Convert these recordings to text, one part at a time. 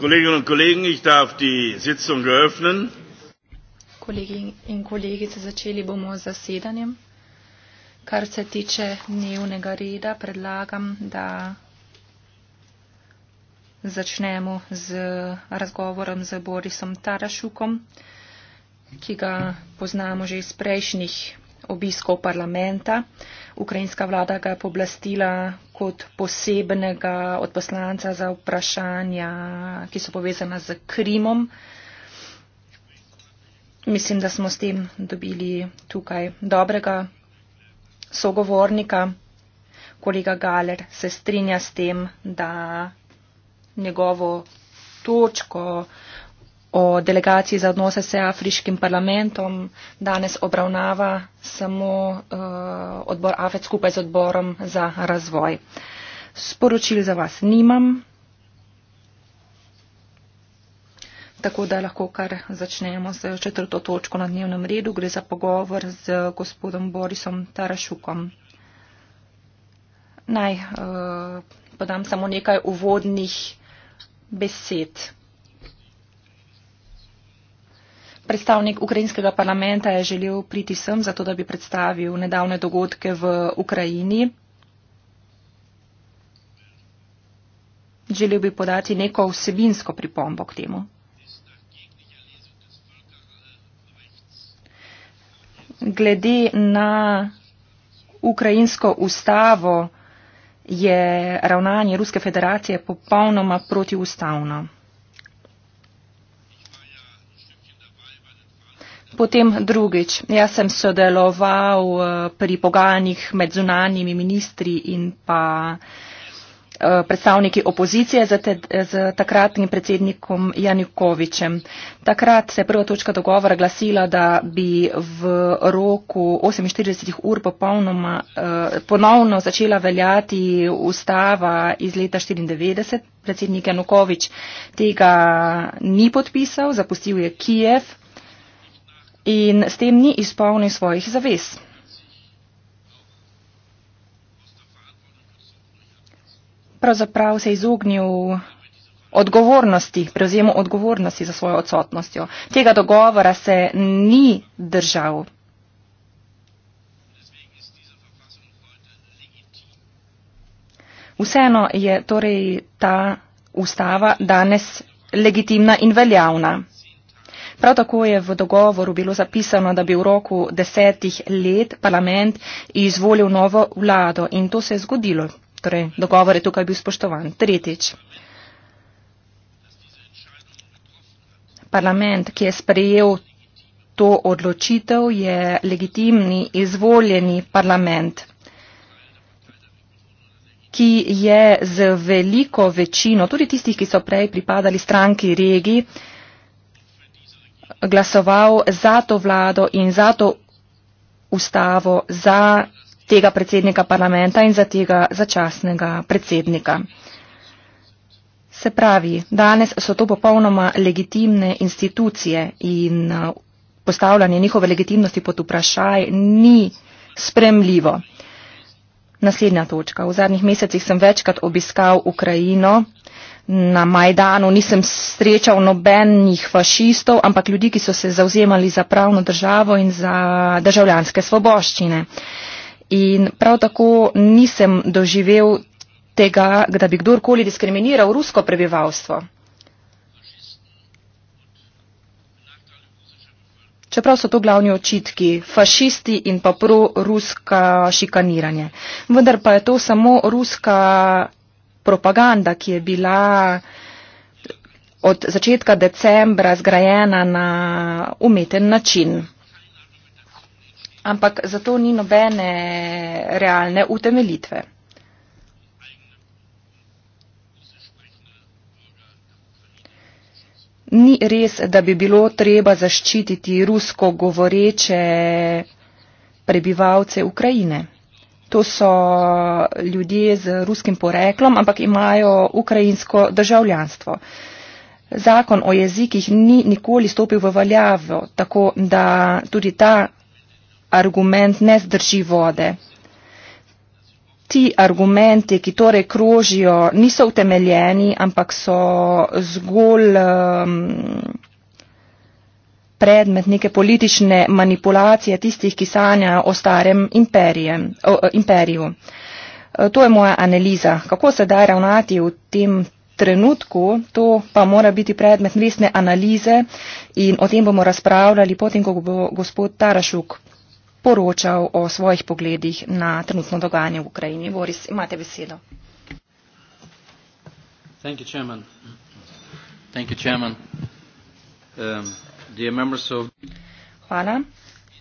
Kolleginnen und Kollegen, ich darf die Sitzung eröffnen. In kolegice, začeli bomo z zasedanjem. Kar se tiče dnevnega reda, predlagam, da začnemo z razgovorom z Borisom Tarašukom, ki ga poznamo že iz prejšnjih obiskov parlamenta. Ukrajinska vlada ga je poblastila kot posebnega odposlanca za vprašanja, ki so povezana z Krimom. Mislim, da smo s tem dobili tukaj dobrega sogovornika. Kolega Galer se strinja s tem, da njegovo točko, o delegaciji za odnose s afriškim parlamentom danes obravnava samo uh, odbor AFED skupaj z odborom za razvoj. Sporočil za vas nimam, tako da lahko kar začnemo s četrto točko na dnevnem redu. Gre za pogovor z gospodom Borisom Tarašukom. Naj uh, podam samo nekaj uvodnih besed. Predstavnik ukrajinskega parlamenta je želel priti sem, zato da bi predstavil nedavne dogodke v Ukrajini. Želel bi podati neko vsebinsko pripombo k temu. Glede na ukrajinsko ustavo je ravnanje Ruske federacije popolnoma protiustavno. Potem drugič, jaz sem sodeloval eh, pri pogajanjih med zunanjimi ministri in pa eh, predstavniki opozicije z, te, z takratnim predsednikom Janukovičem. Takrat se je prva točka dogovora glasila, da bi v roku 48 ur popolnoma, eh, ponovno začela veljati ustava iz leta 1994. Predsednik Janukovič tega ni podpisal, zapustil je Kijev in s tem ni izpolnil svojih zavez. Pravzaprav se je izognil odgovornosti, prevzemu odgovornosti za svojo odsotnostjo. Tega dogovora se ni držal. Vseeno je torej ta ustava danes legitimna in veljavna. Prav tako je v dogovoru bilo zapisano, da bi v roku desetih let parlament izvolil novo vlado in to se je zgodilo. Torej, dogovor je tukaj bil spoštovan. Tretjič. Parlament, ki je sprejel to odločitev, je legitimni izvoljeni parlament, ki je z veliko večino, tudi tistih, ki so prej pripadali stranki regiji, glasoval za to vlado in za to ustavo, za tega predsednika parlamenta in za tega začasnega predsednika. Se pravi, danes so to popolnoma legitimne institucije in uh, postavljanje njihove legitimnosti pod vprašaj ni spremljivo. Naslednja točka. V zadnjih mesecih sem večkrat obiskal Ukrajino na Majdanu nisem srečal nobenih fašistov, ampak ljudi, ki so se zauzemali za pravno državo in za državljanske svoboščine. In prav tako nisem doživel tega, da bi kdorkoli diskriminiral rusko prebivalstvo. Čeprav so to glavni očitki, fašisti in pa proruska šikaniranje. Vendar pa je to samo ruska propaganda, ki je bila od začetka decembra zgrajena na umeten način. Ampak zato ni nobene realne utemelitve. Ni res, da bi bilo treba zaščititi rusko govoreče prebivalce Ukrajine. To so ljudje z ruskim poreklom, ampak imajo ukrajinsko državljanstvo. Zakon o jezikih ni nikoli stopil v veljavo, tako da tudi ta argument ne zdrži vode. Ti argumenti, ki torej krožijo, niso utemeljeni, ampak so zgolj. Um, predmet neke politične manipulacije tistih, ki sanjajo o starem imperije, o, imperiju. E, to je moja analiza. Kako se da ravnati v tem trenutku, to pa mora biti predmet resne analize in o tem bomo razpravljali potem, ko bo gospod Tarašuk poročal o svojih pogledih na trenutno dogajanje v Ukrajini. Boris, imate besedo. Thank you, Chairman. Thank you, Chairman. Um, Hvala,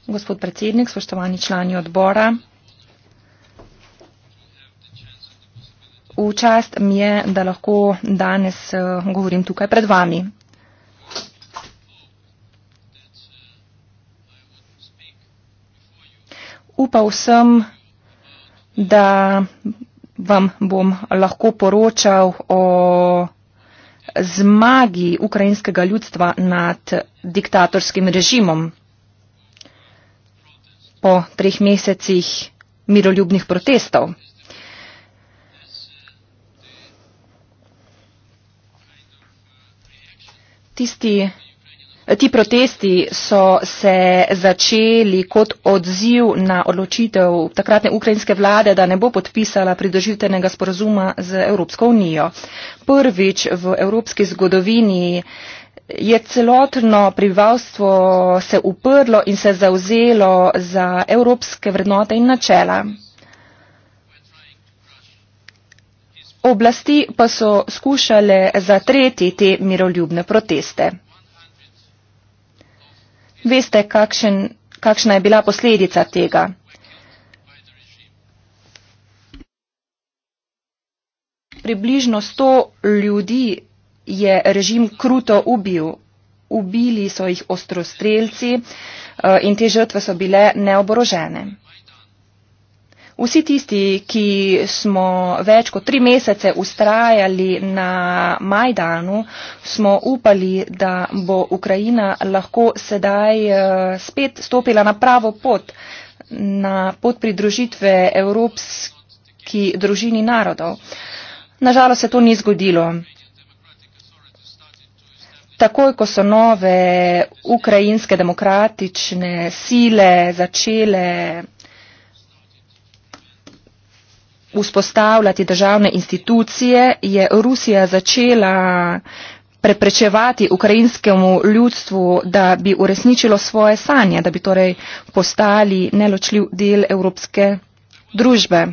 gospod predsednik, spoštovani člani odbora. V čast mi je, da lahko danes eh, govorim tukaj pred vami. Upal sem, da vam bom lahko poročal o zmagi ukrajinskega ljudstva nad diktatorskim režimom. Po treh mesecih miroljubnih protestov. Tisti Ti protesti so se začeli kot odziv na odločitev takratne ukrajinske vlade, da ne bo podpisala pridržitenega sporazuma z Evropsko unijo. Prvič v evropski zgodovini je celotno prebivalstvo se uprlo in se zauzelo za evropske vrednote in načela. Oblasti pa so skušale zatreti te miroljubne proteste. Veste, kakšen, kakšna je bila posledica tega. Približno sto ljudi je režim kruto ubil. Ubili so jih ostrostrelci eh, in te žrtve so bile neoborožene. Vsi tisti, ki smo več kot tri mesece ustrajali na Majdanu, smo upali, da bo Ukrajina lahko sedaj eh, spet stopila na pravo pot, na pot pridružitve evropski družini narodov. Nažalost se to ni zgodilo. Takoj, ko so nove ukrajinske demokratične sile začele vzpostavljati državne institucije, je Rusija začela preprečevati ukrajinskemu ljudstvu, da bi uresničilo svoje sanje, da bi torej postali neločljiv del evropske družbe.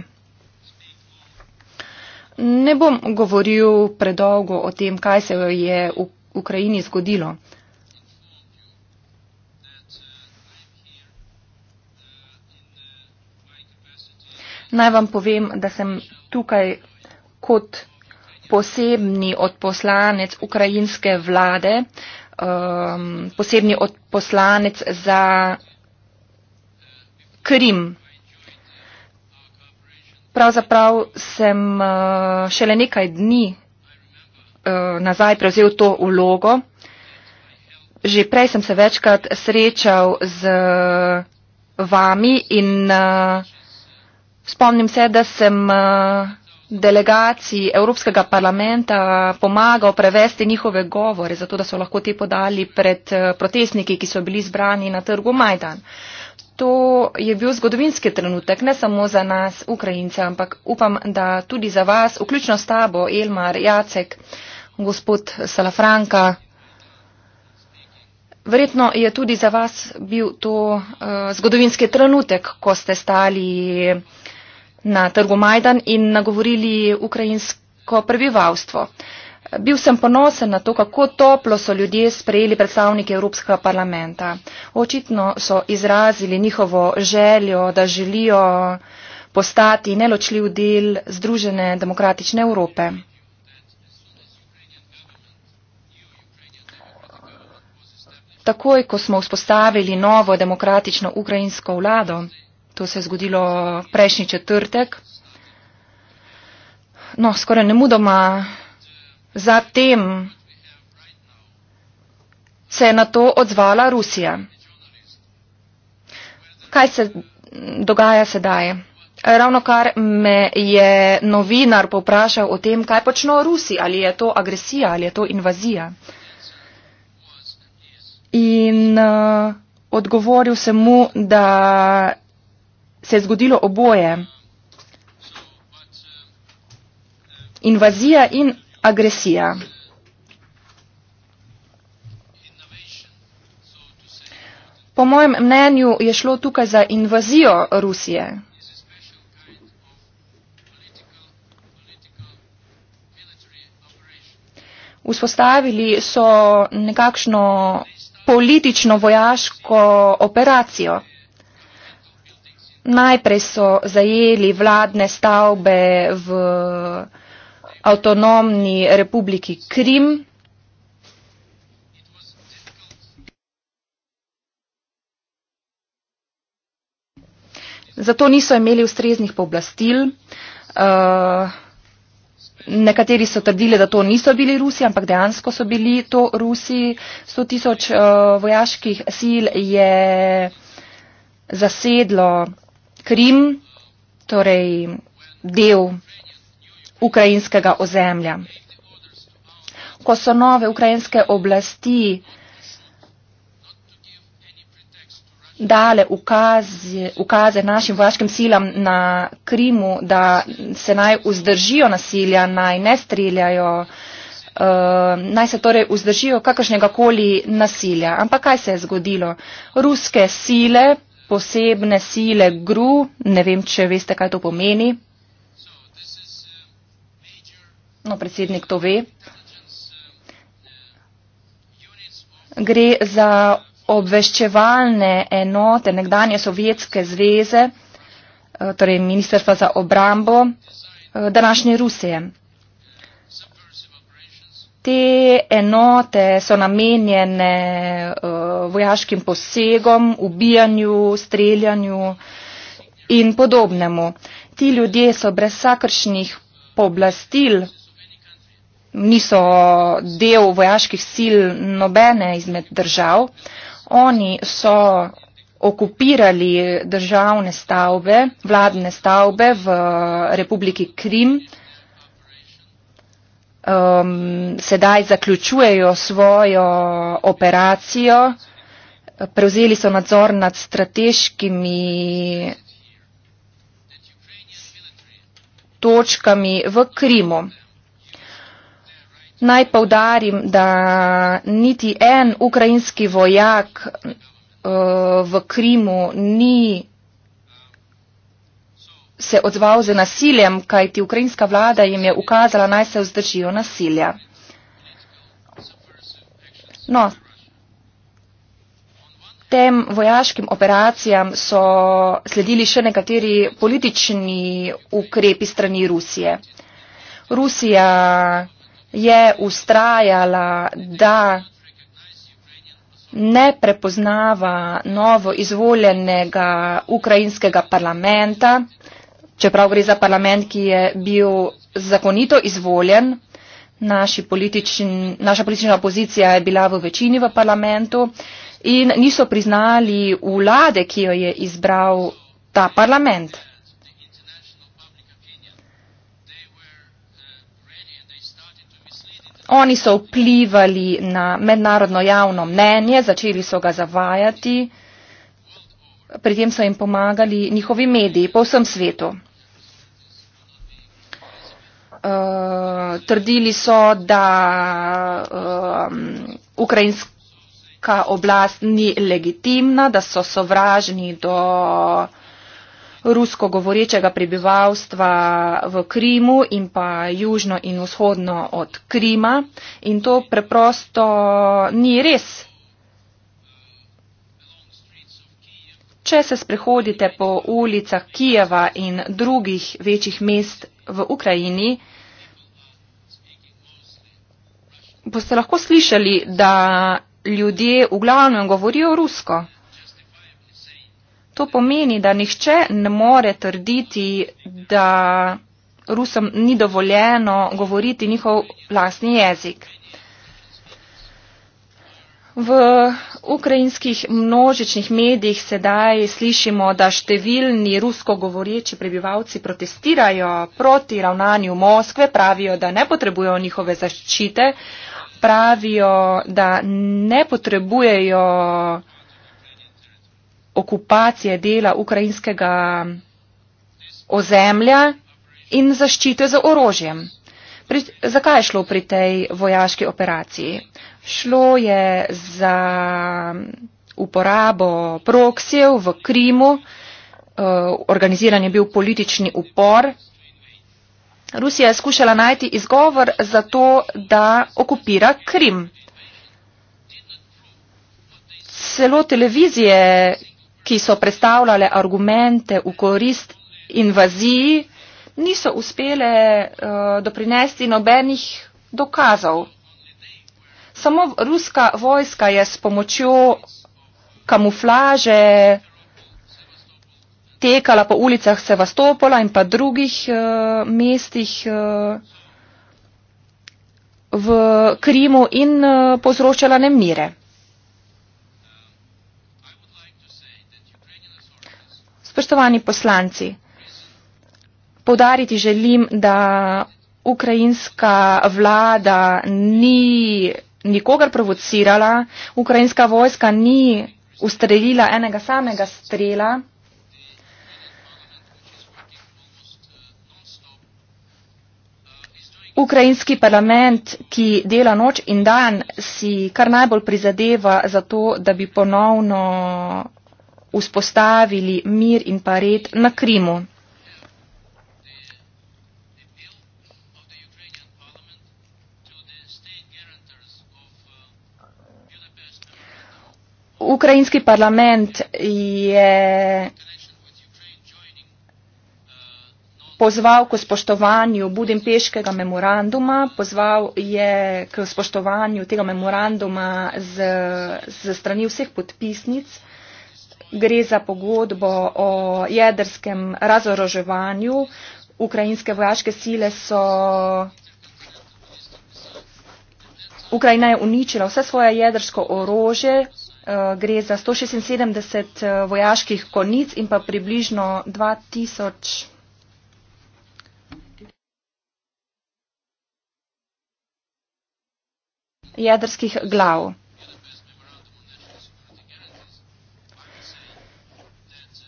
Ne bom govoril predolgo o tem, kaj se je v Ukrajini zgodilo. Naj vam povem, da sem tukaj kot posebni odposlanec ukrajinske vlade, um, posebni odposlanec za Krim. Pravzaprav sem uh, šele nekaj dni uh, nazaj prevzel to vlogo. Že prej sem se večkrat srečal z vami in uh, Spomnim se, da sem eh, delegaciji Evropskega parlamenta pomagal prevesti njihove govore, zato da so lahko te podali pred eh, protestniki, ki so bili zbrani na trgu Majdan. To je bil zgodovinski trenutek, ne samo za nas, Ukrajince, ampak upam, da tudi za vas, vključno s tabo, Elmar, Jacek, gospod Salafranka. Verjetno je tudi za vas bil to uh, zgodovinski trenutek, ko ste stali uh, na trgu Majdan in nagovorili ukrajinsko prebivalstvo. Bil sem ponosen na to, kako toplo so ljudje sprejeli predstavniki Evropskega parlamenta. Očitno so izrazili njihovo željo, da želijo postati neločljiv del Združene demokratične Evrope. Takoj, ko smo vzpostavili novo demokratično ukrajinsko vlado, To se je zgodilo prejšnji četrtek. No, skoraj ne mudoma. Zatem se je na to odzvala Rusija. Kaj se dogaja sedaj? Ravno kar me je novinar poprašal o tem, kaj počno Rusi, ali je to agresija, ali je to invazija. In uh, odgovoril sem mu, da se je zgodilo oboje. Invazija in agresija. Po mojem mnenju je šlo tukaj za invazijo Rusije. Vzpostavili so nekakšno politično vojaško operacijo najprej so zajeli vladne stavbe v avtonomni republiki Krim. Zato niso imeli ustreznih pooblastil. Uh, nekateri so trdili, da to niso bili Rusi, ampak dejansko so bili to Rusi. 100 tisoč uh, vojaških sil je zasedlo Krim, torej del ukrajinskega ozemlja. Ko so nove ukrajinske oblasti dale ukaze, ukaze našim vojaškim silam na Krimu, da se naj vzdržijo nasilja, naj ne streljajo, uh, naj se torej vzdržijo kakršnega koli nasilja. Ampak kaj se je zgodilo? Ruske sile posebne sile GRU, ne vem, če veste, kaj to pomeni. No, predsednik to ve. Gre za obveščevalne enote nekdanje Sovjetske zveze, eh, torej Ministrstva za obrambo eh, današnje Rusije te enote so namenjene uh, vojaškim posegom, ubijanju, streljanju in podobnemu. Ti ljudje so brez vsakršnih poblastil, niso del vojaških sil nobene izmed držav. Oni so okupirali državne stavbe, vladne stavbe v Republiki Krim um, sedaj zaključujejo svojo operacijo, prevzeli so nadzor nad strateškimi točkami v Krimu. Naj povdarim, da niti en ukrajinski vojak uh, v Krimu ni se odzval z nasiljem, kajti ukrajinska vlada jim je ukazala naj se vzdržijo nasilja. No, tem vojaškim operacijam so sledili še nekateri politični ukrepi strani Rusije. Rusija je ustrajala, da ne prepoznava novo izvoljenega ukrajinskega parlamenta, čeprav gre za parlament, ki je bil zakonito izvoljen, političn, naša politična opozicija je bila v večini v parlamentu in niso priznali vlade, ki jo je izbral ta parlament. Oni so vplivali na mednarodno javno mnenje, začeli so ga zavajati pri tem so jim pomagali njihovi mediji po vsem svetu. Uh, trdili so, da um, ukrajinska oblast ni legitimna, da so sovražni do rusko govorečega prebivalstva v Krimu in pa južno in vzhodno od Krima. In to preprosto ni res. Če se sprehodite po ulicah Kijeva in drugih večjih mest v Ukrajini, boste lahko slišali, da ljudje v glavnem govorijo rusko. To pomeni, da nihče ne more trditi, da Rusom ni dovoljeno govoriti njihov lastni jezik. V ukrajinskih množičnih medijih sedaj slišimo, da številni rusko govoreči prebivalci protestirajo proti ravnanju Moskve, pravijo, da ne potrebujejo njihove zaščite, pravijo, da ne potrebujejo okupacije dela ukrajinskega ozemlja in zaščite z orožjem. Pri, zakaj je šlo pri tej vojaški operaciji? Šlo je za uporabo proksijev v Krimu, eh, organiziran je bil politični upor. Rusija je skušala najti izgovor za to, da okupira Krim. Celo televizije, ki so predstavljale argumente v korist invaziji, niso uspele uh, doprinesti nobenih dokazov. Samo ruska vojska je s pomočjo kamuflaže tekala po ulicah Sevastopola in pa drugih uh, mestih uh, v Krimu in uh, povzročala nemire. Spoštovani poslanci, povdariti želim, da ukrajinska vlada ni nikogar provocirala, ukrajinska vojska ni ustrelila enega samega strela. Ukrajinski parlament, ki dela noč in dan, si kar najbolj prizadeva za to, da bi ponovno vzpostavili mir in pa red na Krimu. ukrajinski parlament je pozval k spoštovanju Budimpeškega memoranduma, pozval je k spoštovanju tega memoranduma z, z strani vseh podpisnic. Gre za pogodbo o jedrskem razoroževanju. Ukrajinske vojaške sile so. Ukrajina je uničila vse svoje jedrsko orože, Eh, gre za 176 eh, vojaških konic in pa približno 2000. jedrskih glav.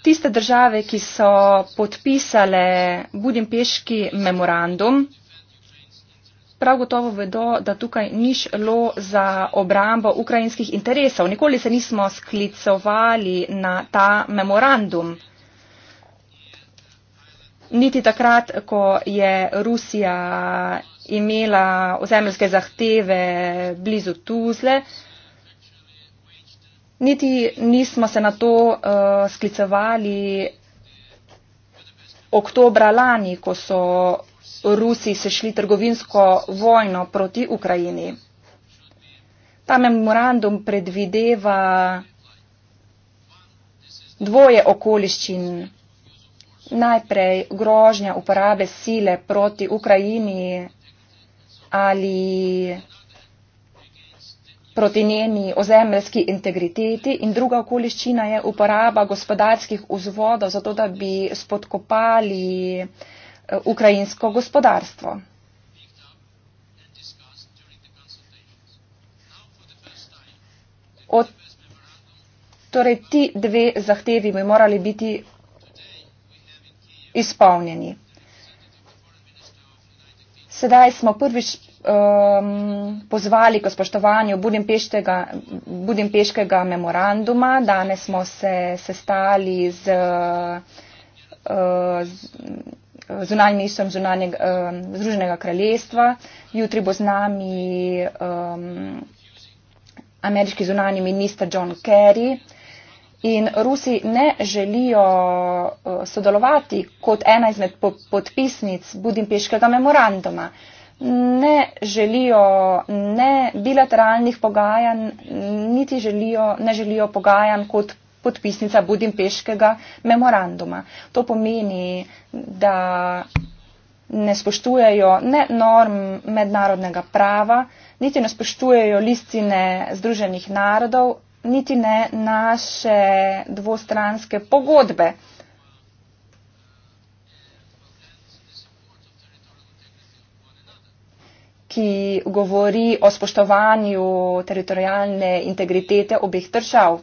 Tiste države, ki so podpisale Budimpeški memorandum, prav gotovo vedo, da tukaj ni šlo za obrambo ukrajinskih interesov. Nikoli se nismo sklicovali na ta memorandum. Niti takrat, ko je Rusija imela ozemljske zahteve blizu Tuzle, niti nismo se na to uh, eh, sklicovali oktobra lani, ko so Rusi se šli trgovinsko vojno proti Ukrajini. Ta memorandum predvideva dvoje okoliščin. Najprej grožnja uporabe sile proti Ukrajini ali proti njeni ozemljski integriteti in druga okoliščina je uporaba gospodarskih vzvodov, zato da bi spodkopali Eh, ukrajinsko gospodarstvo. Od, torej, ti dve zahtevi bi morali biti izpolnjeni. Sedaj smo prvič um, pozvali k spoštovanju Budimpeškega memoranduma. Danes smo se sestali z, uh, z zunanj ministrom zunanjeg, um, Združenega kraljestva. Jutri bo z nami um, ameriški zunani minister John Kerry. In Rusi ne želijo uh, sodelovati kot ena izmed po podpisnic Budimpeškega memoranduma. Ne želijo ne bilateralnih pogajanj, niti želijo, ne želijo pogajanj kot podpisnica Budimpeškega memoranduma. To pomeni, da ne spoštujejo ne norm mednarodnega prava, niti ne spoštujejo listine Združenih narodov, niti ne naše dvostranske pogodbe. ki govori o spoštovanju teritorijalne integritete obeh držav.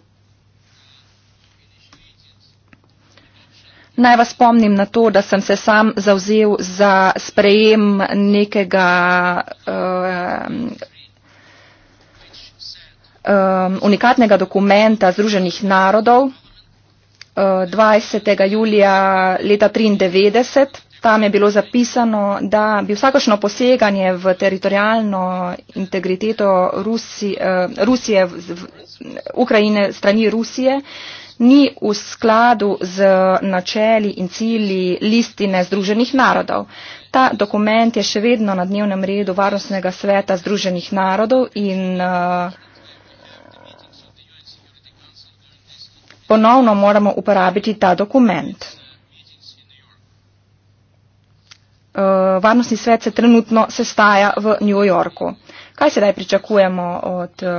Naj vas spomnim na to, da sem se sam zauzel za sprejem nekega um, um, unikatnega dokumenta Združenih narodov uh, 20. julija leta 1993. Tam je bilo zapisano, da bi vsakošno poseganje v teritorijalno integriteto Rusi, uh, Rusije, v, v, Ukrajine strani Rusije uh, ni v skladu z načeli in cilji listine Združenih narodov. Ta dokument je še vedno na dnevnem redu Varnostnega sveta Združenih narodov in eh, ponovno moramo uporabiti ta dokument. Eh, Varnostni svet se trenutno sestaja v New Yorku. Kaj sedaj pričakujemo od eh,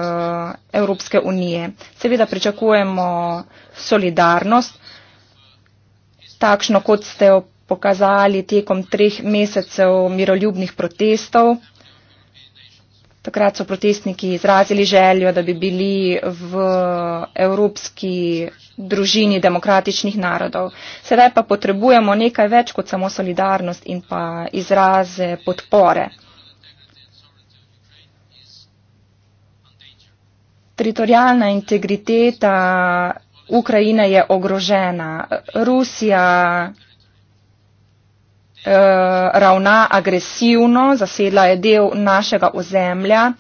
Evropske unije? Seveda pričakujemo solidarnost, takšno kot ste pokazali tekom treh mesecev miroljubnih protestov. Takrat so protestniki izrazili željo, da bi bili v evropski družini demokratičnih narodov. Sedaj pa potrebujemo nekaj več kot samo solidarnost in pa izraze podpore. teritorijalna integriteta Ukrajine je ogrožena. Rusija eh, ravna agresivno, zasedla je del našega ozemlja,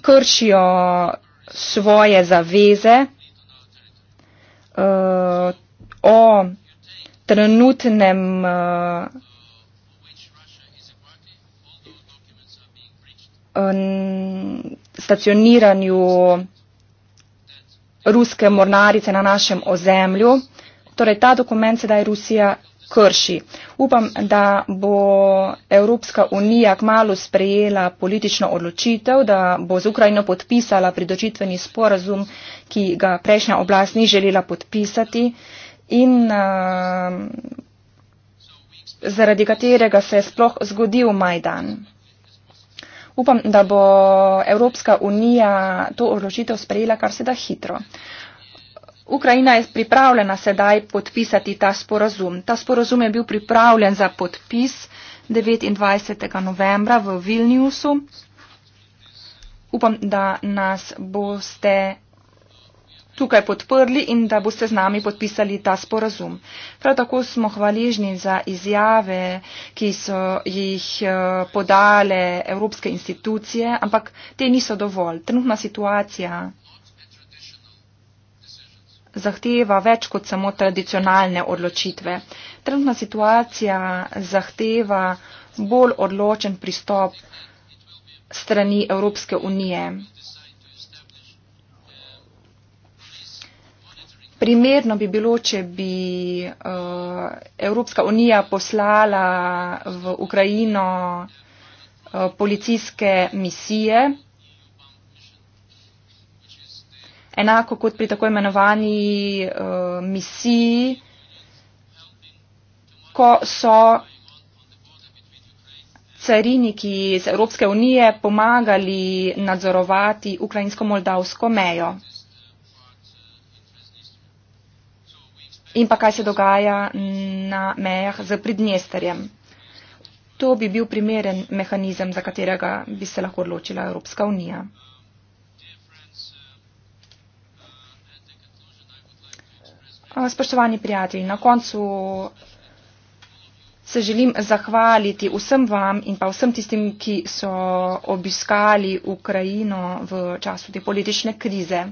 kršijo svoje zaveze eh, o trenutnem eh, stacioniranju ruske mornarice na našem ozemlju. Torej, ta dokument sedaj Rusija krši. Upam, da bo Evropska unija kmalo sprejela politično odločitev, da bo z Ukrajino podpisala pridočitveni sporazum, ki ga prejšnja oblast ni želela podpisati in uh, zaradi katerega se je sploh zgodil Majdan upam, da bo Evropska unija to odločitev sprejela kar se da hitro. Ukrajina je pripravljena sedaj podpisati ta sporazum. Ta sporazum je bil pripravljen za podpis 29. novembra v Vilniusu. Upam, da nas boste tukaj podprli in da boste z nami podpisali ta sporazum. Prav tako smo hvaležni za izjave, ki so jih eh, podale evropske institucije, ampak te niso dovolj. Trenutna situacija zahteva več kot samo tradicionalne odločitve. Trenutna situacija zahteva bolj odločen pristop strani Evropske unije. Primerno bi bilo, če bi uh, Evropska unija poslala v Ukrajino uh, policijske misije, enako kot pri tako imenovani uh, misiji, ko so cariniki iz Evropske unije pomagali nadzorovati ukrajinsko-moldavsko mejo. in pa kaj se dogaja na mejah z Pridnesterjem. To bi bil primeren mehanizem, za katerega bi se lahko odločila Evropska unija. Spoštovani prijatelji, na koncu se želim zahvaliti vsem vam in pa vsem tistim, ki so obiskali Ukrajino v času te politične krize.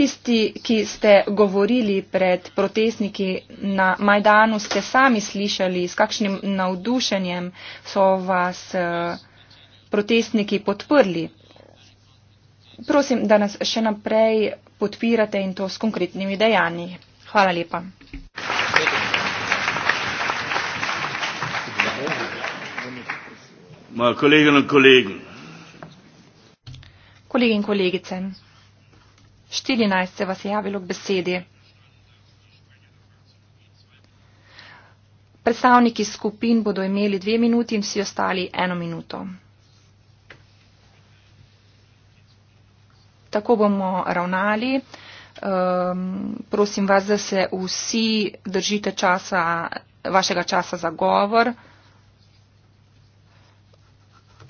Tisti, ki ste govorili pred protestniki na Majdanu, ste sami slišali, s kakšnim navdušenjem so vas eh, protestniki podprli. Prosim, da nas še naprej podpirate in to s konkretnimi dejanji. Hvala lepa. Moja kolegina, kolegi. Kolegi in kolegice. 14 se vas je javilo k besedi. Predstavniki skupin bodo imeli dve minuti in vsi ostali eno minuto. Tako bomo ravnali. Um, prosim vas, da se vsi držite časa, vašega časa za govor.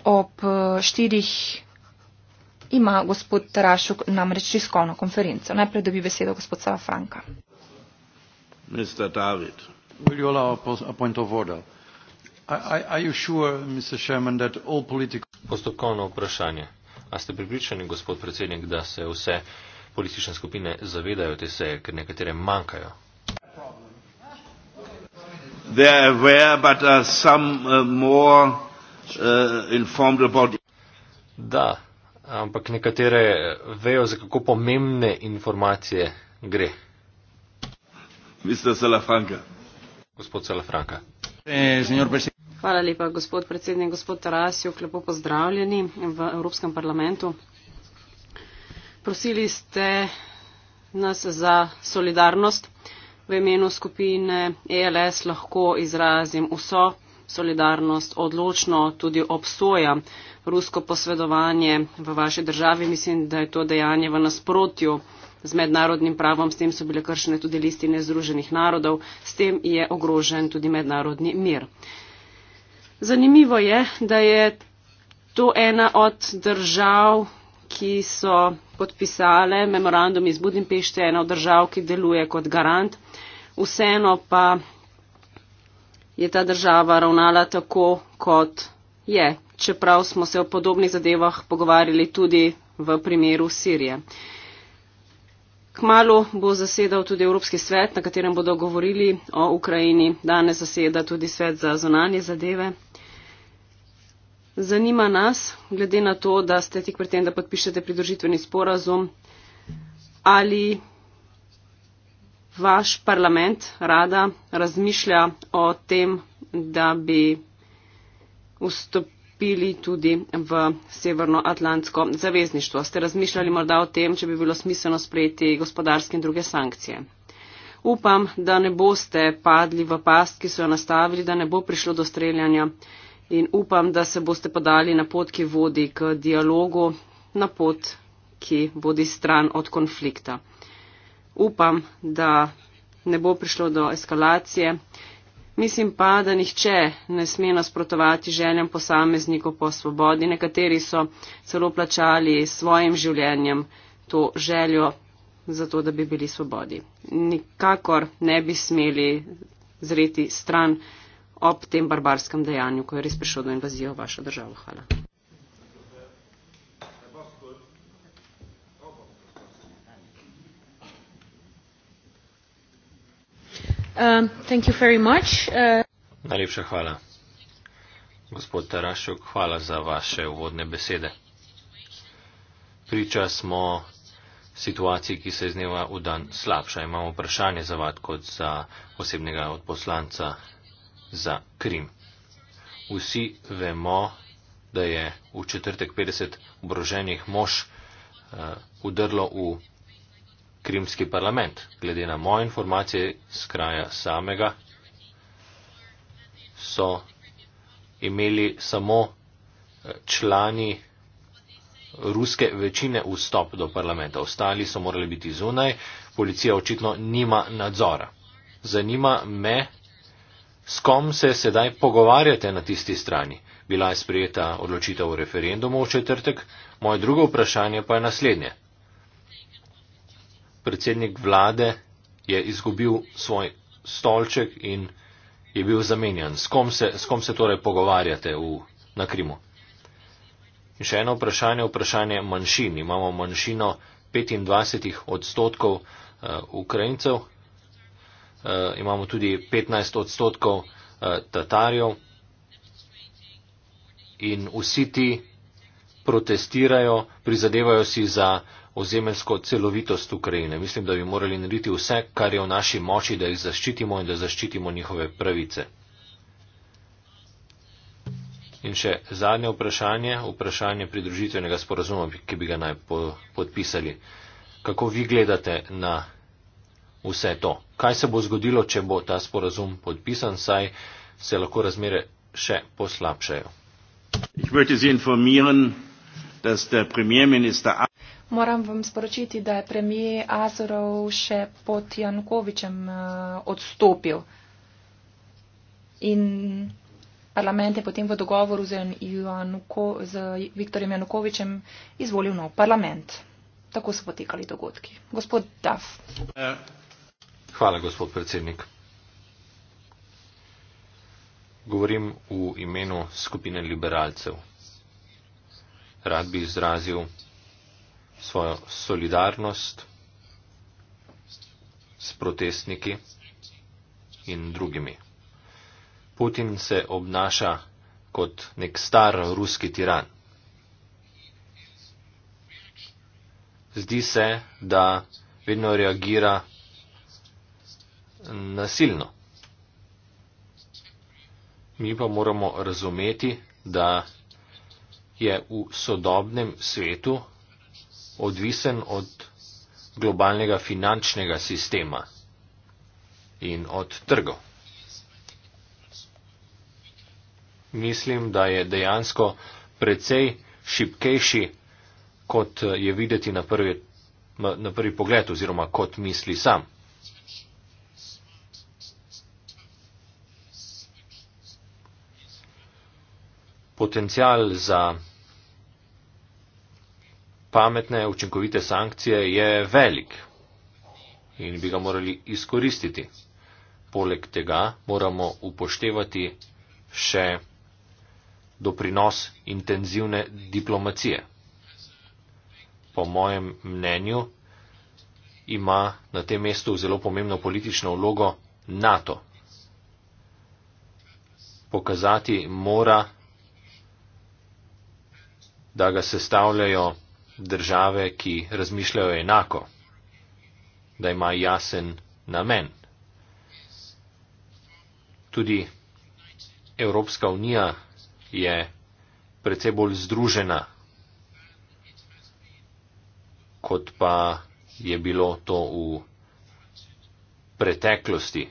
Ob štirih. Uh, ima gospod Tarašuk namreč tiskovno konferenco. Najprej dobi besedo gospod Sava Franka. Mr. David. Will you allow a point of order? I, I, are you sure, Mr. Sherman, that all political... Postopkovno vprašanje. A ste pripričani, gospod predsednik, da se vse politične skupine zavedajo te seje, ker nekatere manjkajo? They are aware, but are some uh, more uh, informed about... Da, ampak nekatere vejo, za kako pomembne informacije gre. Mr. Salafranka. Gospod Salafranka. Hvala lepa, gospod predsednik, gospod Tarasjuk, lepo pozdravljeni v Evropskem parlamentu. Prosili ste nas za solidarnost. V imenu skupine ELS lahko izrazim vso solidarnost, odločno tudi obsojam rusko posvedovanje v vaši državi. Mislim, da je to dejanje v nasprotju z mednarodnim pravom, s tem so bile kršene tudi listine Združenih narodov, s tem je ogrožen tudi mednarodni mir. Zanimivo je, da je to ena od držav, ki so podpisale memorandum iz Budimpešte, ena od držav, ki deluje kot garant. Vseeno pa je ta država ravnala tako, kot je čeprav smo se o podobnih zadevah pogovarjali tudi v primeru Sirije. Kmalo bo zasedal tudi Evropski svet, na katerem bodo govorili o Ukrajini. Danes zaseda tudi svet za zonanje zadeve. Zanima nas, glede na to, da ste tik pred tem, da podpišete pridružitveni sporazum, ali vaš parlament rada razmišlja o tem, da bi vstopili vstopili tudi v Severoatlantsko zavezništvo. Ste razmišljali morda o tem, če bi bilo smiselno sprejeti gospodarske in druge sankcije? Upam, da ne boste padli v past, ki so jo nastavili, da ne bo prišlo do streljanja in upam, da se boste podali na pot, ki vodi k dialogu, na pot, ki vodi stran od konflikta. Upam, da ne bo prišlo do eskalacije. Mislim pa, da nihče ne sme nasprotovati željam posameznikov po svobodi. Nekateri so celo plačali s svojim življenjem to željo za to, da bi bili svobodi. Nikakor ne bi smeli zreti stran ob tem barbarskem dejanju, ko je res prišlo do invazije v vašo državo. Hvala. Um, uh, Najlepša hvala. Gospod Tarašuk, hvala za vaše uvodne besede. Priča smo situaciji, ki se izneva v dan slabša. Imamo vprašanje za vat kot za osebnega odposlanca za Krim. Vsi vemo, da je v četrtek 50 oboroženih mož uh, udrlo v krimski parlament. Glede na moje informacije z kraja samega so imeli samo eh, člani ruske večine vstop do parlamenta. Ostali so morali biti zunaj. Policija očitno nima nadzora. Zanima me, s kom se sedaj pogovarjate na tisti strani. Bila je sprejeta odločitev o referendumu v četrtek. Moje drugo vprašanje pa je naslednje predsednik vlade je izgubil svoj stolček in je bil zamenjan. S kom se, s kom se torej pogovarjate v, na Krimu? In še eno vprašanje, vprašanje manjšin. Imamo manjšino 25 odstotkov uh, Ukrajincev, uh, imamo tudi 15 odstotkov uh, Tatarjev in vsi ti protestirajo, prizadevajo si za ozemelsko celovitost Ukrajine. Mislim, da bi morali narediti vse, kar je v naši moči, da jih zaščitimo in da zaščitimo njihove pravice. In še zadnje vprašanje, vprašanje pridružitvenega sporazuma, ki bi ga naj podpisali. Kako vi gledate na vse to? Kaj se bo zgodilo, če bo ta sporazum podpisan, saj se lahko razmere še poslabšajo? Ich möchte Sie informieren, dass der Premierminister Moram vam sporočiti, da je premijer Azorov še pod Jankovičem eh, odstopil. In parlament je potem v dogovoru z, Januko, z Viktorjem Janukovičem izvolil nov parlament. Tako so potekali dogodki. Gospod Daf. Hvala, gospod predsednik. Govorim v imenu skupine liberalcev. Rad bi izrazil svojo solidarnost s protestniki in drugimi. Putin se obnaša kot nek star ruski tiran. Zdi se, da vedno reagira nasilno. Mi pa moramo razumeti, da je v sodobnem svetu odvisen od globalnega finančnega sistema in od trgov. Mislim, da je dejansko precej šipkejši, kot je videti na prvi, na prvi pogled oziroma kot misli sam. Potencial za pametne, učinkovite sankcije je velik in bi ga morali izkoristiti. Poleg tega moramo upoštevati še doprinos intenzivne diplomacije. Po mojem mnenju ima na tem mestu zelo pomembno politično vlogo NATO. Pokazati mora, da ga sestavljajo države, ki razmišljajo enako, da ima jasen namen. Tudi Evropska unija je predvsej bolj združena, kot pa je bilo to v preteklosti.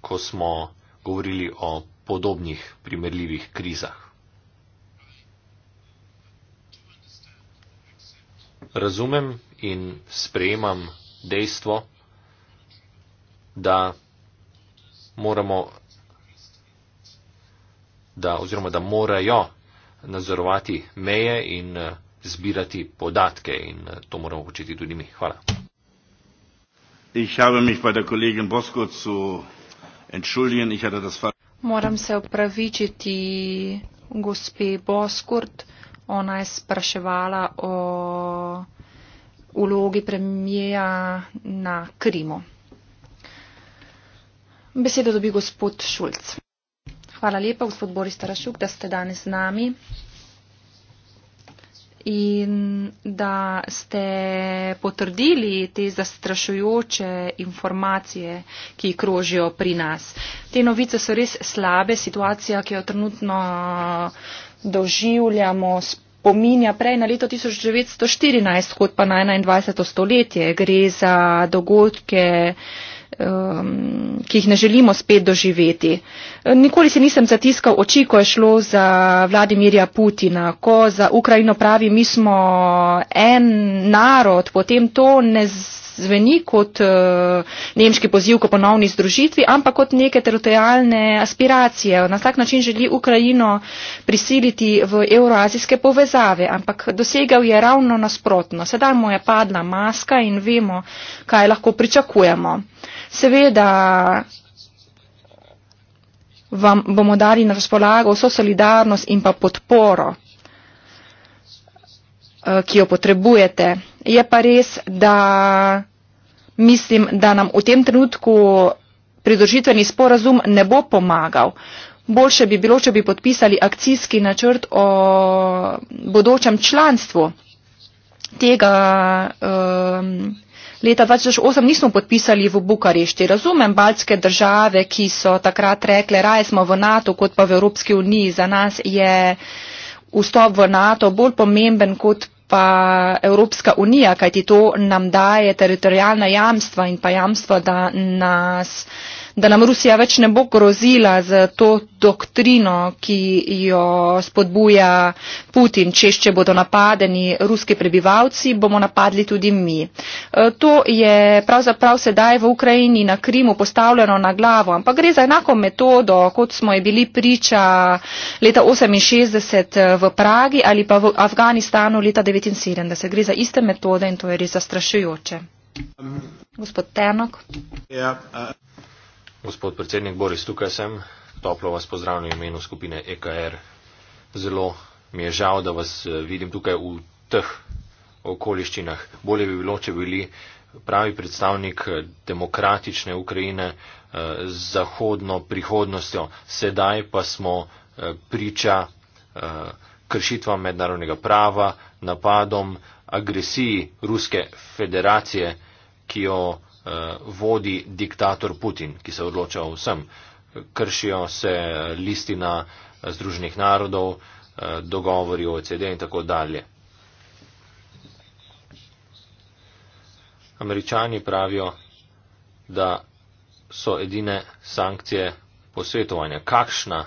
Ko smo govorili o podobnih primerljivih krizah. Razumem in sprejemam dejstvo, da moramo, da, oziroma da morajo nadzorovati meje in eh, zbirati podatke in eh, to moramo početi tudi mi. Hvala. Ich habe mich bei der Kollegin Boskotz zu entschuldigen. Ich hatte das Moram se opravičiti gospe Boskurt. Ona je spraševala o vlogi premijeja na Krimu. Besedo dobi gospod Šulc. Hvala lepa, gospod Boris Tarašuk, da ste danes z nami in da ste potrdili te zastrašujoče informacije, ki krožijo pri nas. Te novice so res slabe, situacija, ki jo trenutno doživljamo, spominja prej na leto 1914, kot pa na 21. stoletje. Gre za dogodke, um, ki jih ne želimo spet doživeti. Nikoli se nisem zatiskal oči, ko je šlo za Vladimirja Putina, ko za Ukrajino pravi, mi smo en narod, potem to ne. Z, zveni kot uh, nemški poziv k ponovni združitvi, ampak kot neke teritorijalne aspiracije. Na tak način želi Ukrajino prisiliti v euroazijske povezave, ampak dosegal je ravno nasprotno. Sedaj mu je padla maska in vemo, kaj lahko pričakujemo. Seveda vam bomo dali na razpolago vso solidarnost in pa podporo, eh, ki jo potrebujete. Je pa res, da mislim da nam v tem trenutku pridružitveni sporazum ne bo pomagal. Boljše bi bilo, če bi podpisali akcijski načrt o bodočem članstvu. Tega um, leta 2008 nismo podpisali v Bukarešti. Razumem baltske države, ki so takrat rekle, raje smo v NATO kot pa v Evropski uniji. Za nas je vstop v NATO bolj pomemben kot pa Evropska unija, kajti to nam daje teritorijalna jamstva in pa jamstva, da nas da nam Rusija več ne bo grozila z to doktrino, ki jo spodbuja Putin. Češče bodo napadeni ruski prebivalci, bomo napadli tudi mi. E, to je pravzaprav sedaj v Ukrajini na Krimu postavljeno na glavo, ampak gre za enako metodo, kot smo je bili priča leta 68 v Pragi ali pa v Afganistanu leta 79. Gre za iste metode in to je res zastrašujoče. Um, Gospod Ternok. Yeah, ja, uh... Gospod predsednik Boris, tukaj sem. Toplo vas pozdravljam v imenu skupine EKR. Zelo mi je žal, da vas eh, vidim tukaj v teh okoliščinah. Bolje bi bilo, če bili pravi predstavnik eh, demokratične Ukrajine eh, z zahodno prihodnostjo. Sedaj pa smo priča kršitvam mednarodnega prava, napadom, agresiji Ruske federacije, ki jo Eh, vodi diktator Putin, ki se odloča vsem. Kršijo se listina eh, Združenih narodov, eh, dogovori OECD in tako dalje. Američani pravijo, da so edine sankcije posvetovanja. Kakšna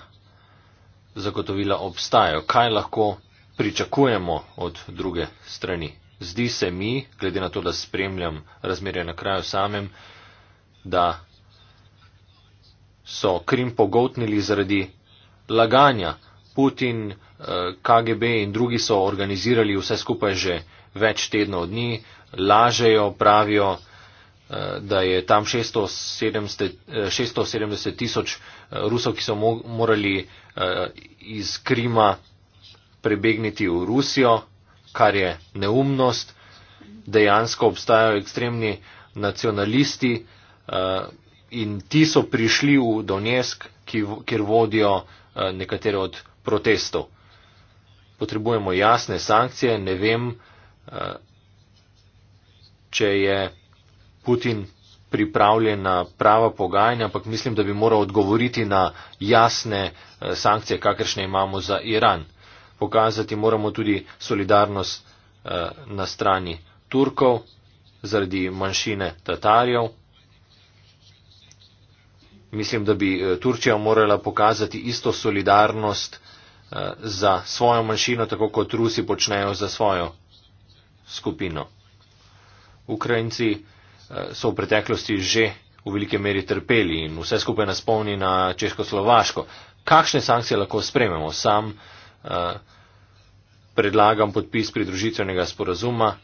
zagotovila obstajajo? Kaj lahko pričakujemo od druge strani? zdi se mi, glede na to, da spremljam razmerje na kraju samem, da so Krim pogotnili zaradi laganja. Putin, eh, KGB in drugi so organizirali vse skupaj že več tednov dni, lažejo, pravijo, eh, da je tam 670 eh, tisoč Rusov, ki so morali iz Krima prebegniti v Rusijo, kar je neumnost. Dejansko obstajajo ekstremni nacionalisti eh, in ti so prišli v Donetsk, kjer vodijo eh, nekatere od protestov. Potrebujemo jasne sankcije, ne vem, eh, če je Putin pripravljen na prava pogajanja, ampak mislim, da bi moral odgovoriti na jasne sankcije, kakršne imamo za Iran pokazati moramo tudi solidarnost eh, na strani Turkov zaradi manjšine Tatarjev. Mislim, da bi eh, Turčija morala pokazati isto solidarnost eh, za svojo manjšino, tako kot Rusi počnejo za svojo skupino. Ukrajinci so v preteklosti že v velike meri trpeli in vse skupaj nas spomni na Česko-Slovaško. Kakšne sankcije lahko sprememo? Sam uh, Eh, predlagam podpis pridružitvenega sporazuma.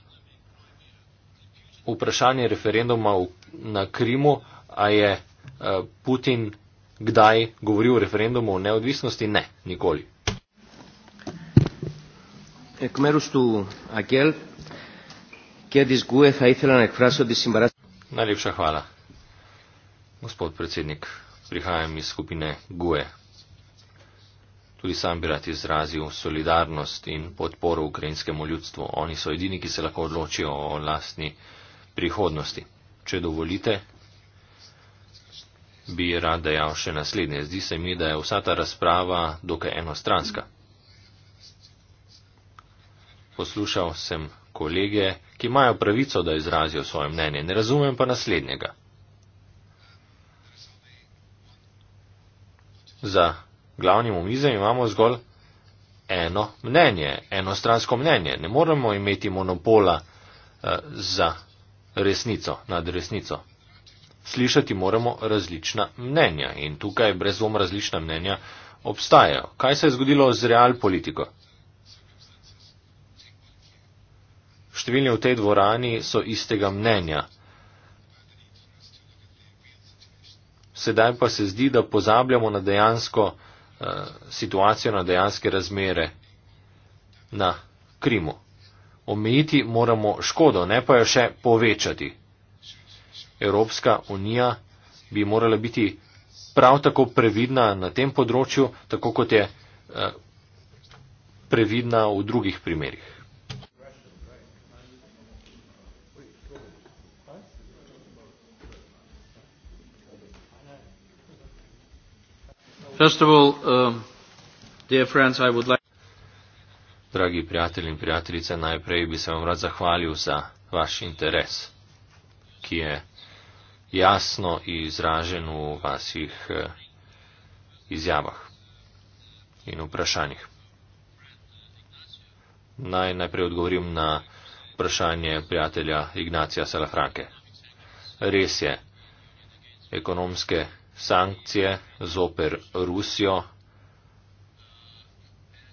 Vprašanje referenduma na Krimu, a je eh, Putin kdaj govoril o referendumu o neodvisnosti? Ne, nikoli. Najlepša hvala, gospod predsednik. Prihajam iz skupine GUE, Tudi sam bi rad izrazil solidarnost in podporo ukrajinskemu ljudstvu. Oni so edini, ki se lahko odločijo o lastni prihodnosti. Če dovolite, bi rad dejal še naslednje. Zdi se mi, da je vsa ta razprava dokaj enostranska. Poslušal sem kolege, ki imajo pravico, da izrazijo svoje mnenje. Ne razumem pa naslednjega. Za glavnim omizem imamo zgolj eno mnenje, eno stransko mnenje. Ne moremo imeti monopola eh, za resnico, nad resnico. Slišati moramo različna mnenja in tukaj brez dvoma različna mnenja obstajajo. Kaj se je zgodilo z real politiko? Številni v tej dvorani so istega mnenja. Sedaj pa se zdi, da pozabljamo na dejansko Eh, situacijo, na dejanske razmere na Krimu. Omejiti moramo škodo, ne pa jo še povečati. Evropska unija bi morala biti prav tako previdna na tem področju, tako kot je eh, previdna v drugih primerjih. First of all, uh, dear friends, I would like... Dragi prijatelji in prijateljice, najprej bi se vam rad zahvalil za vaš interes, ki je jasno izražen v vaših eh, izjavah in vprašanjih. Naj najprej odgovorim na vprašanje prijatelja Ignacija Salafrake. Res je, ekonomske sankcije zoper Rusijo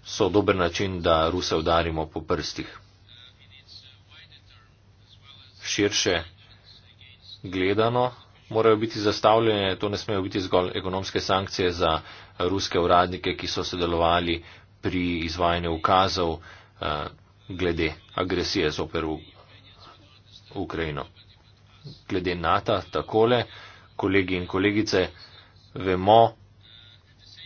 so dober način, da Ruse udarimo po prstih. Širše gledano morajo biti zastavljene, to ne smejo biti zgolj ekonomske sankcije za ruske uradnike, ki so sodelovali pri izvajanju ukazov eh, glede agresije zoper Ukrajino. Glede NATO, takole kolegi in kolegice, vemo,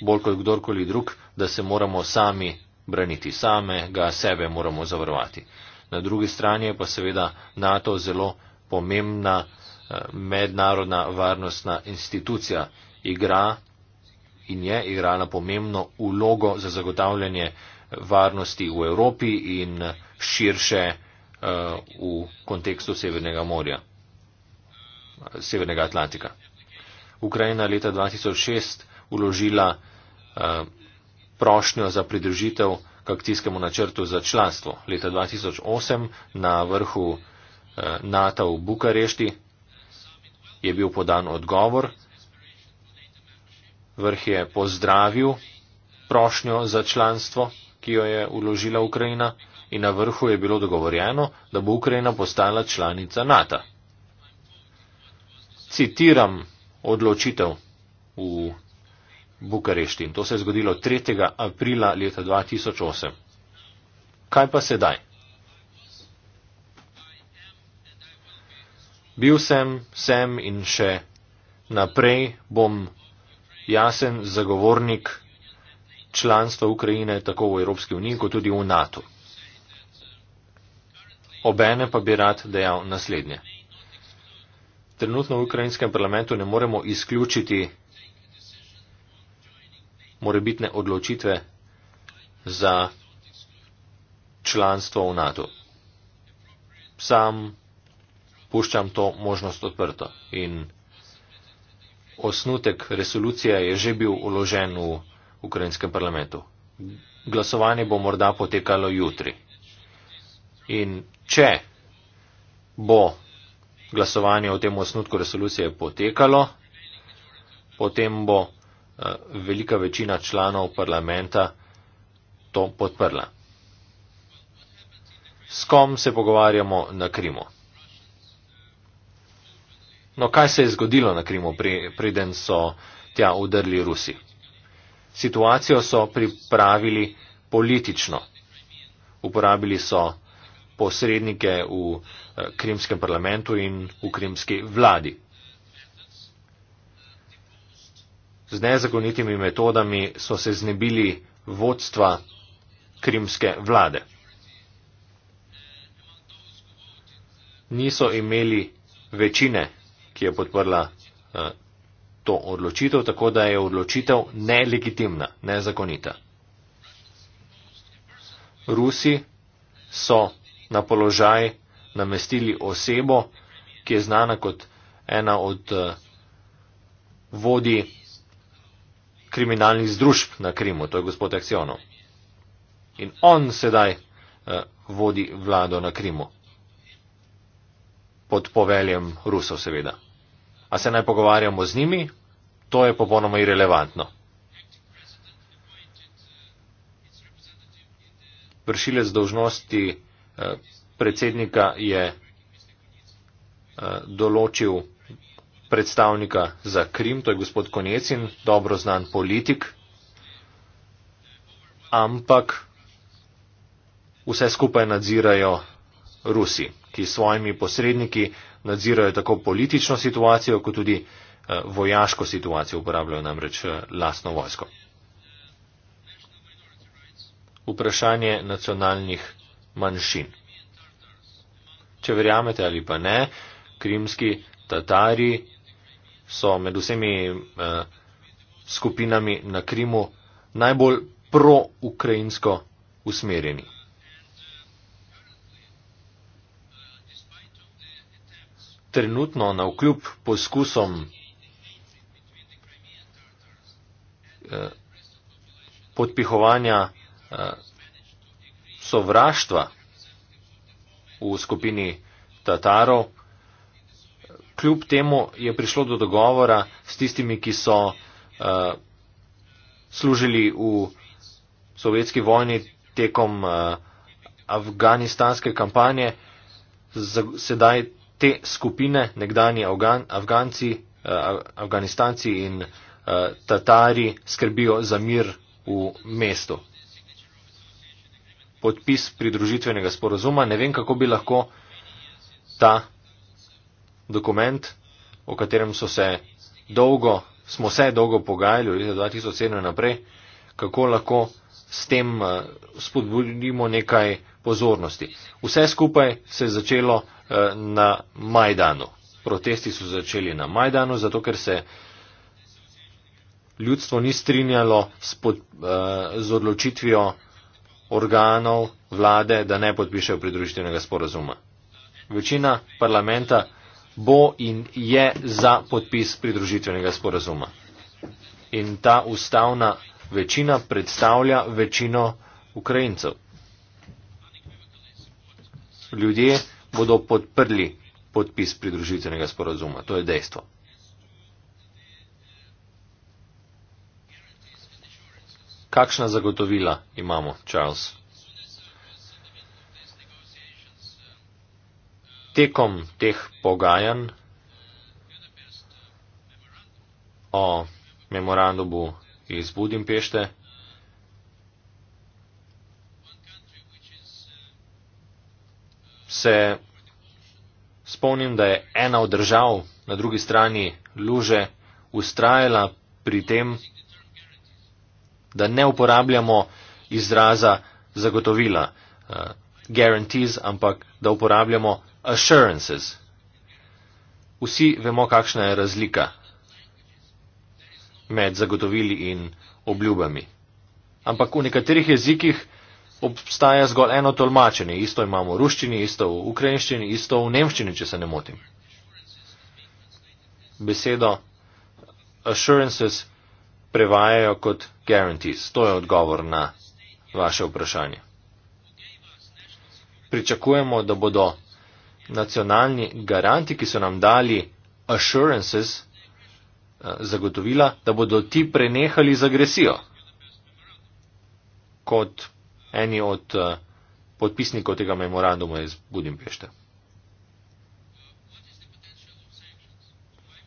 bolj kot kdorkoli drug, da se moramo sami braniti, same ga sebe moramo zavarovati. Na drugi strani je pa seveda NATO zelo pomembna eh, mednarodna varnostna institucija, igra in je igrala pomembno ulogo za zagotavljanje eh, varnosti v Evropi in eh, širše v kontekstu Severnega morja. Severnega Atlantika. Ukrajina leta 2006 uložila eh, prošnjo za pridružitev k akcijskemu načrtu za članstvo. Leta 2008 na vrhu eh, NATO v Bukarešti je bil podan odgovor. Vrh je pozdravil prošnjo za članstvo, ki jo je uložila Ukrajina in na vrhu je bilo dogovorjeno, da bo Ukrajina postala članica NATO citiram odločitev v Bukarešti. In to se je zgodilo 3. aprila leta 2008. Kaj pa sedaj? Bil sem, sem in še naprej bom jasen zagovornik članstva Ukrajine tako v Evropski uniji kot tudi v NATO. Obene pa bi rad dejal naslednje trenutno v ukrajinskem parlamentu ne moremo izključiti morebitne odločitve za članstvo v NATO. Sam puščam to možnost odprto in osnutek resolucije je že bil uložen v ukrajinskem parlamentu. Glasovanje bo morda potekalo jutri. In če bo glasovanje o tem osnutku resolucije potekalo, potem bo eh, velika večina članov parlamenta to podprla. S kom se pogovarjamo na Krimu? No, kaj se je zgodilo na Krimu, preden so tja udrli Rusi? Situacijo so pripravili politično. Uporabili so posrednike v eh, krimskem parlamentu in v krimski vladi. Z nezakonitimi metodami so se znebili vodstva krimske vlade. Niso imeli večine, ki je podprla eh, to odločitev, tako da je odločitev nelegitimna, nezakonita. Rusi so na položaj namestili osebo, ki je znana kot ena od eh, vodi kriminalnih združb na Krimu, to je gospod Aksionov. In on sedaj eh, vodi vlado na Krimu. Pod poveljem Rusov, seveda. A se naj pogovarjamo z njimi, to je popolnoma irrelevantno. Vršilec dožnosti predsednika je eh, določil predstavnika za Krim, to je gospod Konecin, dobro znan politik, ampak vse skupaj nadzirajo Rusi, ki s svojimi posredniki nadzirajo tako politično situacijo, kot tudi eh, vojaško situacijo, uporabljajo namreč eh, lastno vojsko. Vprašanje nacionalnih manjšin. Če verjamete ali pa ne, krimski tatari so med vsemi eh, skupinami na Krimu najbolj pro-ukrajinsko usmerjeni. Trenutno na vkljub poskusom eh, podpihovanja eh, sovraštva v skupini Tatarov. Kljub temu je prišlo do dogovora s tistimi, ki so uh, služili v sovjetski vojni tekom uh, afganistanske kampanje. Sedaj te skupine, nekdani Afgan, Afganci, uh, Afganistanci in uh, Tatari, skrbijo za mir v mestu podpis pridružitvenega sporozuma. Ne vem, kako bi lahko ta dokument, o katerem so se dolgo, smo se dolgo pogajali, od 2007 naprej, kako lahko s tem eh, spodbudimo nekaj pozornosti. Vse skupaj se je začelo eh, na Majdanu. Protesti so začeli na Majdanu, zato ker se ljudstvo ni strinjalo s, pod, eh, z odločitvijo organov vlade, da ne podpišejo pridružitevnega sporazuma. Večina parlamenta bo in je za podpis pridružitvenega sporazuma. In ta ustavna večina predstavlja večino Ukrajincev. Ljudje bodo podprli podpis pridružitvenega sporazuma. To je dejstvo. Kakšna zagotovila imamo, Charles? Tekom teh pogajanj o memorandumu iz Budimpešte, se spomnim, da je ena od držav na drugi strani luže ustrajala pri tem, da ne uporabljamo izraza zagotovila, uh, guarantees, ampak da uporabljamo assurances. Vsi vemo, kakšna je razlika med zagotovili in obljubami. Ampak v nekaterih jezikih obstaja zgolj eno tolmačenje. Isto imamo v ruščini, isto v ukrajinščini, isto v nemščini, če se ne motim. Besedo assurances prevajajo kot guarantees. To je odgovor na vaše vprašanje. Pričakujemo, da bodo nacionalni garanti, ki so nam dali assurances, eh, zagotovila, da bodo ti prenehali z agresijo. Kot eni od eh, podpisnikov tega memoranduma iz Budimpešte.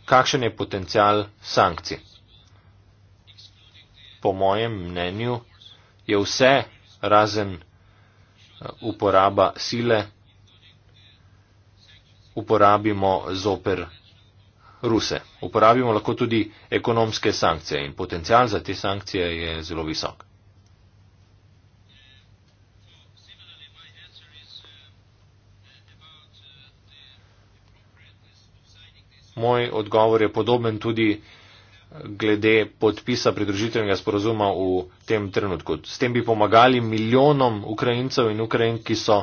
Kakšen je potencial sankcij? po mojem mnenju, je vse razen eh, uporaba sile, uporabimo zoper Ruse. Uporabimo lahko tudi ekonomske sankcije in potencial za te sankcije je zelo visok. Moj odgovor je podoben tudi glede podpisa pridružitvenega sporozuma v tem trenutku. S tem bi pomagali milijonom Ukrajincev in Ukrajin, ki so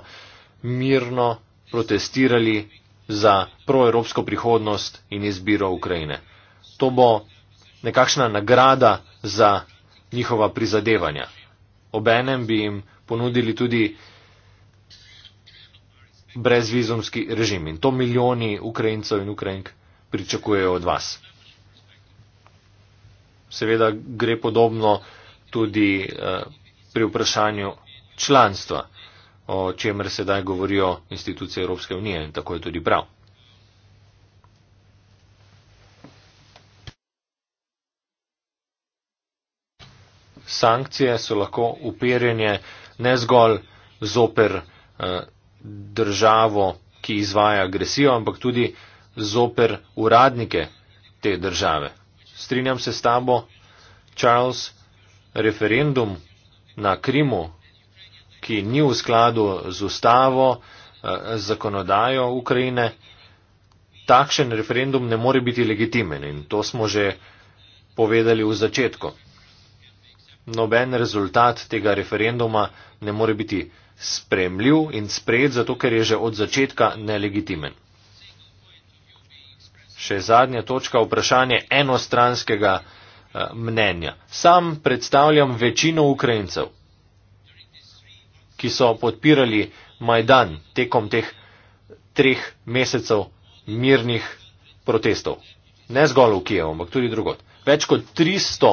mirno protestirali za proevropsko prihodnost in izbiro Ukrajine. To bo nekakšna nagrada za njihova prizadevanja. Obenem bi jim ponudili tudi brezvizumski režim in to milijoni Ukrajincev in Ukrajink pričakujejo od vas seveda gre podobno tudi eh, pri vprašanju članstva, o čemer sedaj govorijo institucije Evropske unije in tako je tudi prav. Sankcije so lahko uperjene ne zgolj zoper eh, državo, ki izvaja agresijo, ampak tudi zoper uradnike te države strinjam se s tabo, Charles, referendum na Krimu, ki ni v skladu z ustavo, eh, z zakonodajo Ukrajine, takšen referendum ne more biti legitimen in to smo že povedali v začetku. Noben rezultat tega referenduma ne more biti spremljiv in spred, zato ker je že od začetka nelegitimen še zadnja točka, vprašanje enostranskega eh, mnenja. Sam predstavljam večino Ukrajincev, ki so podpirali Majdan tekom teh treh mesecev mirnih protestov. Ne zgolj v Kijevu, ampak tudi drugot. Več kot 300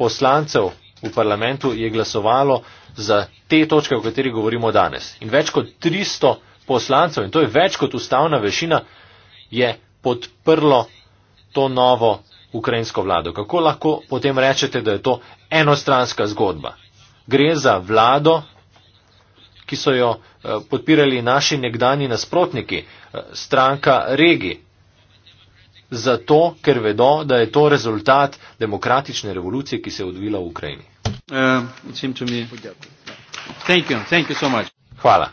poslancev v parlamentu je glasovalo za te točke, o katerih govorimo danes. In več kot 300 poslancev, in to je več kot ustavna vešina, je podprlo to novo ukrajinsko vlado. Kako lahko potem rečete, da je to enostranska zgodba? Gre za vlado, ki so jo eh, podpirali naši nekdani nasprotniki, eh, stranka regi. Zato, ker vedo, da je to rezultat demokratične revolucije, ki se je odvila v Ukrajini. Uh, Hvala.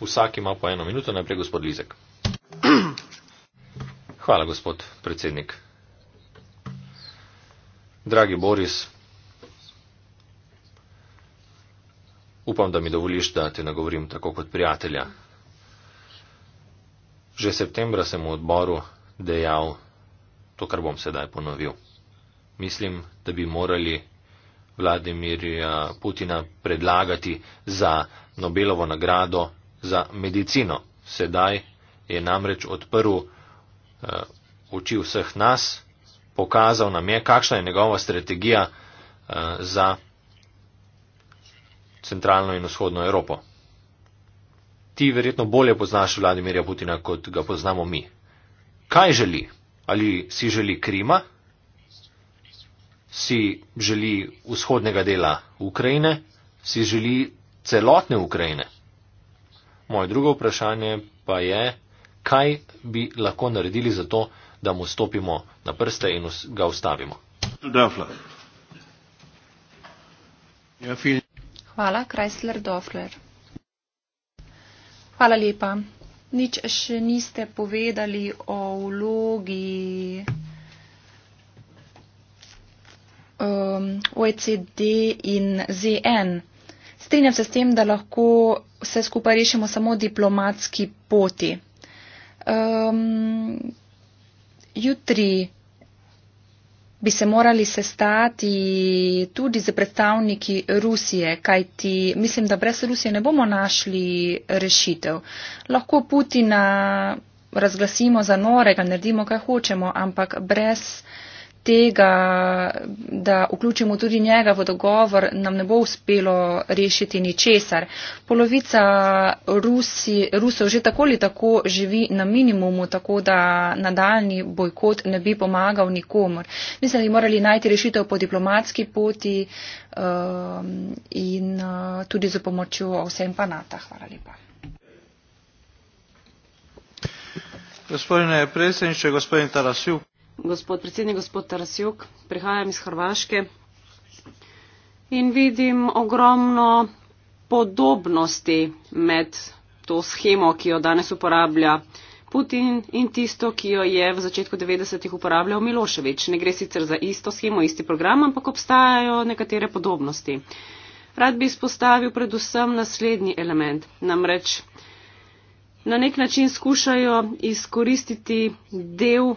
Vsak ima po eno minuto, najprej gospod Lizek. Hvala, gospod predsednik. Dragi Boris, upam, da mi dovoliš, da te nagovorim tako kot prijatelja. Že septembra sem v odboru dejal to, kar bom sedaj ponovil. Mislim, da bi morali Vladimirja Putina predlagati za Nobelovo nagrado za medicino. Sedaj je namreč odprl uh, oči vseh nas, pokazal nam je, kakšna je njegova strategija uh, za centralno in vzhodno Evropo. Ti verjetno bolje poznaš Vladimirja Putina, kot ga poznamo mi. Kaj želi? Ali si želi Krima? si želi vzhodnega dela Ukrajine, si želi celotne Ukrajine. Moje drugo vprašanje pa je, kaj bi lahko naredili za to, da mu stopimo na prste in ga ustavimo. Ja, Hvala, Chrysler Dofler. Hvala lepa. Nič še niste povedali o vlogi um, OECD in ZN. Strinjam se s tem, da lahko vse skupaj rešimo samo diplomatski poti. Um, jutri bi se morali sestati tudi z predstavniki Rusije, kajti mislim, da brez Rusije ne bomo našli rešitev. Lahko Putina razglasimo za norega, naredimo, kaj hočemo, ampak brez tega, da vključimo tudi njega v dogovor, nam ne bo uspelo rešiti ničesar. Polovica Rusi, Rusov že tako ali tako živi na minimumu, tako da nadaljni bojkot ne bi pomagal nikomor. Mislim, da bi morali najti rešitev po diplomatski poti um, in uh, tudi z pomočjo vsem pa NATO. Hvala lepa. Gospodine predsedniče, gospodin Tarasiv gospod predsednik, gospod Tarasjuk, prihajam iz Hrvaške in vidim ogromno podobnosti med to schemo, ki jo danes uporablja Putin in tisto, ki jo je v začetku 90-ih uporabljal Miloševič. Ne gre sicer za isto schemo, isti program, ampak obstajajo nekatere podobnosti. Rad bi izpostavil predvsem naslednji element. Namreč na nek način skušajo izkoristiti del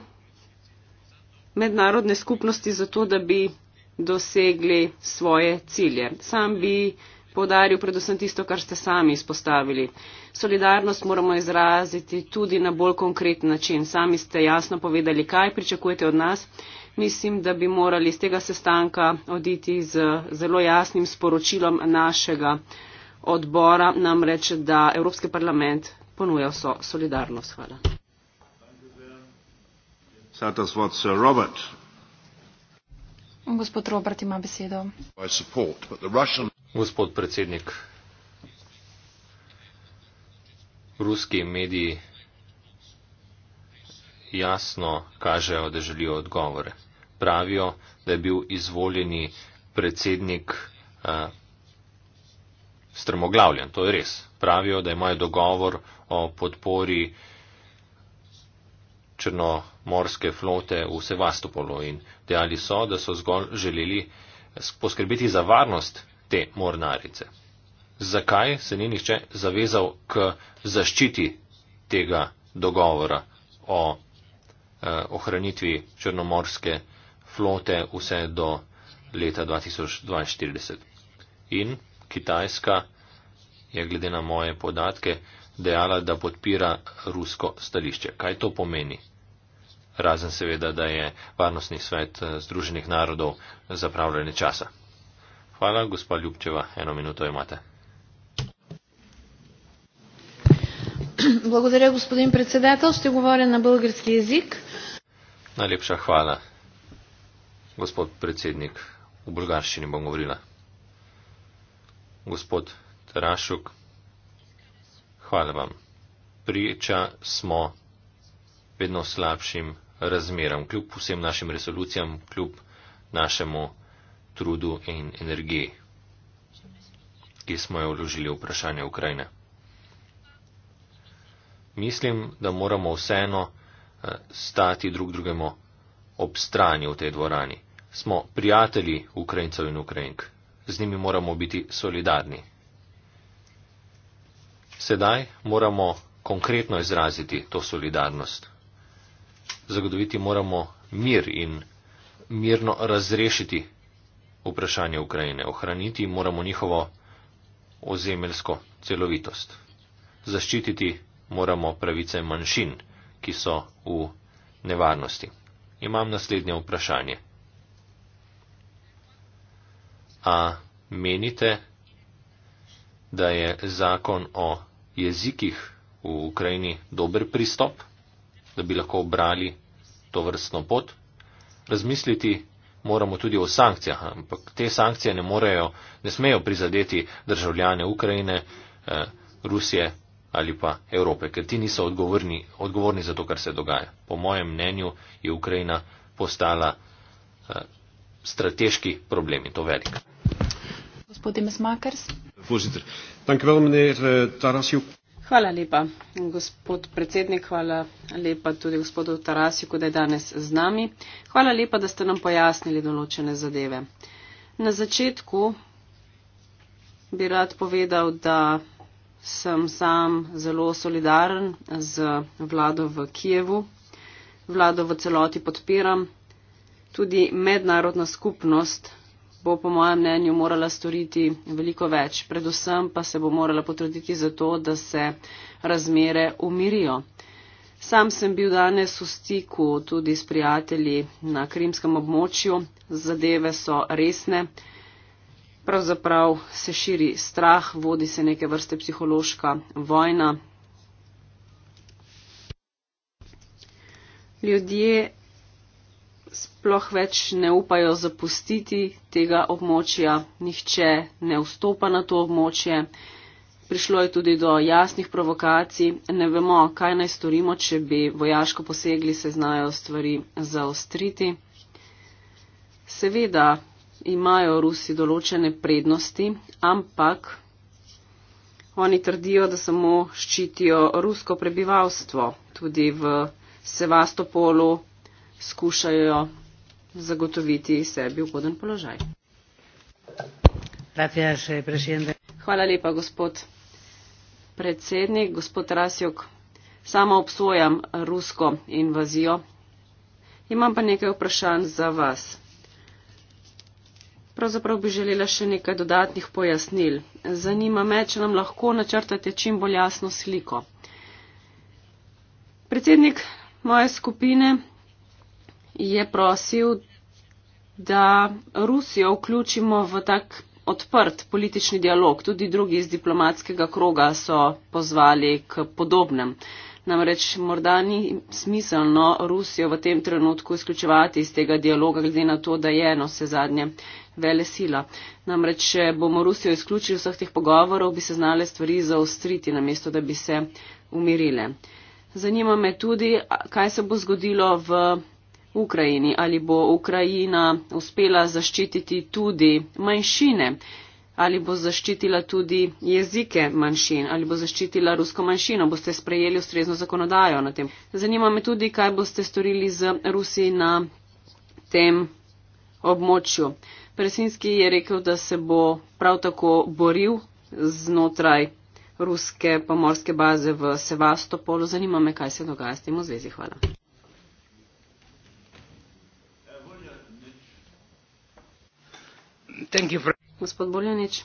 mednarodne skupnosti zato, da bi dosegli svoje cilje. Sam bi podaril predvsem tisto, kar ste sami izpostavili. Solidarnost moramo izraziti tudi na bolj konkreten način. Sami ste jasno povedali, kaj pričakujete od nas. Mislim, da bi morali z tega sestanka oditi z zelo jasnim sporočilom našega odbora, namreč, da Evropski parlament ponuja vso solidarnost. Hvala hat das Wort Sir Robert. Gospod Robert ima besedo. Gospod predsednik, ruski mediji jasno kažejo, da želijo odgovore. Pravijo, da je bil izvoljeni predsednik uh, strmoglavljen. To je res. Pravijo, da imajo dogovor o podpori uh, črnomorske flote v Sevastopolu in dejali so, da so zgolj želeli poskrbeti za varnost te mornarice. Zakaj se ni nihče zavezal k zaščiti tega dogovora o eh, ohranitvi črnomorske flote vse do leta 2042? In Kitajska je glede na moje podatke dejala, da podpira rusko stališče. Kaj to pomeni? Razen seveda, da je Varnostni svet eh, Združenih narodov zapravljanje časa. Hvala, gospa Ljubčeva, eno minuto imate. Благодаря, господин председател. Ще говоря на български язик. Налепша хвала, господ председник. У българщини бъм говорила. Господ Тарашук, Hvala vam. Priča smo vedno slabšim razmeram, kljub vsem našim resolucijam, kljub našemu trudu in energiji, ki smo jo vložili v vprašanje Ukrajine. Mislim, da moramo vseeno eh, stati drug drugemu ob strani v tej dvorani. Smo prijatelji Ukrajincev in Ukrajink. Z njimi moramo biti solidarni. Sedaj moramo konkretno izraziti to solidarnost. Zagotoviti moramo mir in mirno razrešiti vprašanje Ukrajine. Ohraniti moramo njihovo ozemelsko celovitost. Zaščititi moramo pravice manjšin, ki so v nevarnosti. Imam naslednje vprašanje. A menite, da je zakon o jezikih v Ukrajini dober pristop, da bi lahko obrali to vrstno pot. Razmisliti moramo tudi o sankcijah, ampak te sankcije ne, morejo, ne smejo prizadeti državljane Ukrajine, eh, Rusije ali pa Evrope, ker ti niso odgovorni, odgovorni za to, kar se dogaja. Po mojem mnenju je Ukrajina postala eh, strateški problem in to velik. Gospod Imes Makers. Požitr. Eh, hvala lepa gospod predsednik hvala lepa tudi gospodu tarasiku da je danes z nami hvala lepa da ste nam pojasnili določene zadeve na začetku bi rad povedal da sem sam zelo solidaren z vlado v kijevu vlado v celoti podpiram tudi mednarodna skupnost bo po mojem mnenju morala storiti veliko več. Predvsem pa se bo morala potruditi za to, da se razmere umirijo. Sam sem bil danes v stiku tudi s prijatelji na krimskem območju. Zadeve so resne. Pravzaprav se širi strah, vodi se neke vrste psihološka vojna. Ljudje sploh več ne upajo zapustiti tega območja, nihče ne vstopa na to območje. Prišlo je tudi do jasnih provokacij, ne vemo, kaj naj storimo, če bi vojaško posegli, se znajo stvari zaostriti. Seveda imajo Rusi določene prednosti, ampak oni trdijo, da samo ščitijo rusko prebivalstvo. Tudi v Sevastopolu skušajo zagotoviti sebi ugoden položaj. Gracias, eh, Hvala lepa, gospod predsednik. Gospod Rasjok, sama obsojam rusko invazijo. Imam pa nekaj vprašanj za vas. Pravzaprav bi želela še nekaj dodatnih pojasnil. Zanima me, če nam lahko načrtate čim bolj jasno sliko. Predsednik moje skupine je prosil, da Rusijo vključimo v tak odprt politični dialog. Tudi drugi iz diplomatskega kroga so pozvali k podobnem. Namreč morda ni smiselno Rusijo v tem trenutku izključevati iz tega dialoga, glede na to, da je eno se zadnje vele sila. Namreč, če bomo Rusijo izključili vseh teh pogovorov, bi se znale stvari zaostriti, namesto da bi se umirile. Zanima me tudi, kaj se bo zgodilo v Ukrajini, ali bo Ukrajina uspela zaščititi tudi manjšine, ali bo zaščitila tudi jezike manjšin, ali bo zaščitila rusko manjšino, boste sprejeli ustrezno zakonodajo na tem. Zanima me tudi, kaj boste storili z Rusi na tem območju. Presinski je rekel, da se bo prav tako boril znotraj ruske pomorske baze v Sevastopolu. Zanima me, kaj se dogaja s tem v zvezi. Hvala. Gospod Boljanič.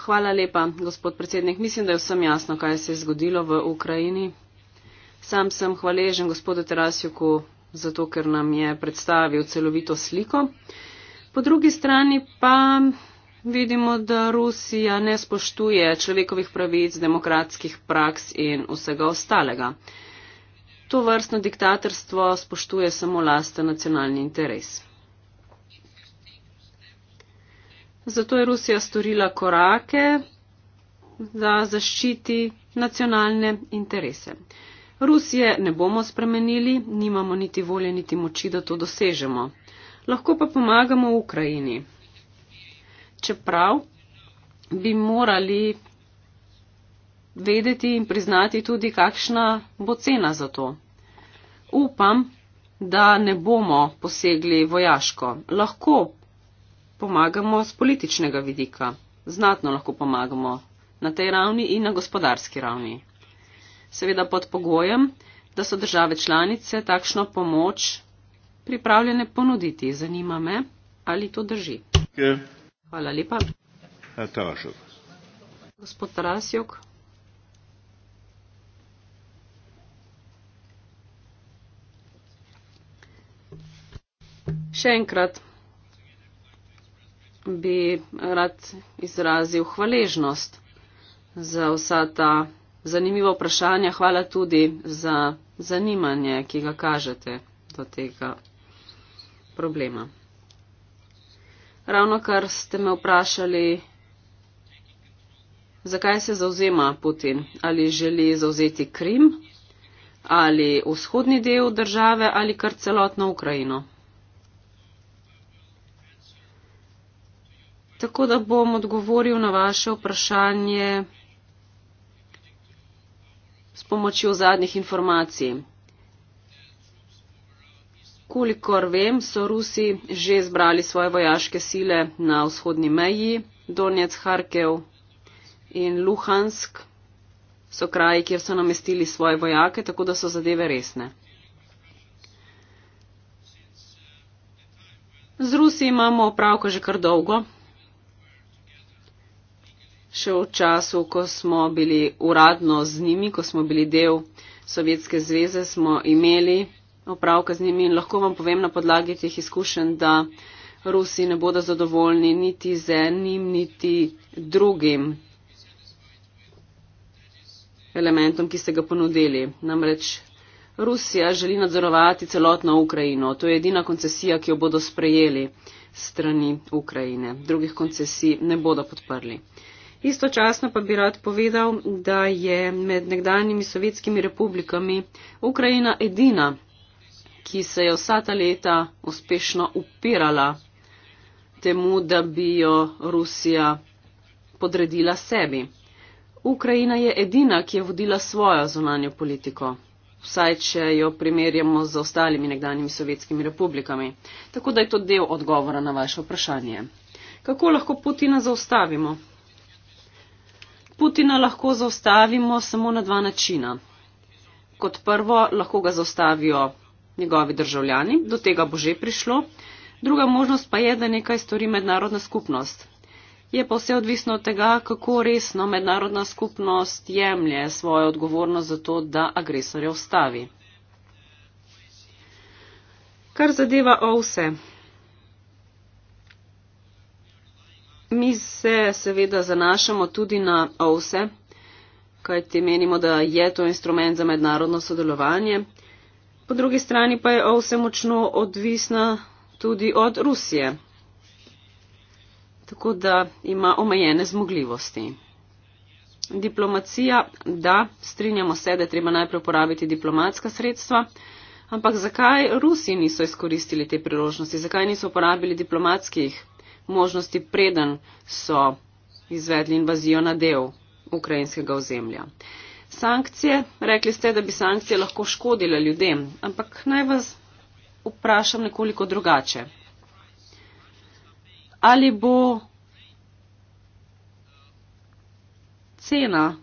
Hvala lepa, gospod predsednik. Mislim, da je vsem jasno, kaj se je zgodilo v Ukrajini. Sam sem hvaležen gospodu Terasjuku za to, ker nam je predstavil celovito sliko. Po drugi strani pa vidimo, da Rusija ne spoštuje človekovih pravic, demokratskih praks in vsega ostalega. To vrstno diktatorstvo spoštuje samo lasten nacionalni interes. Zato je Rusija storila korake, da zaščiti nacionalne interese. Rusije ne bomo spremenili, nimamo niti volje, niti moči, da to dosežemo. Lahko pa pomagamo Ukrajini. Čeprav bi morali vedeti in priznati tudi, kakšna bo cena za to. Upam, da ne bomo posegli vojaško. Lahko pomagamo z političnega vidika, znatno lahko pomagamo na tej ravni in na gospodarski ravni. Seveda pod pogojem, da so države članice takšno pomoč pripravljene ponuditi. Zanima me, ali to drži. Je. Hvala lepa. Tarašok. Gospod Tarasjok. Še enkrat bi rad izrazil hvaležnost za vsa ta zanimiva vprašanja. Hvala tudi za zanimanje, ki ga kažete do tega problema. Ravno kar ste me vprašali, zakaj se zauzema Putin, ali želi zauzeti Krim, ali vzhodni del države, ali kar celotno Ukrajino. Tako da bom odgovoril na vaše vprašanje s pomočjo zadnjih informacij. Kolikor vem, so Rusi že zbrali svoje vojaške sile na vzhodni meji Donetsk, Harkev in Luhansk. So kraji, kjer so namestili svoje vojake, tako da so zadeve resne. Z Rusi imamo opravka že kar dolgo še v času, ko smo bili uradno z njimi, ko smo bili del Sovjetske zveze, smo imeli opravka z njimi in lahko vam povem na podlagi teh izkušenj, da Rusi ne bodo zadovoljni niti z enim, niti drugim elementom, ki ste ga ponudili. Namreč Rusija želi nadzorovati celotno Ukrajino. To je edina koncesija, ki jo bodo sprejeli strani Ukrajine. Drugih koncesij ne bodo podprli. Istočasno pa bi rad povedal, da je med nekdanjimi sovjetskimi republikami Ukrajina edina, ki se je vsa ta leta uspešno upirala temu, da bi jo Rusija podredila sebi. Ukrajina je edina, ki je vodila svojo zunanjo politiko, vsaj če jo primerjamo z ostalimi nekdanjimi sovjetskimi republikami. Tako da je to del odgovora na vaše vprašanje. Kako lahko Putina zaustavimo? Putina lahko zaustavimo samo na dva načina. Kot prvo, lahko ga zaustavijo njegovi državljani, do tega bo že prišlo. Druga možnost pa je, da nekaj stori mednarodna skupnost. Je pa vse odvisno od tega, kako resno mednarodna skupnost jemlje svojo odgovornost za to, da agresorja ustavi. Kar zadeva OVSE. Mi se seveda zanašamo tudi na OVSE, kajti menimo, da je to instrument za mednarodno sodelovanje. Po drugi strani pa je OVSE močno odvisna tudi od Rusije, tako da ima omejene zmogljivosti. Diplomacija, da, strinjamo se, da je treba najprej uporabiti diplomatska sredstva, ampak zakaj Rusi niso izkoristili te priložnosti, zakaj niso uporabili diplomatskih možnosti preden so izvedli invazijo na del ukrajinskega ozemlja. Sankcije, rekli ste, da bi sankcije lahko škodile ljudem, ampak naj vas vprašam nekoliko drugače. Ali bo cena,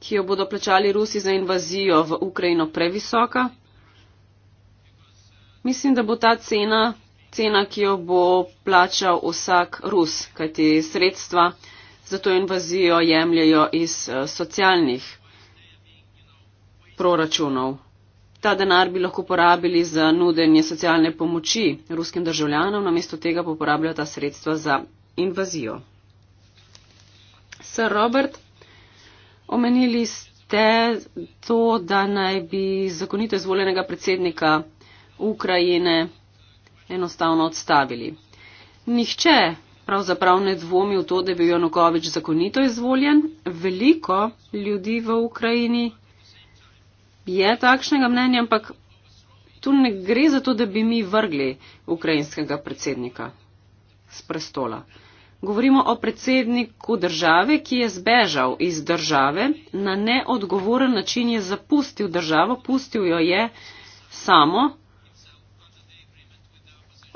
ki jo bodo plačali Rusi za invazijo v Ukrajino, previsoka? Mislim, da bo ta cena cena, ki jo bo plačal vsak Rus, kajti sredstva za to invazijo jemljajo iz eh, socialnih proračunov. Ta denar bi lahko porabili za nudenje socialne pomoči ruskim državljanom, namesto tega pa uporablja ta sredstva za invazijo. Sir Robert, omenili ste to, da naj bi zakonito izvoljenega predsednika Ukrajine enostavno odstavili. Nihče pravzaprav ne dvomi v to, da je bil Janukovič zakonito izvoljen. Veliko ljudi v Ukrajini je takšnega mnenja, ampak tu ne gre za to, da bi mi vrgli ukrajinskega predsednika z prestola. Govorimo o predsedniku države, ki je zbežal iz države, na neodgovoren način je zapustil državo, pustil jo je samo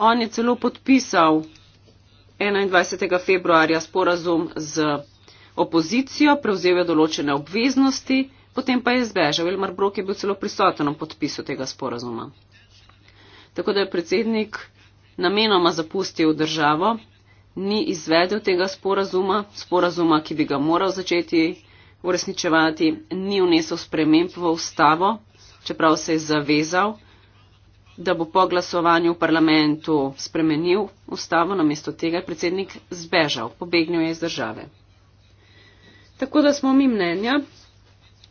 On je celo podpisal 21. februarja sporazum z opozicijo, prevzel je določene obveznosti, potem pa je zbežal. Ilmar Brok je bil celo prisoten v podpisu tega sporazuma. Tako da je predsednik namenoma zapustil državo, ni izvedel tega sporazuma, sporazuma, ki bi ga moral začeti uresničevati, ni vnesel sprememb v ustavo, čeprav se je zavezal da bo po glasovanju v parlamentu spremenil ustavo, namesto tega je predsednik zbežal, pobegnil je iz države. Tako da smo mi mnenja,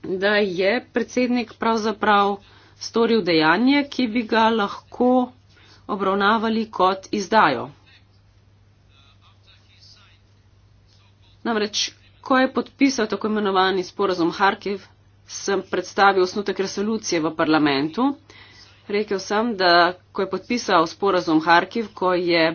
da je predsednik pravzaprav storil dejanje, ki bi ga lahko obravnavali kot izdajo. Namreč, ko je podpisal tako imenovani sporazum Harkiv, sem predstavil osnutek resolucije v parlamentu. Rekel sem, da ko je podpisal sporazum Harkiv, ko je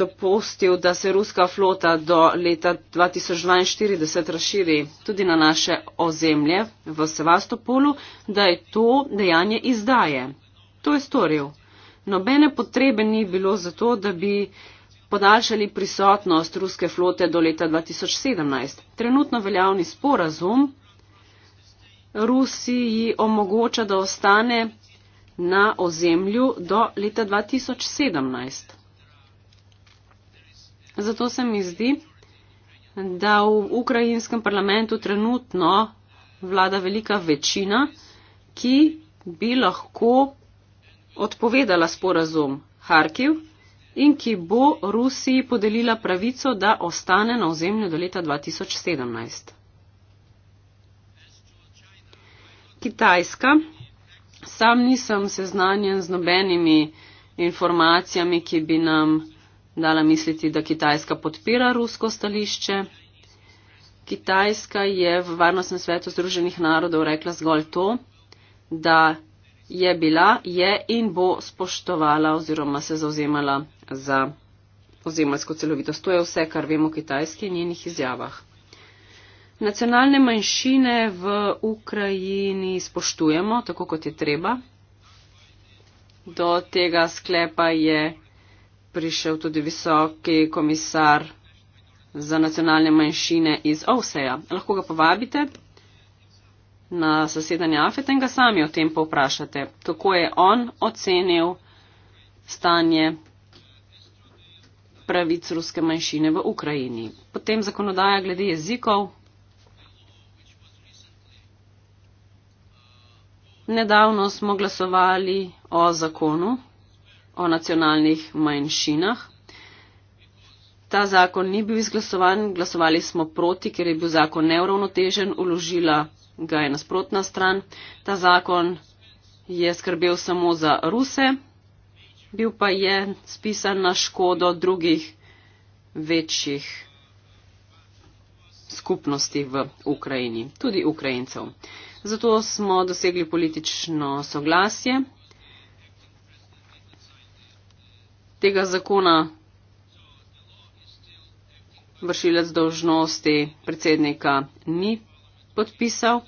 dopustil, da se ruska flota do leta 2042 razširi tudi na naše ozemlje v Sevastopolu, da je to dejanje izdaje. To je storil. Nobene potrebe ni bilo za to, da bi podaljšali prisotnost ruske flote do leta 2017. Trenutno veljavni sporazum Rusiji omogoča, da ostane na ozemlju do leta 2017. Zato se mi zdi, da v ukrajinskem parlamentu trenutno vlada velika večina, ki bi lahko odpovedala sporazum Harkiv in ki bo Rusiji podelila pravico, da ostane na ozemlju do leta 2017. Kitajska Sam nisem seznanjen z nobenimi informacijami, ki bi nam dala misliti, da Kitajska podpira rusko stališče. Kitajska je v Varnostnem svetu Združenih narodov rekla zgolj to, da je bila, je in bo spoštovala oziroma se zauzemala za ozemalsko celovitost. To je vse, kar vemo o Kitajski in njenih izjavah. Nacionalne manjšine v Ukrajini spoštujemo, tako kot je treba. Do tega sklepa je prišel tudi visoki komisar za nacionalne manjšine iz Ovseja. Lahko ga povabite na zasedanje AFET in ga sami o tem povprašate, kako je on ocenil stanje pravic ruske manjšine v Ukrajini. Potem zakonodaja glede jezikov. nedavno smo glasovali o zakonu o nacionalnih manjšinah. Ta zakon ni bil izglasovan, glasovali smo proti, ker je bil zakon neuravnotežen, uložila ga je nasprotna stran. Ta zakon je skrbel samo za ruse, bil pa je spisan na škodo drugih večjih skupnosti v Ukrajini, tudi Ukrajincev zato smo dosegli politično soglasje tega zakona. Vršilec dožnosti predsednika ni podpisal.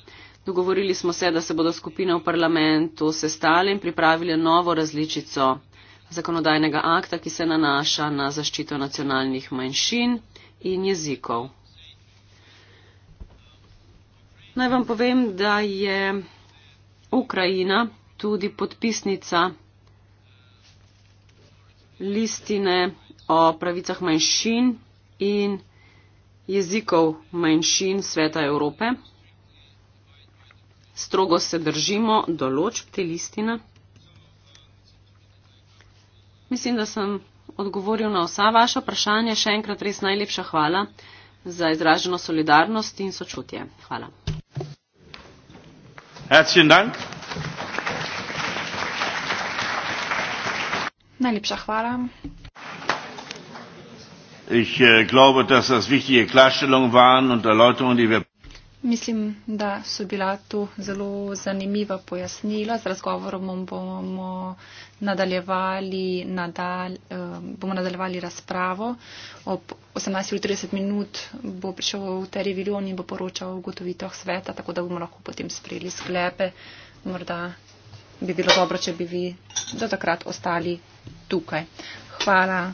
Dogovorili smo se, da se bodo skupine v parlamentu sestali in pripravili novo različico zakonodajnega akta, ki se nanaša na zaščito nacionalnih manjšin in jezikov. Naj vam povem, da je Ukrajina tudi podpisnica listine o pravicah manjšin in jezikov manjšin sveta Evrope. Strogo se držimo določb te listine. Mislim, da sem odgovoril na vsa vaša vprašanja. Še enkrat res najlepša hvala za izraženo solidarnost in sočutje. Hvala. Herzlichen Dank. Ich äh, glaube, dass das wichtige Klarstellungen waren und Erläuterungen, die wir. Mislim, da so bila tu zelo zanimiva pojasnila. Z razgovorom bomo nadaljevali, nadal, uh, bomo nadaljevali razpravo. Ob 18.30 minut bo prišel v Terje Viljon in bo poročal o ugotovitvah sveta, tako da bomo lahko potem sprejeli sklepe. Morda bi bilo dobro, če bi vi do takrat ostali tukaj. Hvala.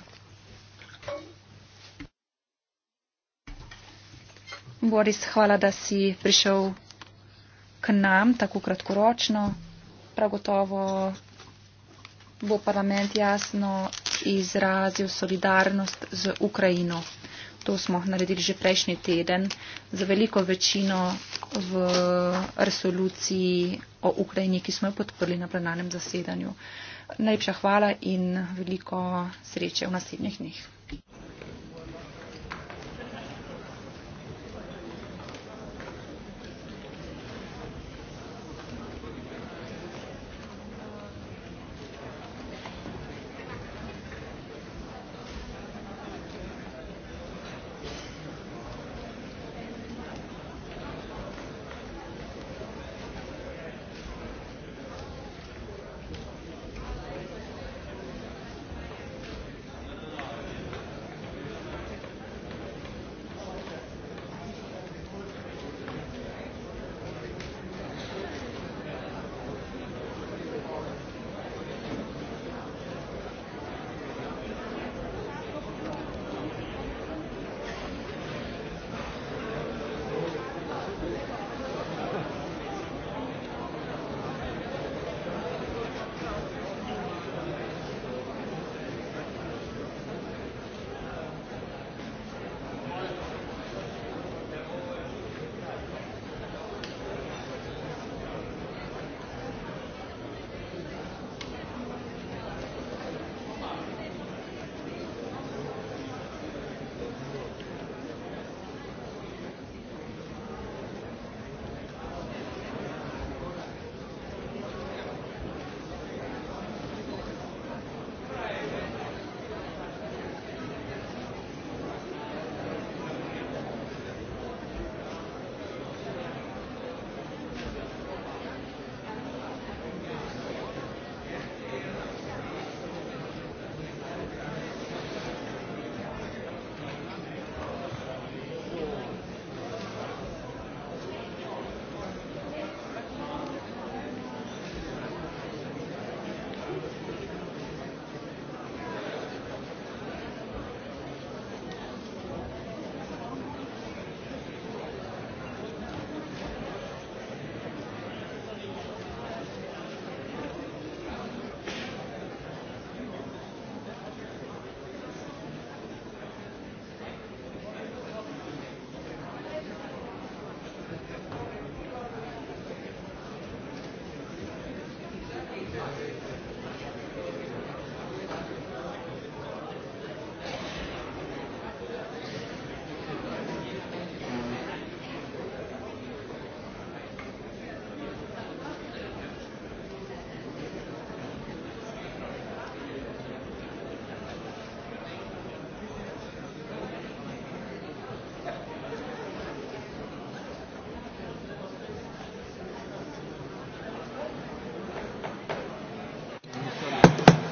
Boris, hvala, da si prišel k nam tako kratkoročno. Prav gotovo bo parlament jasno izrazil solidarnost z Ukrajino. To smo naredili že prejšnji teden za veliko večino v resoluciji o Ukrajini, ki smo jo podprli na plenarnem zasedanju. Najlepša hvala in veliko sreče v naslednjih dneh.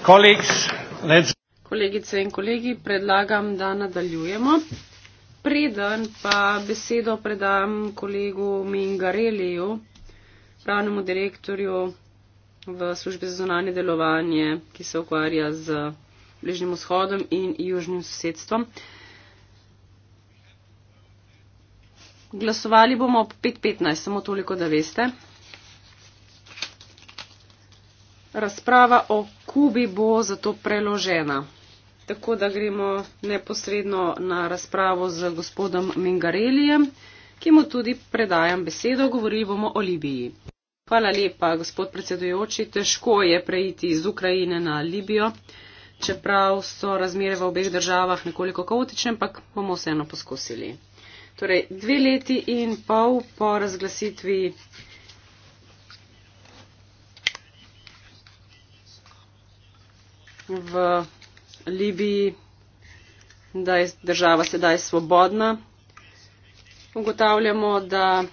Kolegice in kolegi, predlagam, da nadaljujemo. Preden pa besedo predam kolegu Mingareliju, pravnemu direktorju v službi za zunanje delovanje, ki se ukvarja z Bližnjim vzhodom in južnim sosedstvom. Glasovali bomo ob 5.15, samo toliko, da veste. Razprava o Kubi bo zato preložena. Tako da gremo neposredno na razpravo z gospodom Mingarelijem, ki mu tudi predajam besedo, govorili bomo o Libiji. Hvala lepa, gospod predsedujoči. Težko je preiti iz Ukrajine na Libijo, čeprav so razmere v obeh državah nekoliko kaotične, ampak bomo vseeno poskusili. Torej, dve leti in pol po razglasitvi. v Libiji, da je država sedaj svobodna. Ugotavljamo, da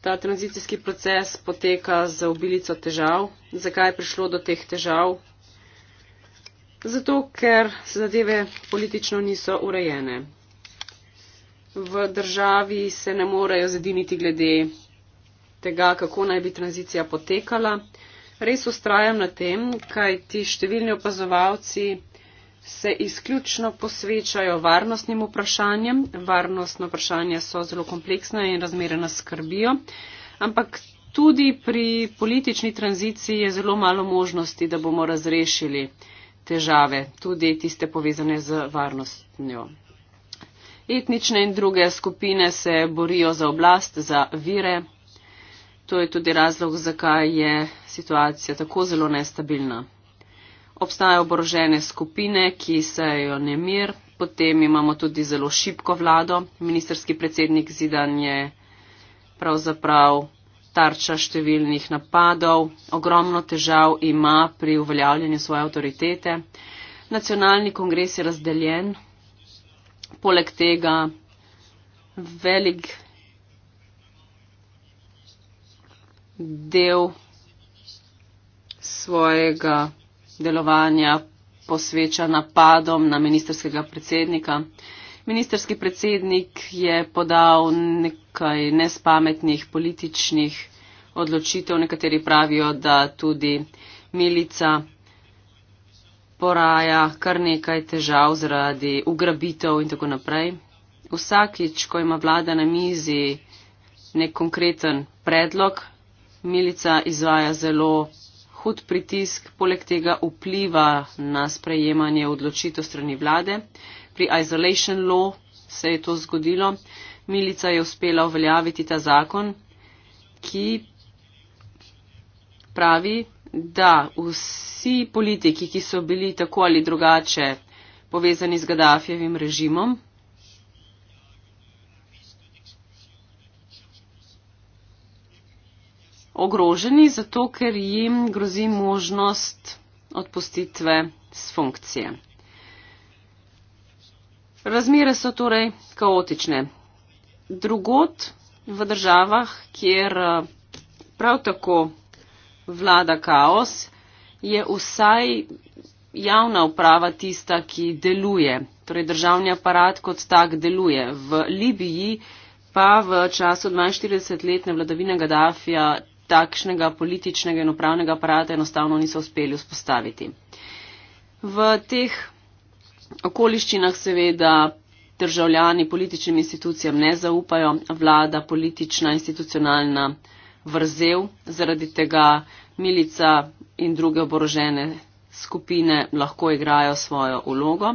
ta tranzicijski proces poteka za obilico težav. Zakaj je prišlo do teh težav? Zato, ker se zadeve politično niso urejene. V državi se ne morejo zediniti glede tega, kako naj bi tranzicija potekala. Res ustrajam na tem, kaj ti številni opazovalci se izključno posvečajo varnostnim vprašanjem. Varnostne vprašanja so zelo kompleksna in razmere nas skrbijo, ampak tudi pri politični tranziciji je zelo malo možnosti, da bomo razrešili težave, tudi tiste povezane z varnostjo. Etnične in druge skupine se borijo za oblast, za vire, To je tudi razlog, zakaj je situacija tako zelo nestabilna. Obstajajo oborožene skupine, ki sejo nemir, potem imamo tudi zelo šipko vlado. Ministerski predsednik Zidan je pravzaprav tarča številnih napadov, ogromno težav ima pri uveljavljanju svoje avtoritete. Nacionalni kongres je razdeljen, poleg tega velik del svojega delovanja posveča napadom na ministerskega predsednika. Ministerski predsednik je podal nekaj nespametnih političnih odločitev, nekateri pravijo, da tudi milica poraja kar nekaj težav zaradi ugrabitev in tako naprej. Vsakič, ko ima vlada na mizi nek konkreten predlog, Milica izvaja zelo hud pritisk, poleg tega vpliva na sprejemanje odločitev strani vlade. Pri Isolation Law se je to zgodilo. Milica je uspela uveljaviti ta zakon, ki pravi, da vsi politiki, ki so bili tako ali drugače povezani z Gaddafijevim režimom, ogroženi, zato ker jim grozi možnost odpustitve s funkcije. Razmere so torej kaotične. Drugot v državah, kjer eh, prav tako vlada kaos, je vsaj javna uprava tista, ki deluje. Torej državni aparat kot tak deluje. V Libiji pa v času 42-letne vladavine Gaddafija takšnega političnega in upravnega aparata enostavno niso uspeli vzpostaviti. V teh okoliščinah seveda državljani političnim institucijam ne zaupajo, vlada politična institucionalna vrzel, zaradi tega milica in druge oborožene skupine lahko igrajo svojo vlogo.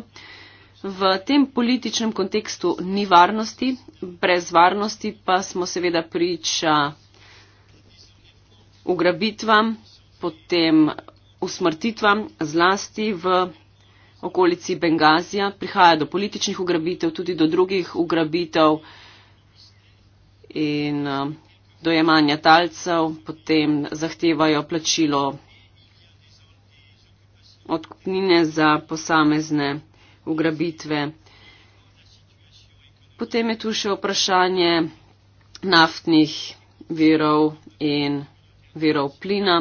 V tem političnem kontekstu ni varnosti, brez varnosti pa smo seveda priča ugrabitvam, potem usmrtitvam, zlasti v okolici Bengazija. Prihaja do političnih ugrabitev, tudi do drugih ugrabitev in eh, dojemanja talcev, potem zahtevajo plačilo odkupnine za posamezne ugrabitve. Potem je tu še vprašanje naftnih virov in virov plina,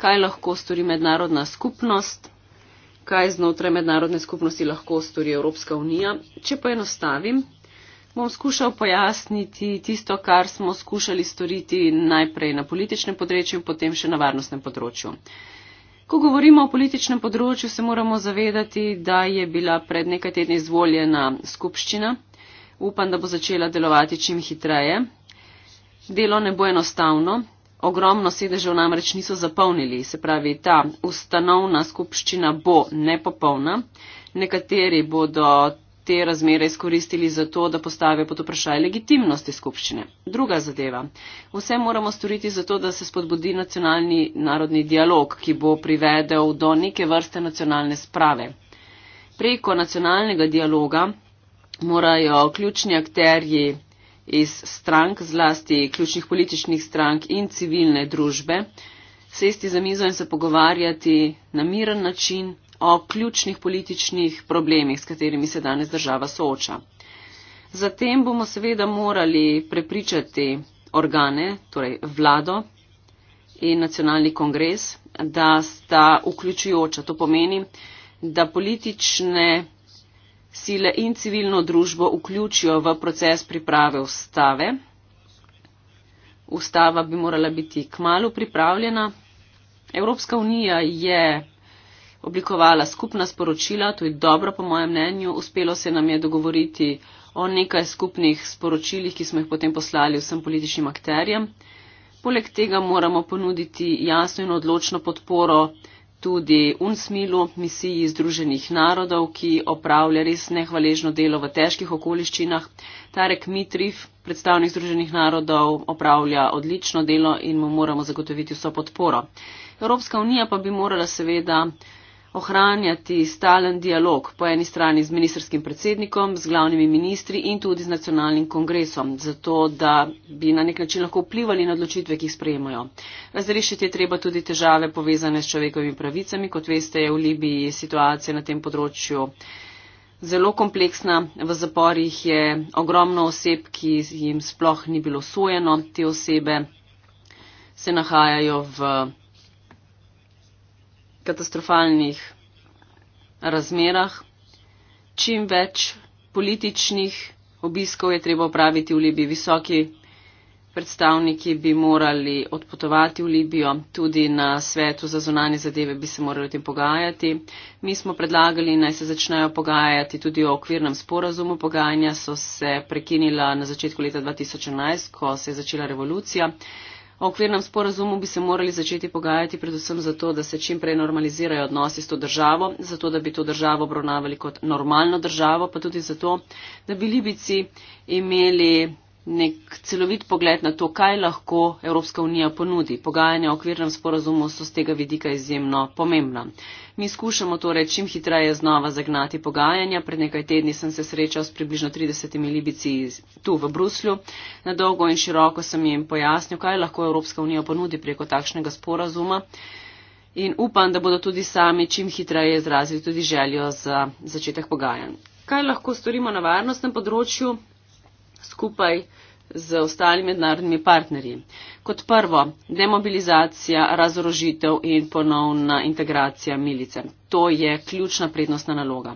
kaj lahko stori mednarodna skupnost, kaj znotraj mednarodne skupnosti lahko stori Evropska unija. Če poenostavim, bom skušal pojasniti tisto, kar smo skušali storiti najprej na političnem področju, potem še na varnostnem področju. Ko govorimo o političnem področju, se moramo zavedati, da je bila pred nekaj tedni izvoljena skupščina. Upam, da bo začela delovati čim hitreje. Delo ne bo enostavno, ogromno sedežev namreč niso zapolnili, se pravi, ta ustanovna skupščina bo nepopolna. Nekateri bodo te razmere izkoristili za to, da postave pod vprašaj legitimnosti skupščine. Druga zadeva. Vse moramo storiti za to, da se spodbudi nacionalni narodni dialog, ki bo privedel do neke vrste nacionalne sprave. Preko nacionalnega dialoga morajo ključni akterji iz strank, zlasti ključnih političnih strank in civilne družbe, sesti za mizo in se pogovarjati na miren način o ključnih političnih problemih, s katerimi se danes država sooča. Zatem bomo seveda morali prepričati organe, torej vlado in nacionalni kongres, da sta vključujoča. To pomeni, da politične sile in civilno družbo vključijo v proces priprave ustave. Ustava bi morala biti kmalo pripravljena. Evropska unija je oblikovala skupna sporočila, to je dobro po mojem mnenju, uspelo se nam je dogovoriti o nekaj skupnih sporočilih, ki smo jih potem poslali vsem političnim akterjem. Poleg tega moramo ponuditi jasno in odločno podporo tudi UNSMILU, misiji Združenih narodov, ki opravlja res nehvaležno delo v težkih okoliščinah. Tarek Mitrif, predstavnik Združenih narodov, opravlja odlično delo in mu moramo zagotoviti vso podporo. Evropska unija pa bi morala seveda ohranjati stalen dialog po eni strani z ministerskim predsednikom, z glavnimi ministri in tudi z nacionalnim kongresom, zato da bi na nek način lahko vplivali na odločitve, ki jih sprejemajo. Razrešiti je treba tudi težave povezane s človekovimi pravicami. Kot veste, je v Libiji situacija na tem področju zelo kompleksna. V zaporih je ogromno oseb, ki jim sploh ni bilo sojeno. Te osebe se nahajajo v katastrofalnih razmerah. Čim več političnih obiskov je treba opraviti v Libiji. Visoki predstavniki bi morali odpotovati v Libijo, tudi na svetu za zunanje zadeve bi se morali o tem pogajati. Mi smo predlagali, naj se začnejo pogajati tudi o okvirnem sporazumu. Pogajanja so se prekinila na začetku leta 2011, ko se je začela revolucija. O okvirnem sporazumu bi se morali začeti pogajati predvsem zato, da se čim prej normalizirajo odnosi s to državo, zato da bi to državo obravnavali kot normalno državo, pa tudi zato, da bi Libici imeli nek celovit pogled na to, kaj lahko Evropska unija ponudi. Pogajanja o okvirnem sporazumu so z tega vidika izjemno pomembna. Mi skušamo torej čim hitreje znova zagnati pogajanja. Pred nekaj tedni sem se srečal s približno 30 Libici tu v Bruslju. Na dolgo in široko sem jim pojasnil, kaj lahko Evropska unija ponudi preko takšnega sporazuma. In upam, da bodo tudi sami čim hitreje izrazili tudi željo za začetek pogajanj. Kaj lahko storimo na varnostnem področju? Skupaj z ostalimi mednarodnimi partnerji. Kot prvo, demobilizacija, razorožitev in ponovna integracija milice. To je ključna prednostna naloga.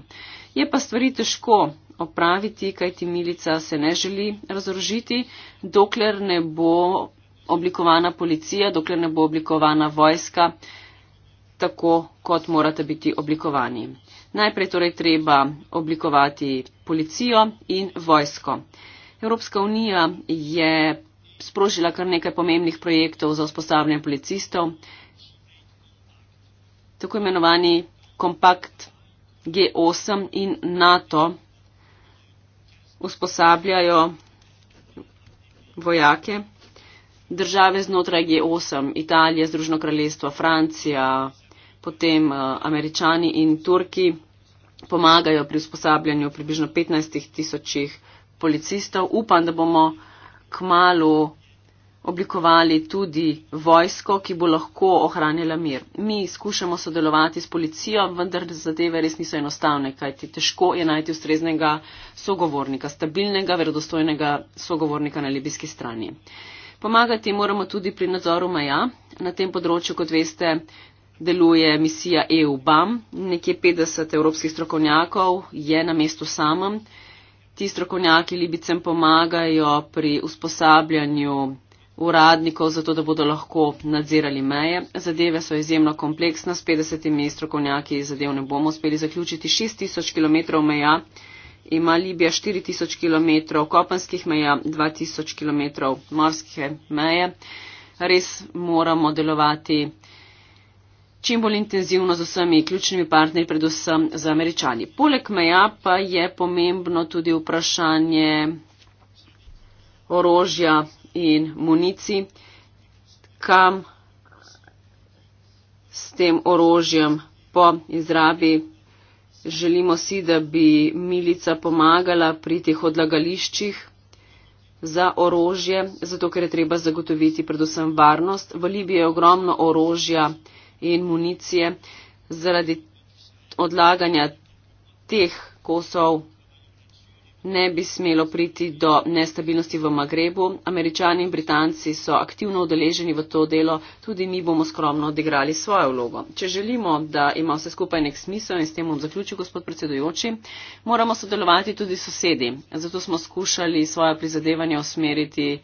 Je pa stvari težko opraviti, kaj ti milica se ne želi razorožiti, dokler ne bo oblikovana policija, dokler ne bo oblikovana vojska, tako kot morate biti oblikovani. Najprej torej treba oblikovati policijo in vojsko. Evropska unija je sprožila kar nekaj pomembnih projektov za vzpostavljanje policistov. Tako imenovani kompakt G8 in NATO usposabljajo vojake. Države znotraj G8, Italija, Združeno kraljestvo, Francija, potem eh, Američani in Turki pomagajo pri usposabljanju približno 15 tisočih policistov. Upam, da bomo k malu oblikovali tudi vojsko, ki bo lahko ohranjala mir. Mi skušamo sodelovati s policijo, vendar zadeve res niso enostavne, kajti težko je najti ustreznega sogovornika, stabilnega, verodostojnega sogovornika na libijski strani. Pomagati moramo tudi pri nadzoru maja. Na tem področju, kot veste, deluje misija EU-BAM. Nekje 50 evropskih strokovnjakov je na mestu samem ti strokovnjaki Libicem pomagajo pri usposabljanju uradnikov, zato da bodo lahko nadzirali meje. Zadeve so izjemno kompleksne, s 50 strokovnjaki zadev ne bomo uspeli zaključiti. 6000 km meja ima Libija, 4000 km kopenskih meja, 2000 km morske meje. Res moramo delovati čim bolj intenzivno z vsemi ključnimi partnerji, predvsem z američani. Poleg meja pa je pomembno tudi vprašanje orožja in municij, kam s tem orožjem po izrabi želimo si, da bi milica pomagala pri teh odlagališčih za orožje, zato ker je treba zagotoviti predvsem varnost. V Libiji je ogromno orožja, in municije. Zaradi odlaganja teh kosov ne bi smelo priti do nestabilnosti v Magrebu. Američani in Britanci so aktivno udeleženi v to delo, tudi mi bomo skromno odigrali svojo vlogo. Če želimo, da ima vse skupaj nek smisel in s tem bom zaključil, gospod predsedujoči, moramo sodelovati tudi sosedi. Zato smo skušali svoje prizadevanje usmeriti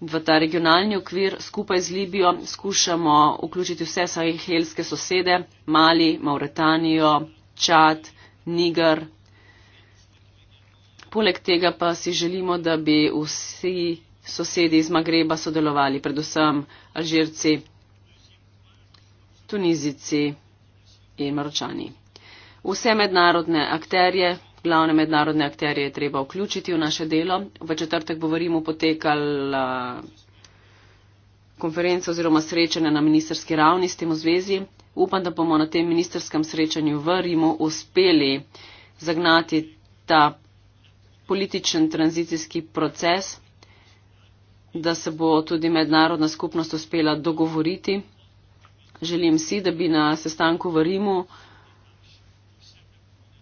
v ta regionalni okvir skupaj z Libijo skušamo vključiti vse sahelske sosede, Mali, Mauretanijo, Čad, Niger. Poleg tega pa si želimo, da bi vsi sosedi iz Magreba sodelovali, predvsem Alžirci, Tunizici in Maročani. Vse mednarodne akterje glavne mednarodne akterje je treba vključiti v naše delo. V četrtek bo v Rimu potekala konferenca oziroma srečanja na ministerski ravni s tem v zvezi. Upam, da bomo na tem ministerskem srečanju v Rimu uspeli zagnati ta političen tranzicijski proces, da se bo tudi mednarodna skupnost uspela dogovoriti. Želim si, da bi na sestanku v Rimu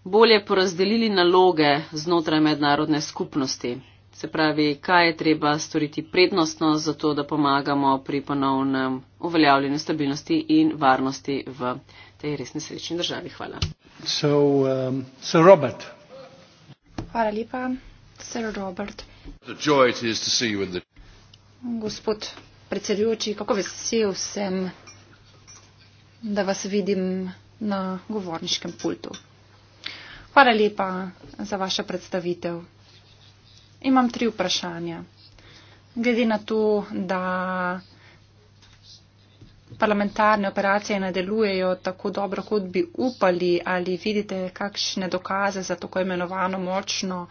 bolje porazdelili naloge znotraj mednarodne skupnosti. Se pravi, kaj je treba storiti prednostno, zato da pomagamo pri ponovnem uveljavljanju stabilnosti in varnosti v tej res nesrečni državi. Hvala. So, um, so Robert. Hvala lepa, sir Robert. The... Gospod predsedujoči, kako vesel sem, da vas vidim na govorniškem pultu. Hvala lepa za vašo predstavitev. Imam tri vprašanja. Glede na to, da parlamentarne operacije ne delujejo tako dobro, kot bi upali, ali vidite kakšne dokaze za tako imenovano močno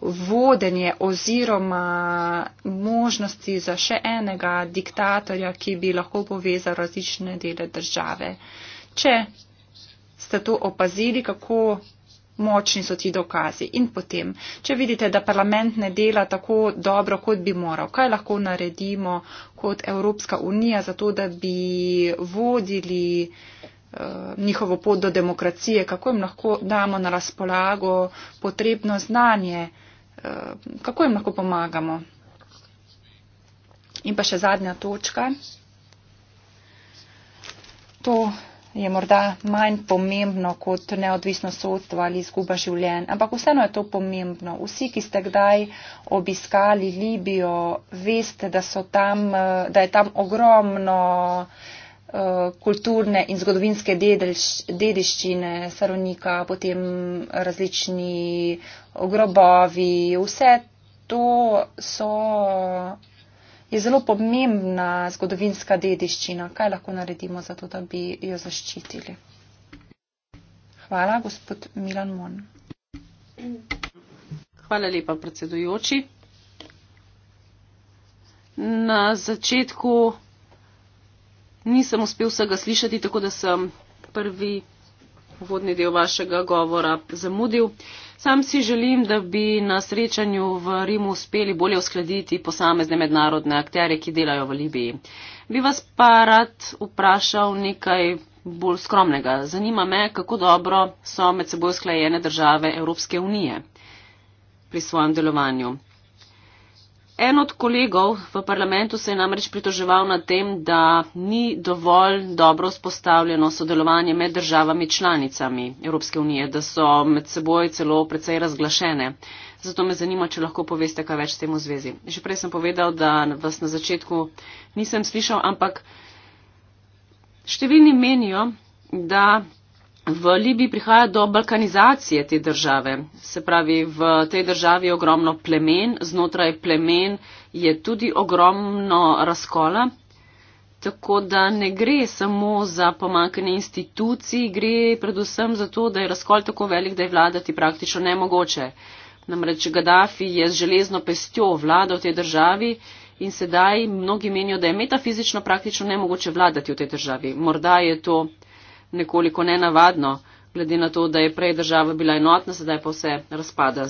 vodenje oziroma možnosti za še enega diktatorja, ki bi lahko povezal različne dele države. Če ste to opazili, kako močni so ti dokazi. In potem, če vidite, da parlament ne dela tako dobro, kot bi moral, kaj lahko naredimo kot Evropska unija, zato da bi vodili eh, njihovo pot do demokracije, kako jim lahko damo na razpolago potrebno znanje, eh, kako jim lahko pomagamo. In pa še zadnja točka. To je morda manj pomembno kot neodvisno sodstvo ali izguba življenj, ampak vseeno je to pomembno. Vsi, ki ste kdaj obiskali Libijo, veste, da, tam, da je tam ogromno eh, kulturne in zgodovinske dediščine Saronika, potem različni grobovi, vse to so je zelo pomembna zgodovinska dediščina. Kaj lahko naredimo za to, da bi jo zaščitili? Hvala, gospod Milan Mon. Hvala lepa, predsedujoči. Na začetku nisem uspel vsega slišati, tako da sem prvi uvodni del vašega govora zamudil. Uh, Sam si želim, da bi na srečanju v Rimu uspeli bolje uskladiti posamezne mednarodne akterje, ki delajo v Libiji. Bi vas pa rad vprašal nekaj bolj skromnega. Zanima me, kako dobro so med seboj usklajene države Evropske unije pri svojem delovanju. En od kolegov v parlamentu se je namreč pritoževal na tem, da ni dovolj dobro spostavljeno sodelovanje med državami članicami Evropske unije, da so med seboj celo precej razglašene. Zato me zanima, če lahko poveste kaj več s tem v zvezi. Že prej sem povedal, da vas na začetku nisem slišal, ampak številni menijo, da V Libiji prihaja do balkanizacije te države. Se pravi, v tej državi je ogromno plemen, znotraj plemen je tudi ogromno razkola. Tako da ne gre samo za pomankanje institucij, gre predvsem za to, da je razkol tako velik, da je vladati praktično nemogoče. Namreč Gaddafi je z železno pestjo vladal v tej državi in sedaj mnogi menijo, da je metafizično praktično nemogoče vladati v tej državi. Morda je to nekoliko nenavadno, glede na to, da je prej država bila enotna, sedaj pa vse razpada.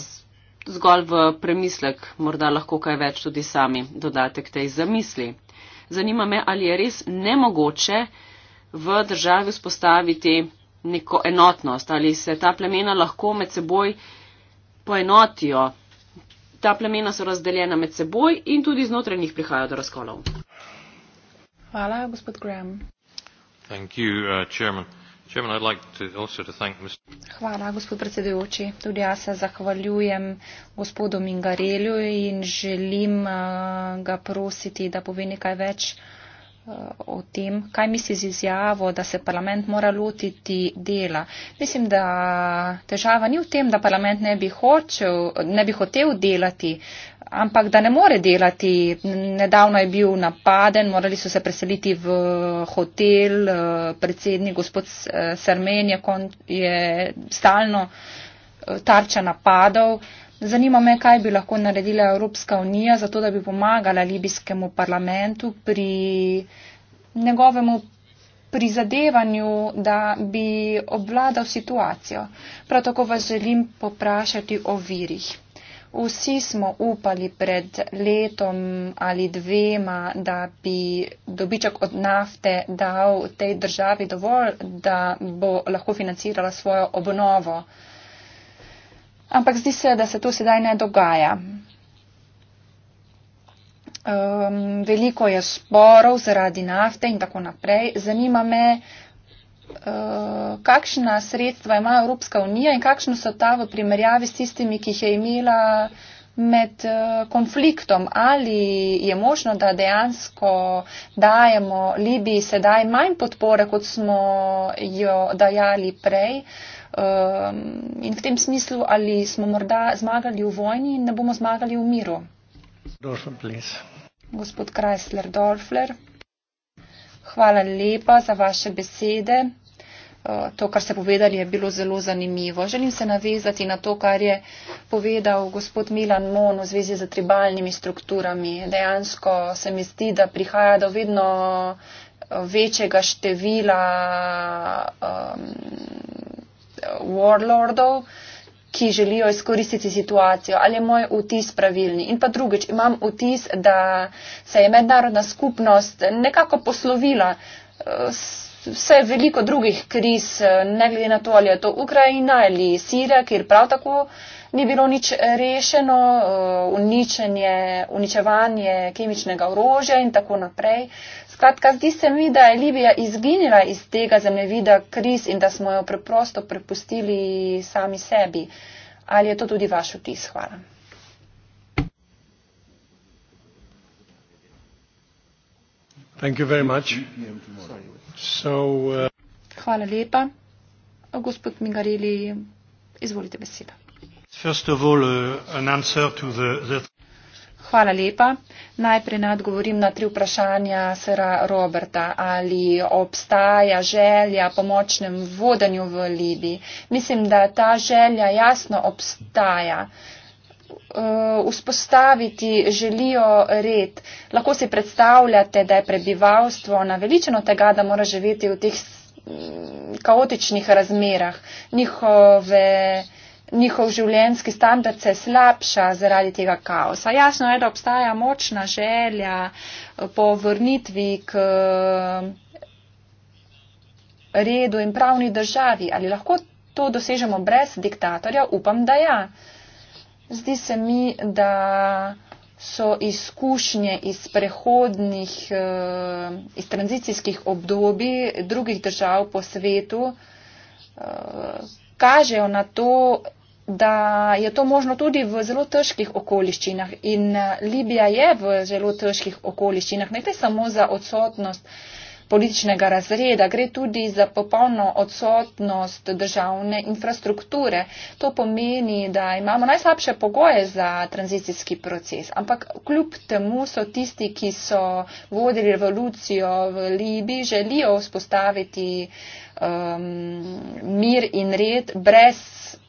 Zgolj v premislek, morda lahko kaj več tudi sami dodate k tej zamisli. Zanima me, ali je res nemogoče v državi vzpostaviti neko enotnost, ali se ta plemena lahko med seboj poenotijo. Ta plemena so razdeljena med seboj in tudi znotraj njih prihajajo do razkolov. Hvala, gospod Graham. Uh, Hvala, gospod predsedujoči. Tudi jaz se zahvaljujem gospodu Mingarelju in želim uh, ga prositi, da pove nekaj več o o tem, kaj misli z izjavo, da se parlament mora lotiti dela. Mislim, da težava ni v tem, da parlament ne bi, hočel, ne bi hotel delati, ampak da ne more delati. Nedavno je bil napaden, morali so se preseliti v hotel, eh, predsednik gospod eh, Sermen je, je stalno eh, tarča napadov. Zanima me, kaj bi lahko naredila Evropska unija za to, da bi pomagala libijskemu parlamentu pri njegovemu prizadevanju, da bi obvladal situacijo. Prav tako vas želim poprašati o virih. Vsi smo upali pred letom ali dvema, da bi dobiček od nafte dal tej državi dovolj, da bo lahko financirala svojo obnovo. Ampak zdi se, da se to sedaj ne dogaja. Um, veliko je sporov zaradi nafte in tako naprej. Zanima me, uh, kakšna sredstva ima Evropska unija in kakšno so ta v primerjavi s tistimi, ki jih je imela med uh, konfliktom. Ali je možno, da dejansko dajemo Libiji sedaj manj podpore, kot smo jo dajali prej? Uh, Um, in v tem smislu, ali smo morda zmagali v vojni in ne bomo zmagali v miru. Gospod Kreisler Dorfler, hvala lepa za vaše besede. Ehm, to, kar ste povedali, je bilo zelo zanimivo. Želim se navezati na to, kar je povedal gospod Milan Mon v zvezi z tribalnimi strukturami. Dejansko se mi zdi, da prihaja do vedno ehm, večjega števila um, warlordov, ki želijo izkoristiti situacijo. Ali je moj vtis pravilni? In pa drugič, imam vtis, da se je mednarodna skupnost nekako poslovila. Eh, vse veliko drugih kriz, eh, ne glede na to, ali je to Ukrajina ali Sirija, kjer prav tako ni bilo nič rešeno, eh, uničenje, uničevanje kemičnega orožja in tako naprej. Skratka, zdi se mi, da je Libija izginila iz tega zemljevida kriz in da smo jo preprosto prepustili sami sebi. Ali je to tudi vaš vtis? Hvala. Uh, Hvala lepa. Gospod Migareli, izvolite besedo. First of all, uh, an answer to the, the Hvala lepa. Najprej naj odgovorim na tri vprašanja sera Roberta. Ali obstaja želja po močnem vodanju v Libiji? Mislim, da ta želja jasno obstaja. Eh, vzpostaviti želijo red. Lahko si predstavljate, da je prebivalstvo naveličeno tega, da mora živeti v teh mm, kaotičnih razmerah. Njihove njihov življenjski standard se slabša zaradi tega kaosa. Jasno je, da obstaja močna želja po vrnitvi k redu in pravni državi. Ali lahko to dosežemo brez diktatorja? Upam, da ja. Zdi se mi, da so izkušnje iz prehodnih, eh, iz tranzicijskih obdobij drugih držav po svetu eh, kažejo na to, da je to možno tudi v zelo težkih okoliščinah. In eh, Libija je v zelo težkih okoliščinah, ne gre samo za odsotnost političnega razreda, gre tudi za popolno odsotnost državne infrastrukture. To pomeni, da imamo najslabše pogoje za tranzicijski proces. Ampak kljub temu so tisti, ki so vodili revolucijo v Libiji, želijo vzpostaviti um, mir in red brez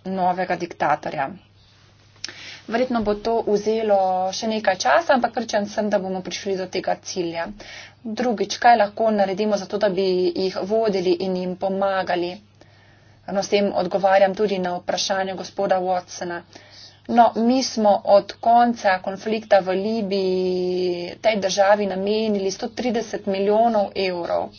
novega diktatorja. Verjetno bo to vzelo še nekaj časa, ampak pričem sem, da bomo prišli do tega cilja. Drugič, kaj lahko naredimo za to, da bi jih vodili in jim pomagali? No, s tem odgovarjam tudi na vprašanje gospoda Watsona. No, mi smo od konca konflikta v Libiji tej državi namenili 130 milijonov evrov.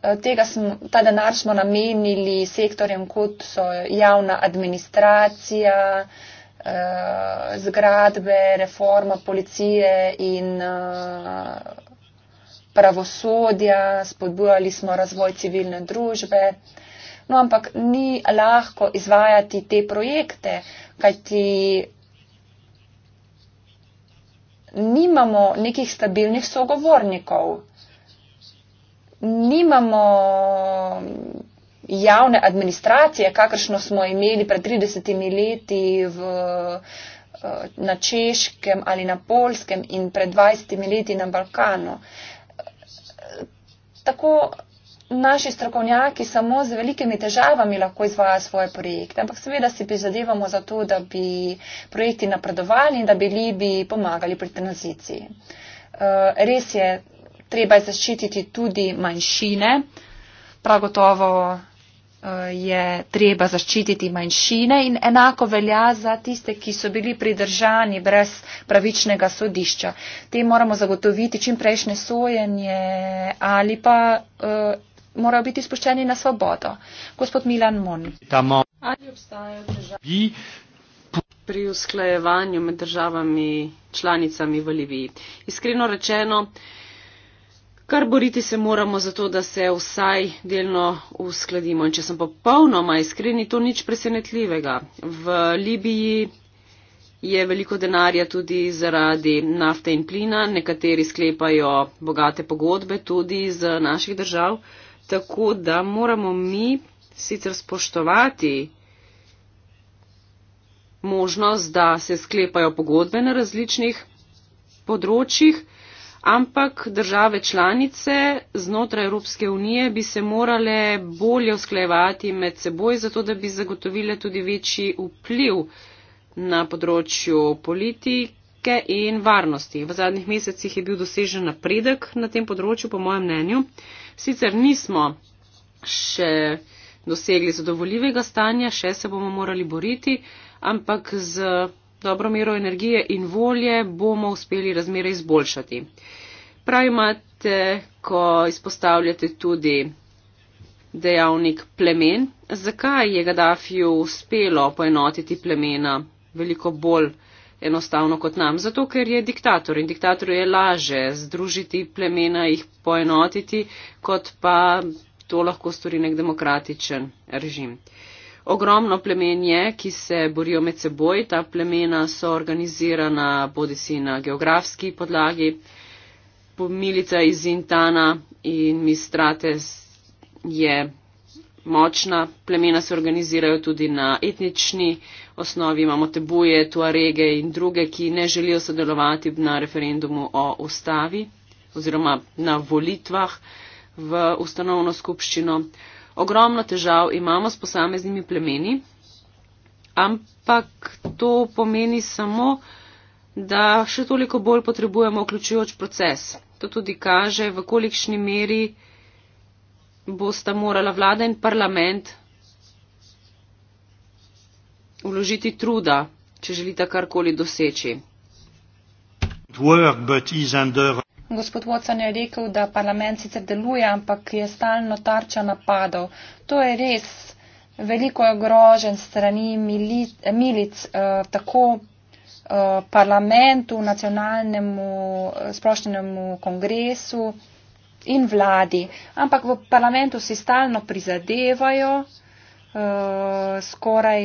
Eh, tega smo, ta denar smo namenili sektorjem, kot so javna administracija, eh, zgradbe, reforma policije in eh, pravosodja, spodbujali smo razvoj civilne družbe. No, ampak ni lahko izvajati te projekte, kajti nimamo nekih stabilnih sogovornikov nimamo javne administracije, kakršno smo imeli pred 30 leti v, eh, na Češkem ali na Polskem in pred 20 leti na Balkanu. Tako naši strokovnjaki samo z velikimi težavami lahko izvajajo svoje projekte, ampak seveda si prizadevamo za to, da bi projekti napredovali in da bi Libiji pomagali pri tranziciji. Eh, res je, treba je zaščititi tudi manjšine. Prav gotovo eh, je treba zaščititi manjšine in enako velja za tiste, ki so bili pridržani brez pravičnega sodišča. Te moramo zagotoviti čim prejšnje sojenje ali pa uh, morajo biti spuščeni na svobodo. Gospod Milan Mon. Ali obstajajo težave pri usklajevanju med državami članicami v Liviji? Iskreno rečeno, uh, kar boriti se moramo za to, da se vsaj delno uskladimo. In če sem popolnoma iskreni, to nič presenetljivega. V Libiji je veliko denarja tudi zaradi nafte in plina, nekateri sklepajo bogate pogodbe tudi z naših držav, tako da moramo mi sicer spoštovati možnost, da se sklepajo pogodbe na različnih področjih, ampak države članice znotraj Evropske unije bi se morale bolje usklajevati med seboj, zato da bi zagotovile tudi večji vpliv na področju politike in varnosti. V zadnjih mesecih je bil dosežen napredek na tem področju, po mojem mnenju. Sicer nismo še dosegli zadovoljivega stanja, še se bomo morali boriti, ampak z dobro mero energije in volje bomo uspeli razmere izboljšati. Prav imate, ko izpostavljate tudi dejavnik plemen, zakaj je Gaddafiju uspelo poenotiti plemena veliko bolj enostavno kot nam? Zato, ker je diktator in diktatorju je laže združiti plemena, jih poenotiti, kot pa to lahko stori nek demokratičen režim. Uh, ogromno plemen je, ki se borijo med seboj. Ta plemena so organizirana bodi si na geografski podlagi. Milica iz Intana in Mistrates je močna. Plemena se organizirajo tudi na etnični osnovi. Imamo Tebuje, Tuarege in druge, ki ne želijo sodelovati na referendumu o ustavi oziroma na volitvah v ustanovno skupščino ogromno težav imamo s posameznimi plemeni, ampak to pomeni samo, da še toliko bolj potrebujemo vključujoč proces. To tudi kaže, v kolikšni meri bosta morala vlada in parlament vložiti truda, če želita karkoli doseči. Work, but is under... Gospod Watson je rekel, da parlament sicer deluje, ampak je stalno tarča napadov. To je res. Veliko je grožen strani milic, milic eh, tako eh, parlamentu, nacionalnemu eh, splošnemu kongresu in vladi. Ampak v parlamentu si stalno prizadevajo, skoraj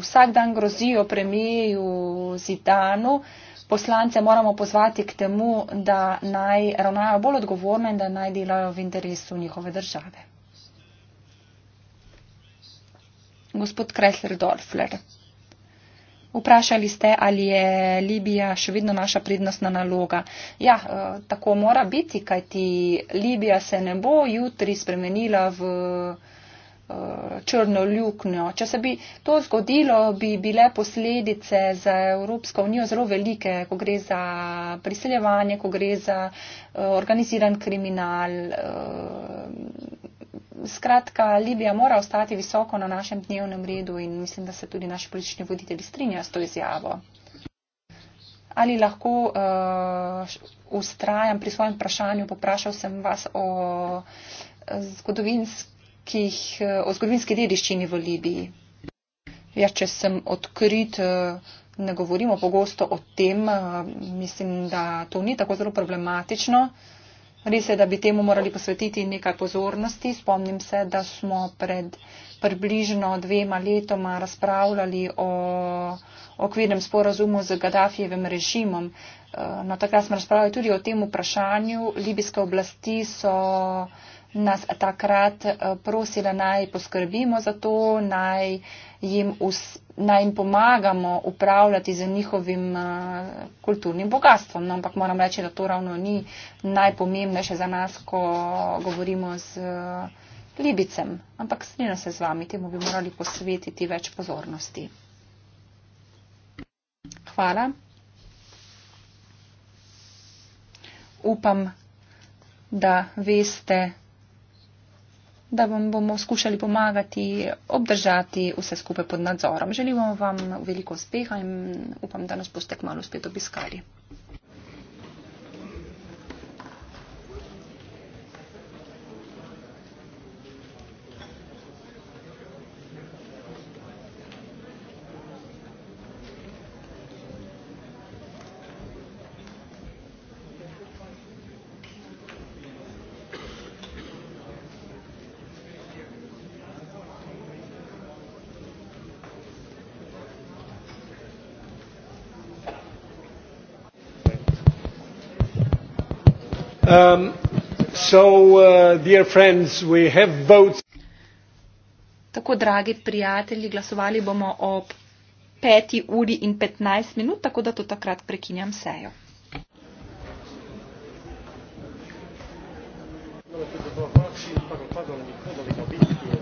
vsak dan grozijo premijeju Zidanu poslance moramo pozvati k temu, da naj ravnajo bolj odgovorno in da naj delajo v interesu njihove države. Gospod Kressler Dorfler, vprašali ste, ali je Libija še vedno naša prednostna naloga. Ja, eh, tako mora biti, kajti Libija se ne bo jutri spremenila v. Eh, črno luknjo. Če se bi to zgodilo, bi bile posledice za Evropsko unijo zelo velike, ko gre za priseljevanje, ko gre za eh, organiziran kriminal. Eh, skratka, Libija mora ostati visoko na našem dnevnem redu in mislim, da se tudi naši politični voditelji strinjajo s to izjavo. Ali lahko uh, ustrajam pri svojem vprašanju, poprašal sem vas o zgodovinski ki jih eh, o zgodovinski dediščini v Libiji. Ja, če sem odkrit, eh, ne govorimo pogosto o tem, eh, mislim, da to ni tako zelo problematično. Res je, da bi temu morali posvetiti nekaj pozornosti. Spomnim se, da smo pred približno dvema letoma razpravljali o okvirnem sporazumu z Gaddafijevim režimom. No, takrat smo razpravljali tudi o tem vprašanju. Libijske oblasti so nas takrat eh, prosila, naj poskrbimo za to, naj jim, us, naj jim pomagamo upravljati z njihovim eh, kulturnim bogatstvom. No, ampak moram reči, da to ravno ni najpomembnejše za nas, ko govorimo z eh, Libicem. Ampak strinjam se z vami, temu bi morali posvetiti več pozornosti. Hvala. Upam, da veste, da vam bomo skušali pomagati obdržati vse skupaj pod nadzorom. Želimo vam veliko uspeha in upam, da nas boste k malu spet obiskali. So, uh, friends, tako, dragi prijatelji, glasovali bomo ob 5. uri in 15 minut, tako da to takrat prekinjam sejo. Hvala.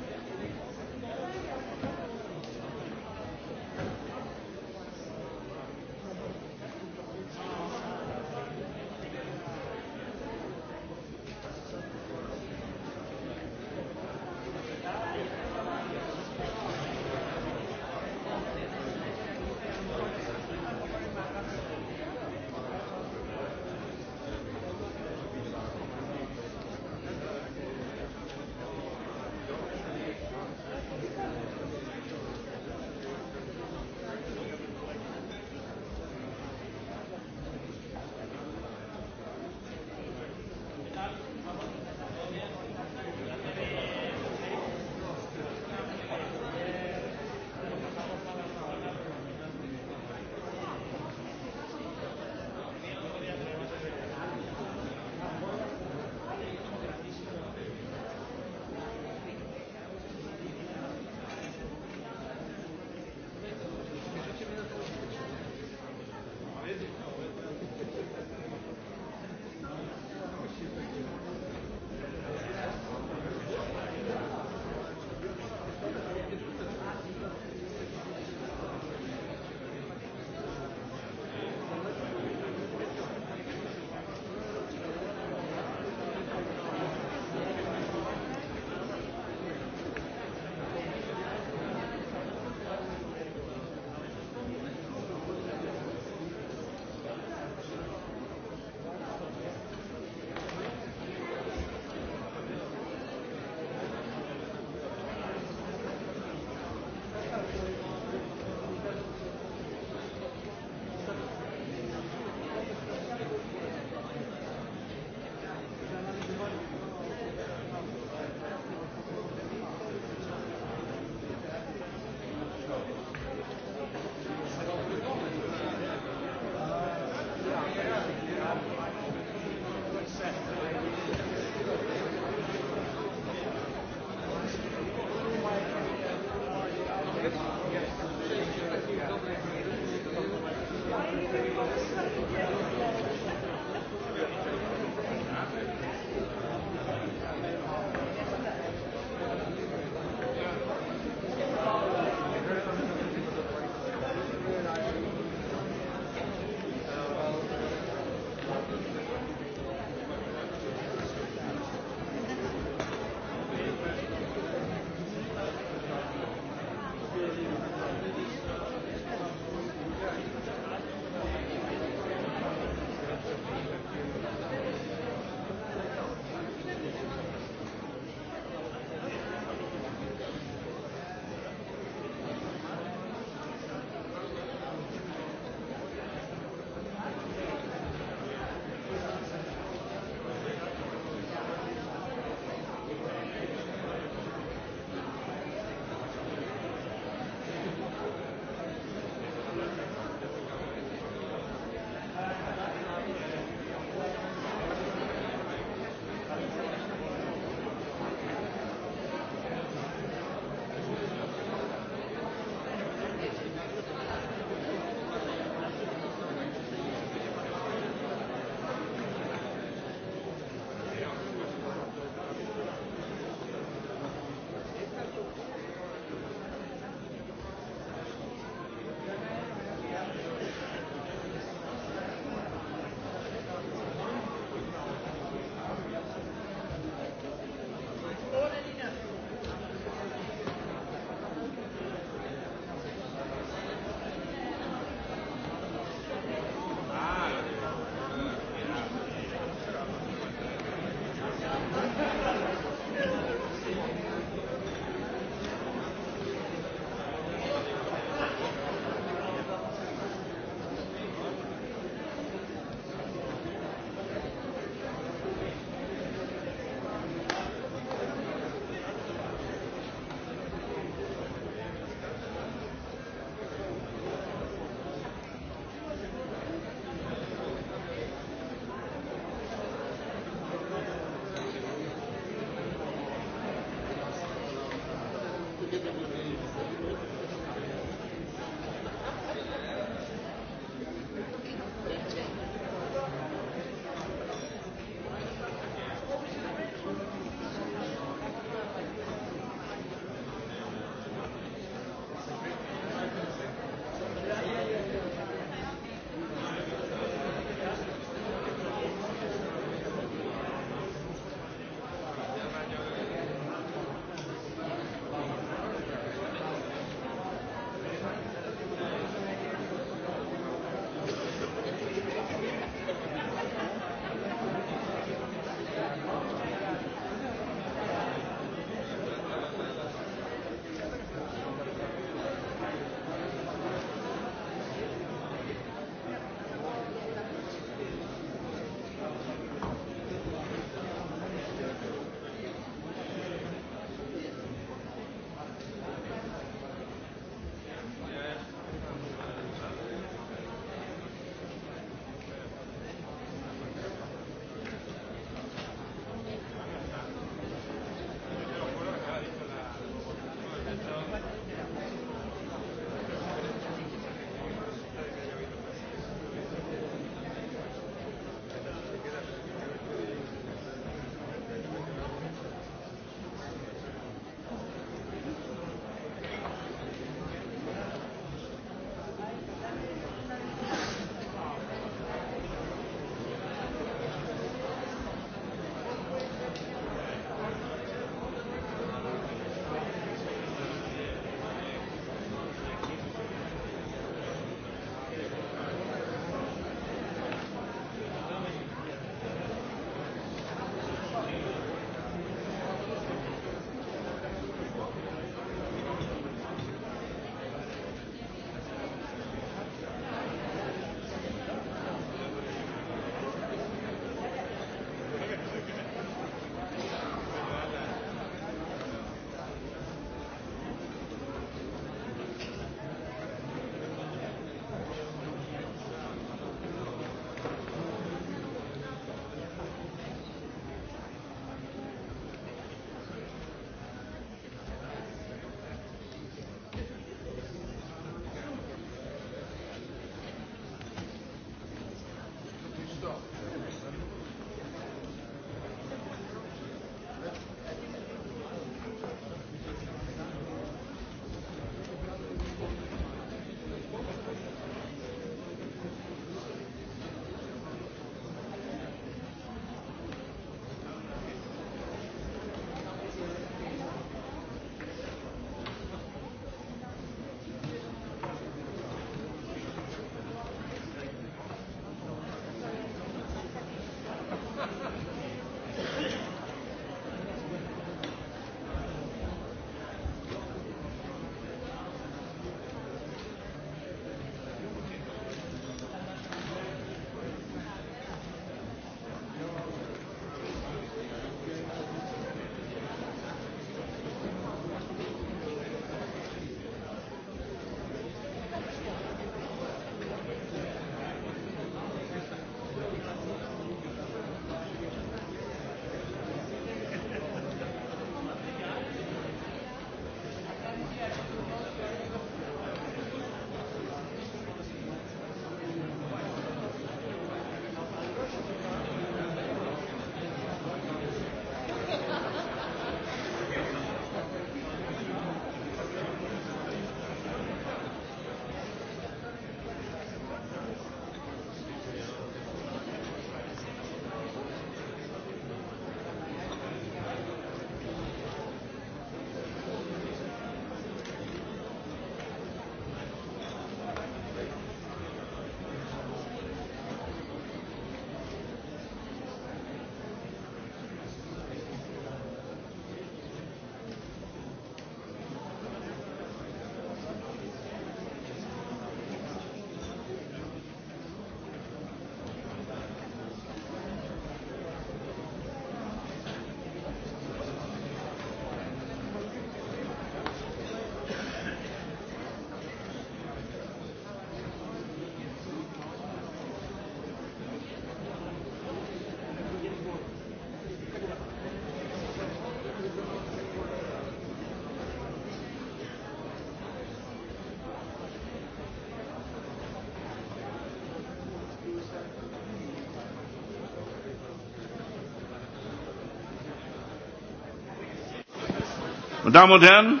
Meine Damen und Herren,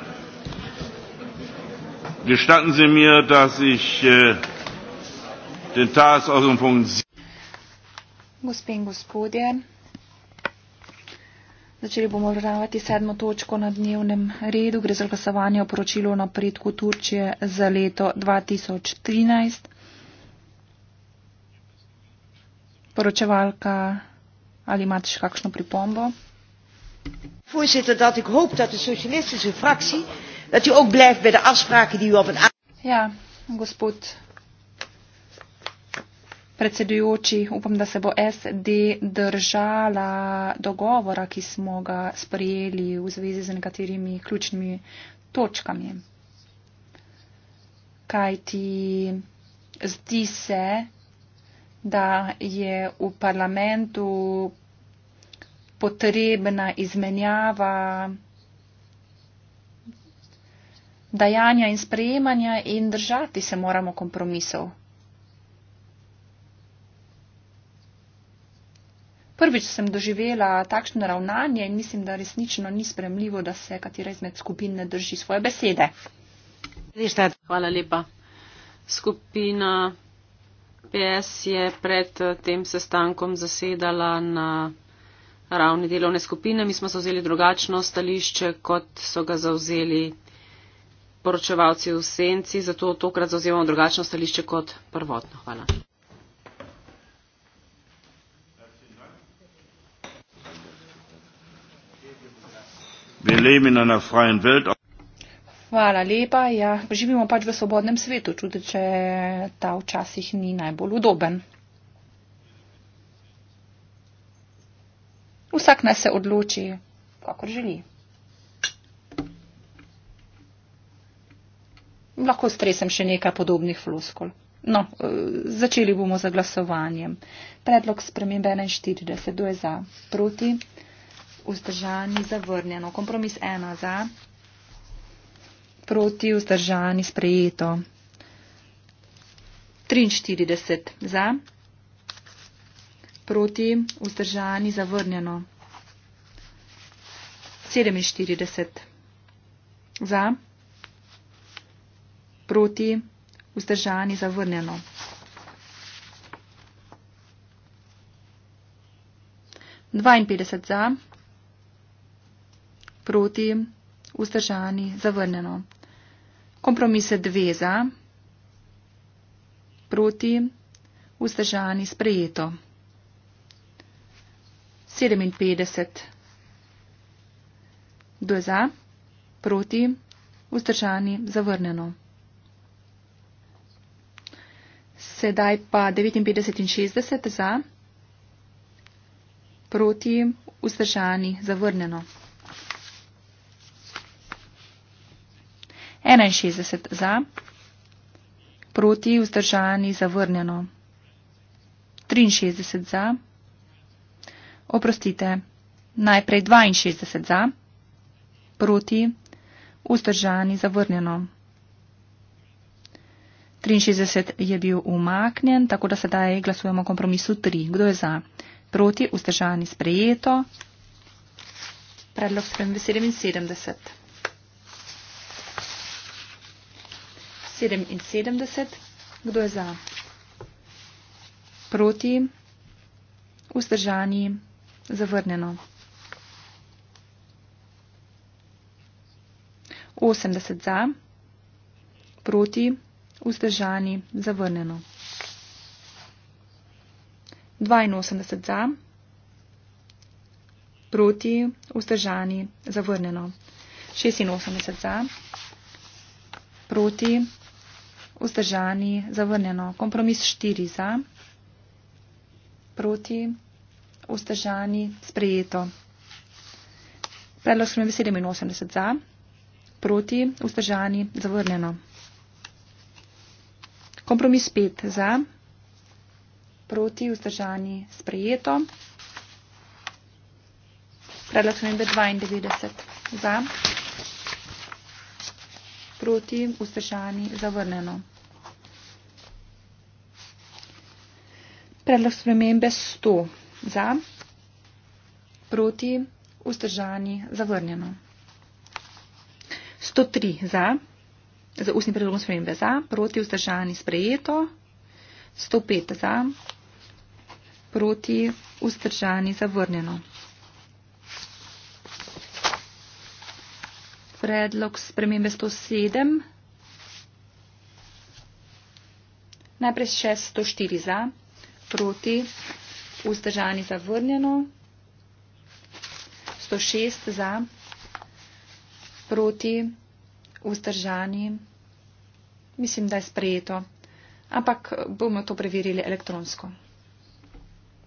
gestatten Sie mir, dass ich äh, den Tagesordnungspunkt. Gospen gospodje, začeli bomo vrnavati sedmo točko na dnevnem redu, gre za glasovanje o poročilu o napredku Turčije za leto 2013. Poročevalka, ali imate še kakšno pripombo? voorzitter dat ik hoop dat de socialistische fractie dat u ook blijft bij de afspraken die u op een ja, gospod predsedujoči, upam, da se bo SD držala dogovora, ki smo ga sprejeli v zvezi z nekaterimi ključnimi točkami. Kaj ti zdi se, da je v parlamentu potrebna izmenjava dajanja in sprejemanja in držati se moramo kompromisov. Prvič sem doživela takšno ravnanje in mislim, da resnično ni spremljivo, da se katera izmed skupin ne drži svoje besede. Hvala lepa. Skupina PS je pred tem sestankom zasedala na ravni delovne skupine, mi smo zauzeli drugačno stališče, kot so ga zauzeli poročevalci v senci, zato tokrat zauzemamo drugačno stališče kot prvotno. Hvala. Hvala lepa. Ja, živimo pač v svobodnem svetu, tudi če ta včasih ni najbolj udoben. Vsak naj se odloči, kako želi. Lahko stresem še nekaj podobnih floskol. No, eh, začeli bomo z glasovanjem. Predlog spremembe 41, kdo je za, proti, vzdržani, zavrnjeno, kompromis 1 za, proti, vzdržani, sprejeto, 43 za, proti, vzdržani, zavrnjeno. 47. Za, proti, vzdržani, zavrnjeno. Dvainpetdeset za, proti, vzdržani, zavrnjeno. Kompromise dve za, proti, vzdržani, sprejeto. 57. Kdo je za? Proti? Vzdržani? Zavrnjeno. Sedaj pa 59 in 60 za. Proti? Vzdržani? Zavrnjeno. 61 za. Proti? Vzdržani? Zavrnjeno. 63 za. Oprostite, najprej 62 za, proti, vzdržani, zavrnjeno. 63 je bil umaknjen, tako da sedaj glasujemo o kompromisu 3. Kdo je za? Proti, vzdržani, sprejeto. Predlog spremembe 77. 77. Kdo je za? Proti, vzdržani, sprejeto. Zavrnjeno. 80 za, proti, vzdržani, zavrnjeno. 82 za, proti, vzdržani, zavrnjeno. 86 za, proti, vzdržani, zavrnjeno. Kompromis 4 za, proti, vzdržani vzdržani, sprejeto. Predlog skrbi 87 za, proti, vzdržani, zavrnjeno. Kompromis 5 za, proti, vzdržani, sprejeto. Predlog skrbi 92 za, proti, vzdržani, zavrnjeno. Predlog spremembe 100 za, proti, vzdržani, zavrnjeno. 103 za, za ustni predlogom spremembe za, proti, vzdržani, sprejeto. 105 za, proti, vzdržani, zavrnjeno. Predlog spremembe 107. Najprej še 104 za, proti, vzdržani, zavrnjeno vzdržani zavrnjeno, 106 za, proti, vzdržani, mislim, da je sprejeto, ampak bomo to preverili elektronsko.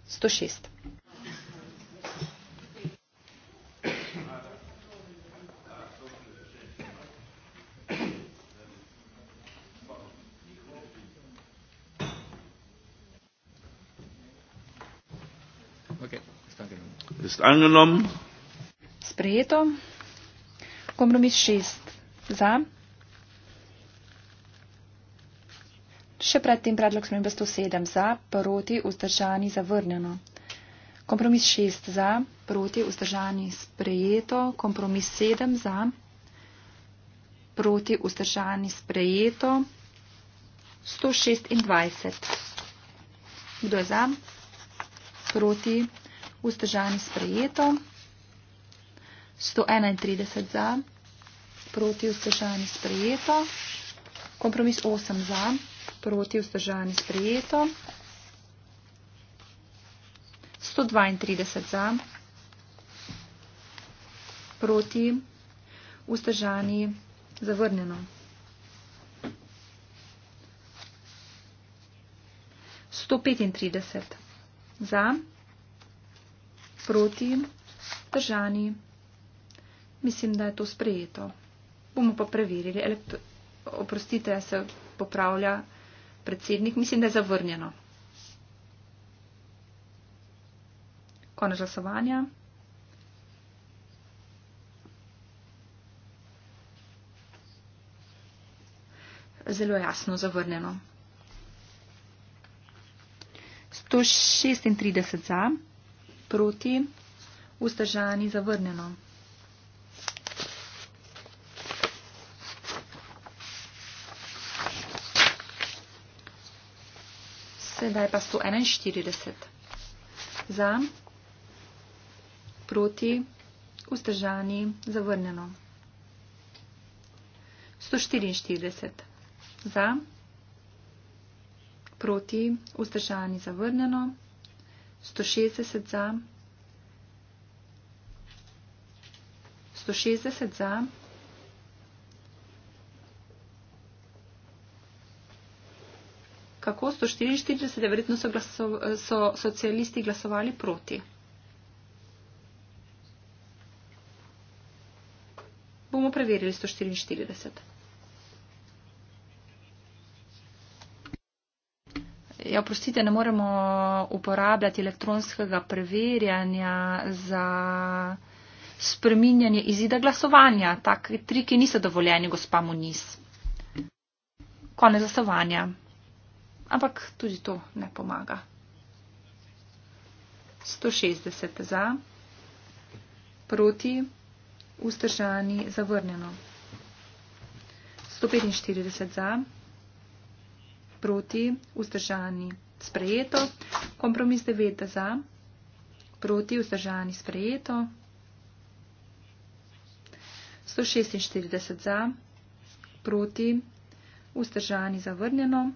106. ist angenommen. Sprejeto. Kompromis 6. Za. Še predtem predlog smembe 107. Za. Proti. Vzdržani. Zavrnjeno. Kompromis 6. Za. Proti. Vzdržani. Sprejeto. Kompromis 7. Za. Proti. Vzdržani. Sprejeto. 126. Kdo je za? Proti vzdržani sprejeto, 131 za, proti vzdržani sprejeto, kompromis 8 za, proti vzdržani sprejeto, 132 za, proti vzdržani zavrnjeno. 135 za, proti, držani. Mislim, da je to sprejeto. Bomo pa preverili. Elektro... Oprostite, se popravlja predsednik. Mislim, da je zavrnjeno. Konec glasovanja. Zelo jasno zavrnjeno. 136 za, Proti. Vzdržani zavrnjeno. Sedaj pa 141. Za. Proti. Vzdržani zavrnjeno. 144. Za. Proti. Vzdržani zavrnjeno. 144. 160 za, 160 za, 144, verjetno so, glaso, so socialisti glasovali proti. Bomo preverili 144. oprostite, ne moremo uporabljati elektronskega preverjanja za spreminjanje izida glasovanja. Taki triki niso dovoljeni, gospa Muniz. Konec glasovanja. Ampak tudi to ne pomaga. 160 za, proti, vzdržani, zavrnjeno. 145 za proti, vzdržani, sprejeto. Kompromis 9 za, proti, vzdržani, sprejeto. 146 za, proti, vzdržani, zavrnjeno.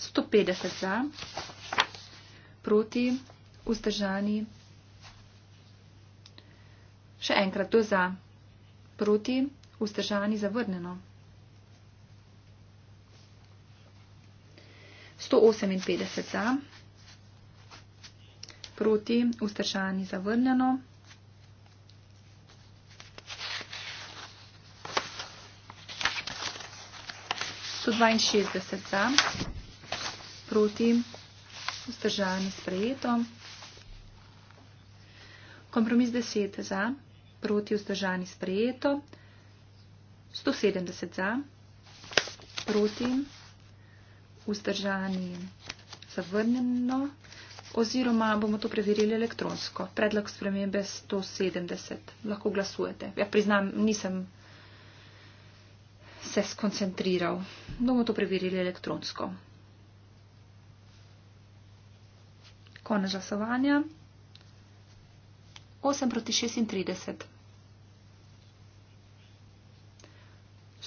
150 za, proti, vzdržani, še enkrat do za, proti, vzdržani zavrneno. 158 za, proti, vzdržani zavrneno. 162 za, proti, vzdržani sprejeto. Kompromis 10 za, proti, vzdržani sprejeto. 170 za, proti, vzdržani, zavrnjeno, oziroma bomo to preverili elektronsko. Predlog spremembe 170, lahko glasujete. Ja, priznam, nisem se skoncentriral. Bomo to preverili elektronsko. Konec glasovanja. 8 proti 36.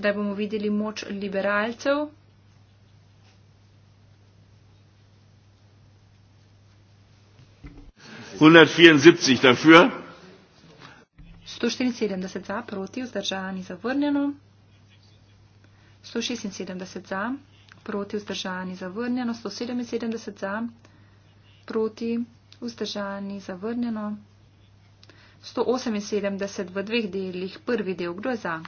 Sedaj bomo videli moč liberalcev. Sto štiriinsedemdeset za, proti, vzdržani, zavrnjeno. Sto šestinsedemdeset za, proti, vzdržani, zavrnjeno. Sto sedeminsedemdeset za, proti, vzdržani, zavrnjeno. Sto oseminsedemdeset v dveh delih, prvi del, kdo je za?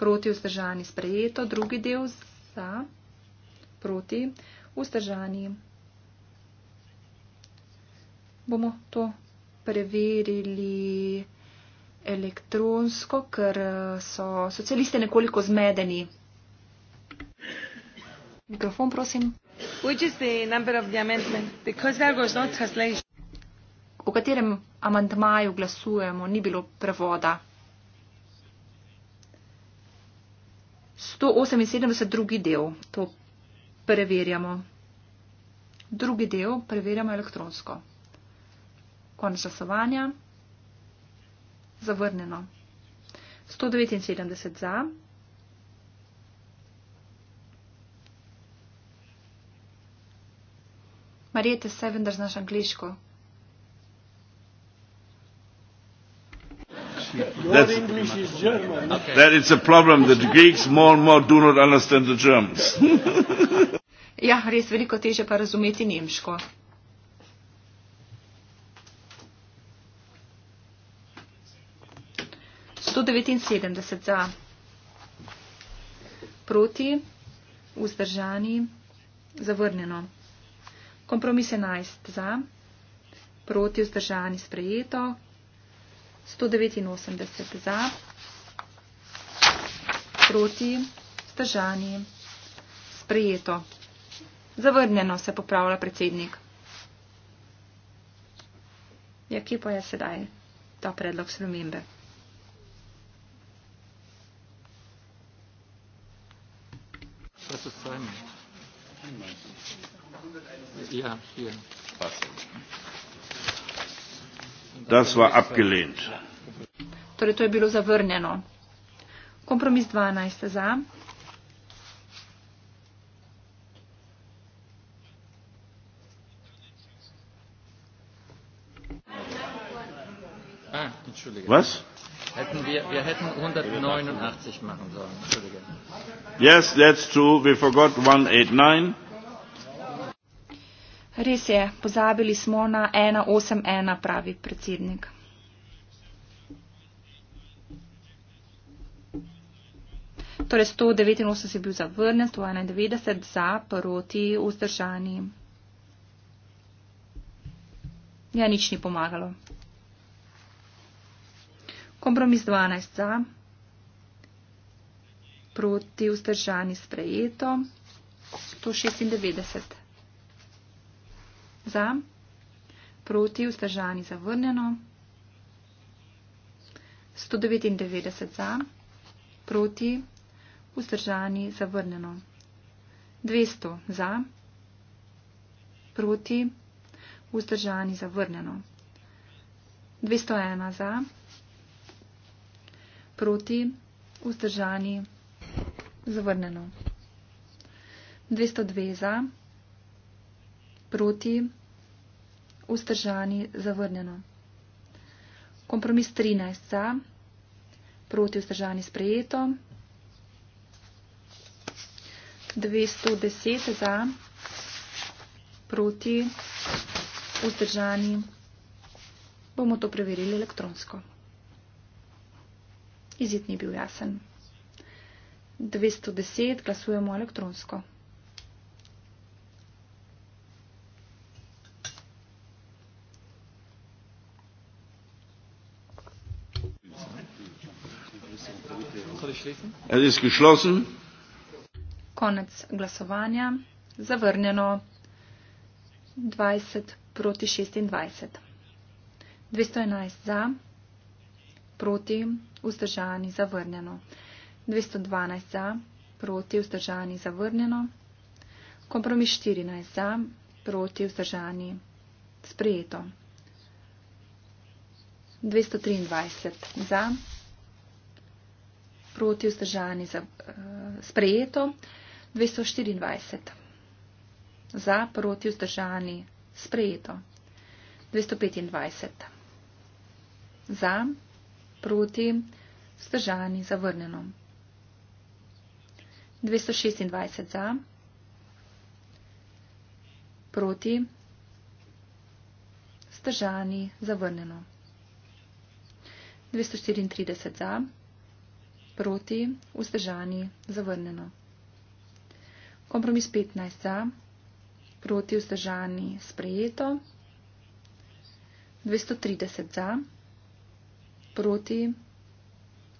proti vzdržani sprejeto, drugi del za, proti vzdržani. Bomo to preverili elektronsko, ker eh, so socialiste nekoliko zmedeni. Mikrofon, prosim. Which is the number of the amendment? Because there was no translation. O katerem amandmaju glasujemo, ni bilo prevoda. 178 drugi del, to preverjamo. Drugi del preverjamo elektronsko. Konč glasovanja. Zavrnjeno. 179 za. Marijete se vendar znaš angliško. That's, Your English is German. Okay. That is a problem. The Greeks more and more do not understand the Germans. ja, res veliko teže pa razumeti nemško. Sto devetinsedemdeset za proti, vzdržani, zavrnjeno. Kompromis enajst za, proti, vzdržani, sprejeto, 189 za, proti, stržani, sprejeto. Zavrnjeno se popravlja predsednik. Ja, ki pa je sedaj ta predlog spremembe? Ja, hier. Ja. Das war abgelehnt. Torej, to je bilo zavrnjeno. Kompromis 12 za. Ah, Was? Hätten wir, wir hätten 189 machen sollen. Entschuldige. Yes, that's true. We forgot 189. Res je, pozabili smo na 181, pravi predsednik. Torej 189 je bil zavrnjen, 191 za, proti, vzdržani. Ja, nič ni pomagalo. Kompromis 12 za, proti, vzdržani, sprejeto, 196 za, proti, vzdržani, zavrnjeno, 199 za, proti, vzdržani, zavrnjeno, 200 za, proti, vzdržani, zavrnjeno, 201 za, proti, vzdržani, zavrnjeno, 202 za, proti, vzdržani, zavrnjeno, 202 za, proti, vzdržani zavrnjeno. Kompromis 13 za, proti vzdržani sprejeto, 210 za, proti vzdržani, bomo to preverili elektronsko. Izid ni bil jasen. 210 glasujemo elektronsko. Es ist geschlossen. Konec glasovanja. Zavrnjeno. 20 proti 26. 211 za, proti, vzdržani, zavrnjeno. 212 za, proti, vzdržani, zavrnjeno. Kompromis 14 za, proti, vzdržani, sprejeto. 223 za proti vzdržani za uh, sprejeto, 224 za proti vzdržani sprejeto, 225 za proti vzdržani zavrnjeno, 226 za proti vzdržani zavrnjeno. 234 za, proti, vzdržani, zavrnjeno. Kompromis 15 za, proti, vzdržani, sprejeto. 230 za, proti,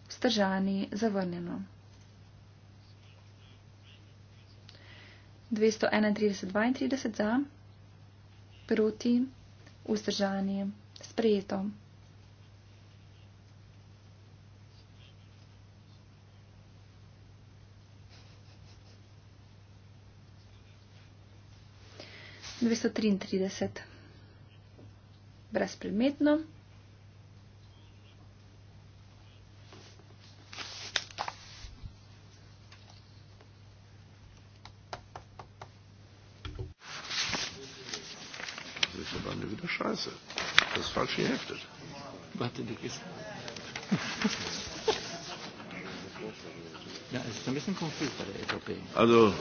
vzdržani, zavrnjeno. 231-32 za, proti, vzdržani, sprejeto. 233. Brezpredmetno. Das ist falsch geheftet. Warte, die Kiste. ja, es ist ein bisschen konfus bei der EVP. Also,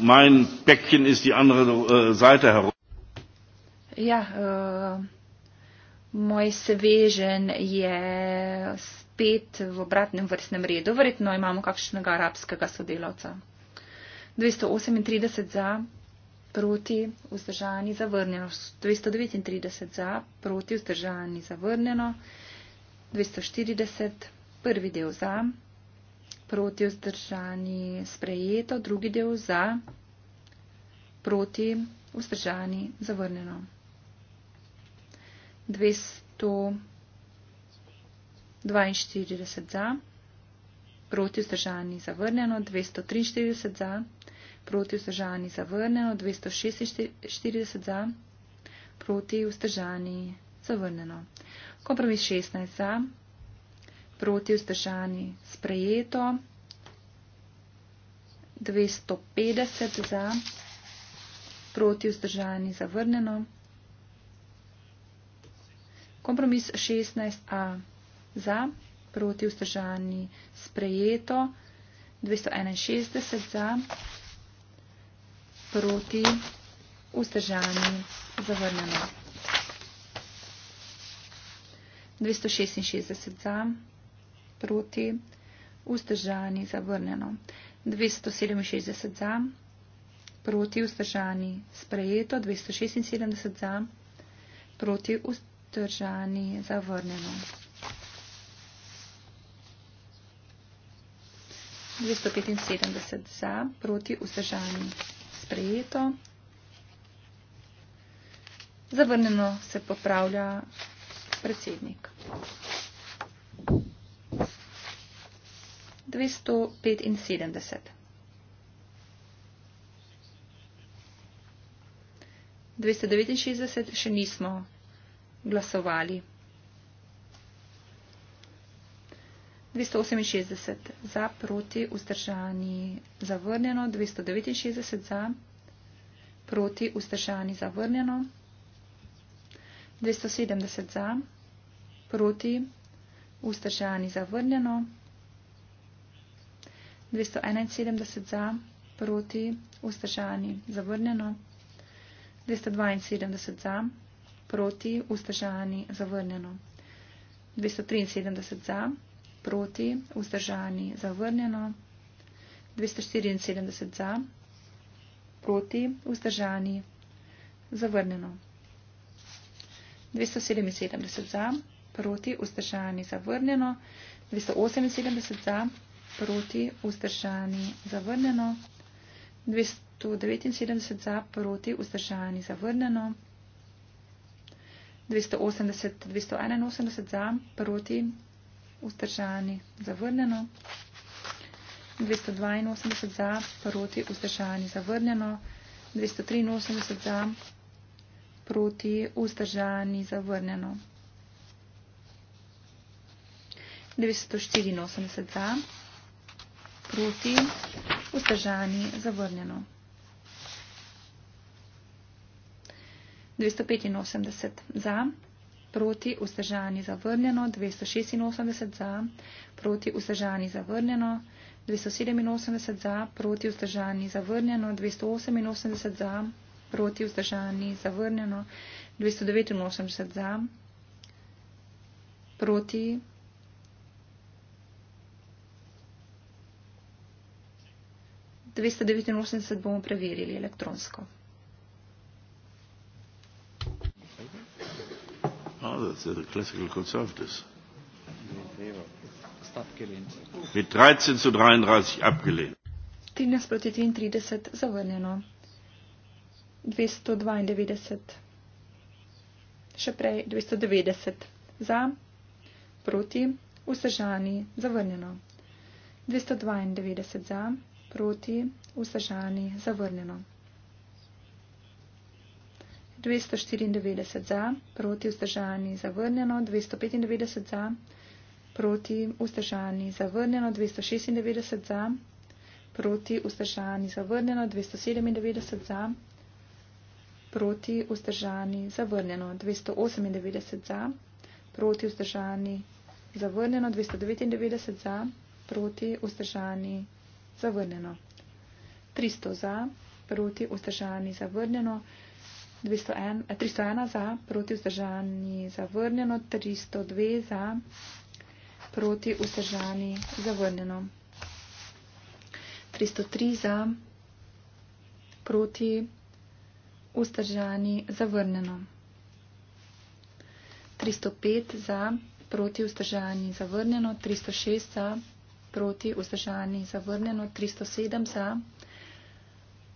mein Päckchen ist die andere äh, Seite herum. Ja, äh, moj svežen je spet v obratnem vrstnem redu. Verjetno imamo kakšnega arabskega sodelavca. 238 za, proti, vzdržani, zavrnjeno. 239 za, proti, vzdržani, zavrnjeno. 240, prvi del za proti vzdržani sprejeto, drugi del za, proti vzdržani zavrnjeno. 242 za, proti vzdržani zavrnjeno, 243 za, proti vzdržani zavrnjeno, 246 za, proti vzdržani zavrnjeno. Kompromis 16 za, proti vzdržani sprejeto, 250 za, proti vzdržani zavrnjeno, kompromis 16a za, proti vzdržani sprejeto, 261 za, proti vzdržani zavrnjeno. 266 za, proti, vzdržani, zavrnjeno. 267 za, proti, vzdržani, sprejeto, 276 za, proti, vzdržani, zavrnjeno. 275 za, proti, vzdržani, sprejeto. Zavrnjeno se popravlja predsednik. Thank you. 275. 269 še nismo glasovali. 268 za, proti, vzdržani, zavrnjeno. 269 za, proti, vzdržani, zavrnjeno. 270 za, proti, vzdržani, zavrnjeno. 271 za, proti, vzdržani, zavrnjeno. 272 za, proti, vzdržani, zavrnjeno. 273 za, proti, vzdržani, zavrnjeno. 274 za, proti, vzdržani, zavrnjeno. 277 za, proti, vzdržani, zavrnjeno. 278 za, proti, vzdržani, zavrnjeno. 279 za, proti, vzdržani, zavrnjeno. 280, 281 za, proti, vzdržani, zavrnjeno. 282 za, proti, vzdržani, zavrnjeno. 283 za, proti, vzdržani, zavrnjeno. 984 za, proti, vzdržani, zavrnjeno. 285 za, proti, vzdržani, zavrnjeno, 286 za, proti, vzdržani, zavrnjeno, 287 za, proti, vzdržani, zavrnjeno, 288 za, proti, vzdržani, zavrnjeno, 289 za, proti, vzdržani, zavrnjeno, 289 za, proti, 289 bomo preverili elektronsko. Ah, Mit 13 zu 33 abgelehnt. 13 proti 33 zavrnjeno. 292. Še prej 290 za, proti, vzdržani, zavrnjeno. 292 za proti, vzdržani, zavrnjeno. 294 za, proti, vzdržani, zavrnjeno, 295 za, proti, vzdržani, zavrnjeno, 296 za, proti, vzdržani, zavrnjeno, 297 za, proti, vzdržani, zavrnjeno, 298 za, proti, vzdržani, zavrnjeno, 299 za, proti, vzdržani, zavrnjeno zavrnjeno. 300 za, proti vzdržani zavrnjeno, 201, 301 eh, za, proti vzdržani zavrnjeno, 302 za, proti vzdržani zavrnjeno. 303 za, proti vzdržani zavrnjeno. 305 za, proti vzdržani zavrnjeno, 306 za, proti vzdržani zavrnjeno proti, vzdržani, zavrnjeno, 307 za,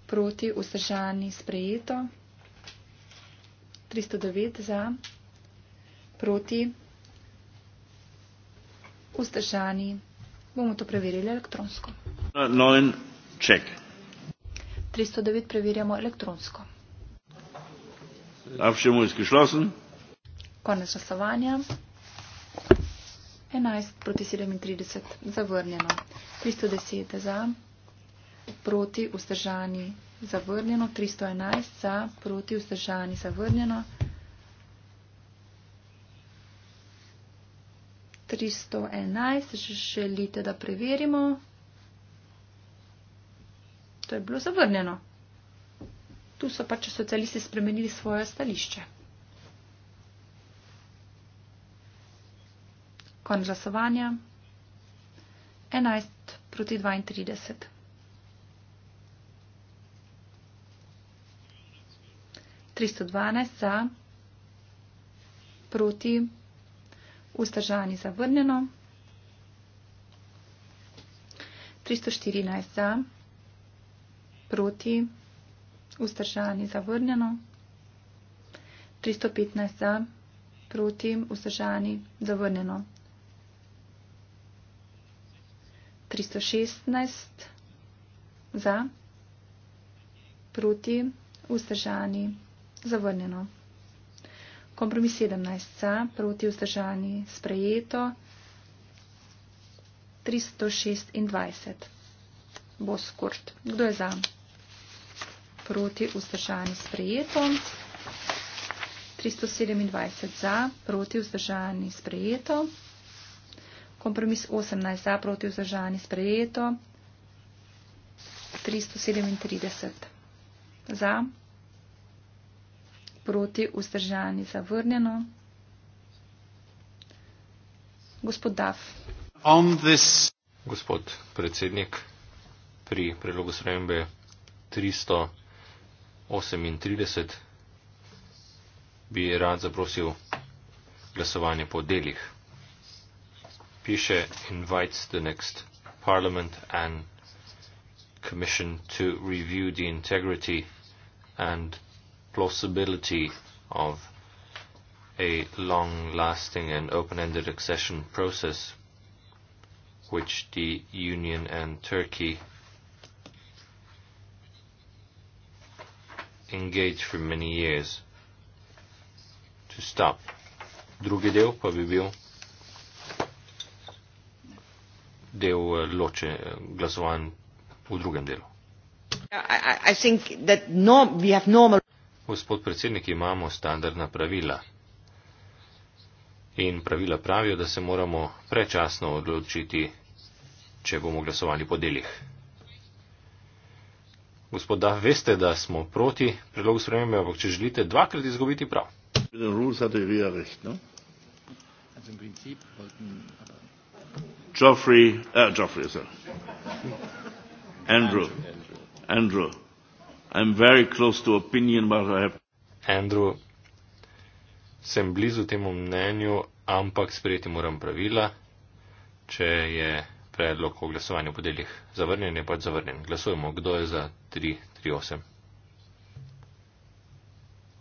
proti, vzdržani, sprejeto, 309 za, proti, vzdržani. Bomo to preverili elektronsko. Nolen, ček. 309 preverjamo elektronsko. Avšemo izkušlosen. Konec časovanja. 11 proti 37, zavrnjeno. 310 za, proti vzdržani, zavrnjeno. 311 za, proti vzdržani, zavrnjeno. 311, želite, da preverimo. To je bilo zavrnjeno. Tu so pač socialisti spremenili svoje stališče. Kon glasovanja 11 proti 32. Tristo dvanajst za, proti, vzdržani zavrnjeno, tristo štirinajst za, proti, vzdržani zavrnjeno, tristo petnajst za, proti, vzdržani zavrnjeno. 316 za, proti, vzdržani, zavrnjeno. Kompromis 17 za, proti, vzdržani, sprejeto. 326 bo skurt. Kdo je za? Proti, vzdržani, sprejeto. 327 za, proti, vzdržani, sprejeto. Kompromis 18 za proti vzdržani sprejeto. 337 za. Proti vzdržani zavrnjeno. Gospod Dav. This... Gospod predsednik, pri predlogu sprejembe 338 bi rad zaprosil glasovanje po delih. Pichet invites the next Parliament and Commission to review the integrity and plausibility of a long-lasting and open-ended accession process which the Union and Turkey engaged for many years to stop. Drugi del pa bi bil del eh, loče eh, glasovanj v drugem delu. No, Gospod predsednik, imamo standardna pravila. In pravila pravijo, da se moramo prečasno odločiti, če bomo glasovali po delih. Gospod, da veste, da smo proti predlogu spremembe, ampak če želite dvakrat izgubiti prav. Recht, no? also im Prinzip wollten, aber Geoffrey, uh, Geoffrey, sir. Andrew. Andrew. I'm very close to opinion about what happened. Andrew, sem blizu temu mnenju, ampak sprejeti moram pravila, če je predlog o glasovanju po delih zavrnjen, je pač zavrnjen. Glasujemo, kdo je za 338.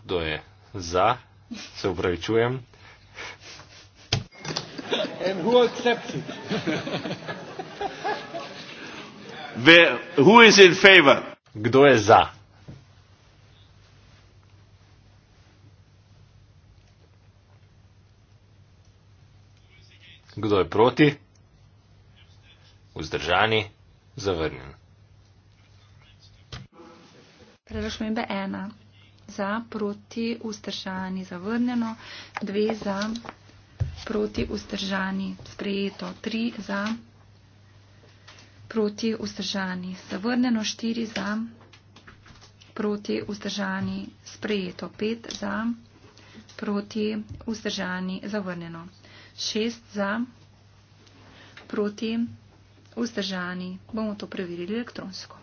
Kdo je za? Se upravičujem and who accepts it? Where, who is in favor? Kdo je za? Kdo je proti? Vzdržani? Zavrnjen. Prerašmembe ena. Za, proti, vzdržani, zavrnjeno. Dve za proti vzdržani, sprejeto tri za, proti vzdržani, zavrneno štiri za, proti vzdržani, sprejeto pet za, proti vzdržani, zavrneno šest za, proti vzdržani, bomo to preverili elektronsko.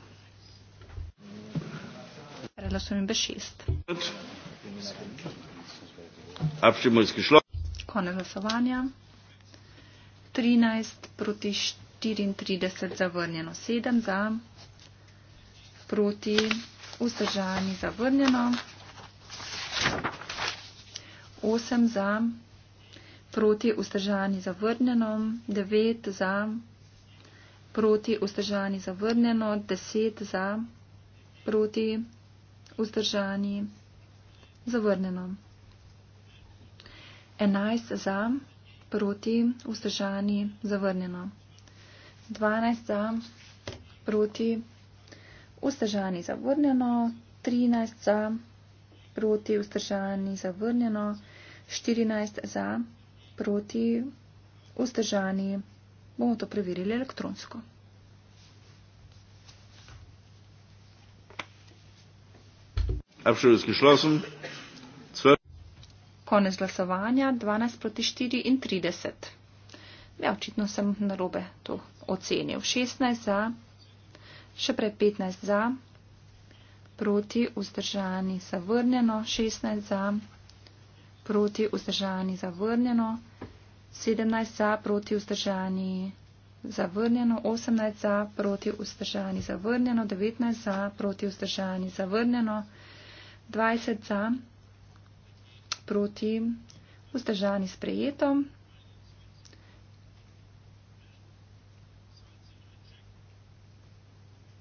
Radlo so mi bez šest. Abstimo izkišlo konec glasovanja. 13 proti 34 zavrnjeno, 7 za, proti vzdržani zavrnjeno, 8 za, proti vzdržani zavrnjeno, 9 za, proti vzdržani zavrnjeno, 10 za, proti vzdržani zavrnjeno. 11 za, proti, vzdržani, zavrnjeno. 12 za, proti, vzdržani, zavrnjeno. 13 za, proti, vzdržani, zavrnjeno. 14 za, proti, vzdržani. Bomo to preverili elektronsko. Absolutno, skišla sem. Konec glasovanja 12 proti 4 in 30. Ja, očitno sem narobe to ocenil. 16 za, še prej 15 za, proti vzdržani zavrnjeno, 16 za, proti vzdržani zavrnjeno, 17 za, proti vzdržani zavrnjeno, 18 za, proti vzdržani zavrnjeno, 19 za, proti vzdržani zavrnjeno, 20 za, proti, vzdržani sprejeto.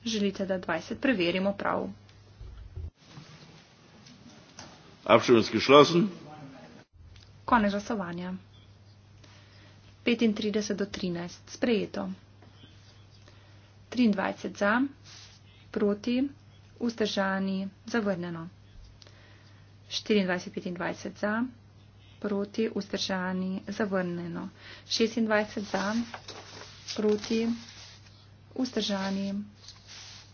Želite, da 20 preverimo prav. Abšemenski šlosen. Konec glasovanja. 35 do 13. Sprejeto. 23 za, proti, vzdržani, zavrnjeno. 24-25 za, proti, vzdržani, zavrnjeno. 26 za, proti, vzdržani.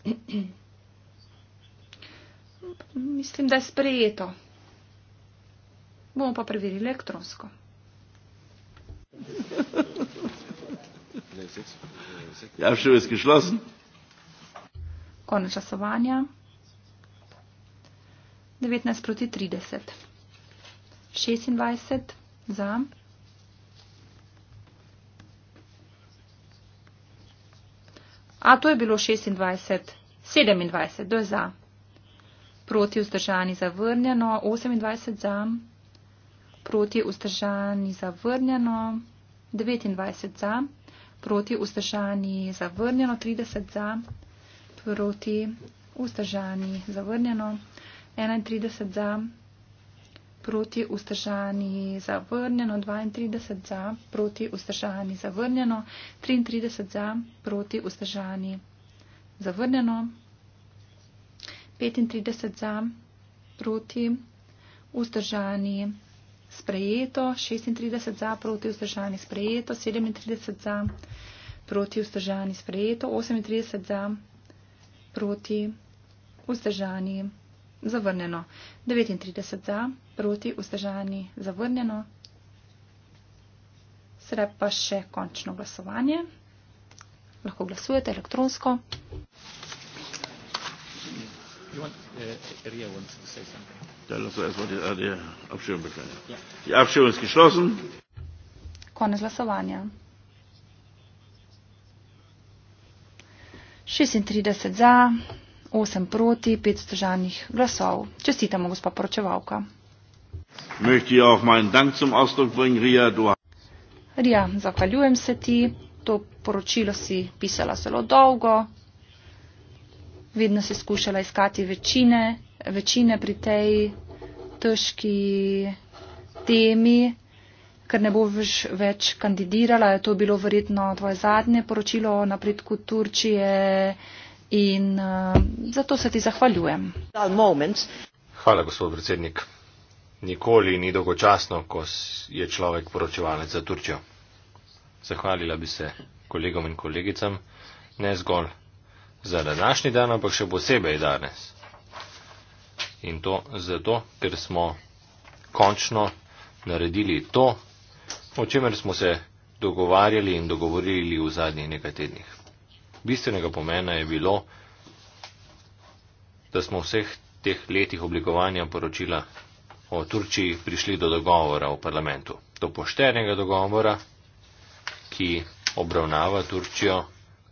Mislim, da je sprejeto. Bomo pa preverili elektronsko. ja, še vse, ki šlo sem. Konec časovanja. 19 proti 30. 26 za. 26. A to je bilo 26. 27, to je za. Proti vzdržani zavrnjeno. 28 za. Proti vzdržani zavrnjeno. 29 za. Proti vzdržani zavrnjeno. 30 za. Proti vzdržani zavrnjeno. 31 za, proti vzdržani zavrnjeno, 32 za, proti vzdržani zavrnjeno, 33 za, proti vzdržani zavrnjeno, 35 za, proti vzdržani sprejeto, 36 za, proti vzdržani sprejeto, 37 za, proti vzdržani sprejeto, 38 za, proti vzdržani sprejeto. Zavrnjeno. 39 za, proti, vzdržani, zavrnjeno. Sedaj pa še končno glasovanje. Lahko glasujete elektronsko. Uh, äh, ja. Konec glasovanja. 36 za, 8 proti, 5 stržanih glasov. Čestitamo, gospod poročevalka. Rija, zahvaljujem se ti. To poročilo si pisala zelo dolgo. Vedno si skušala iskati večine, večine pri tej težki temi, ker ne boš več kandidirala. Je to bilo verjetno tvoje zadnje poročilo o napredku Turčije. In uh, zato se ti zahvaljujem. Hvala, gospod predsednik. Nikoli ni dolgočasno, ko je človek poročevalec za Turčjo. Zahvalila bi se kolegom in kolegicam, ne zgolj za današnji dan, ampak še posebej danes. In to zato, ker smo končno naredili to, o čemer smo se dogovarjali in dogovorili v zadnjih nekaj tednih bistvenega pomena je bilo, da smo vseh teh letih oblikovanja poročila o Turčiji prišli do dogovora v parlamentu. Do poštenega dogovora, ki obravnava Turčijo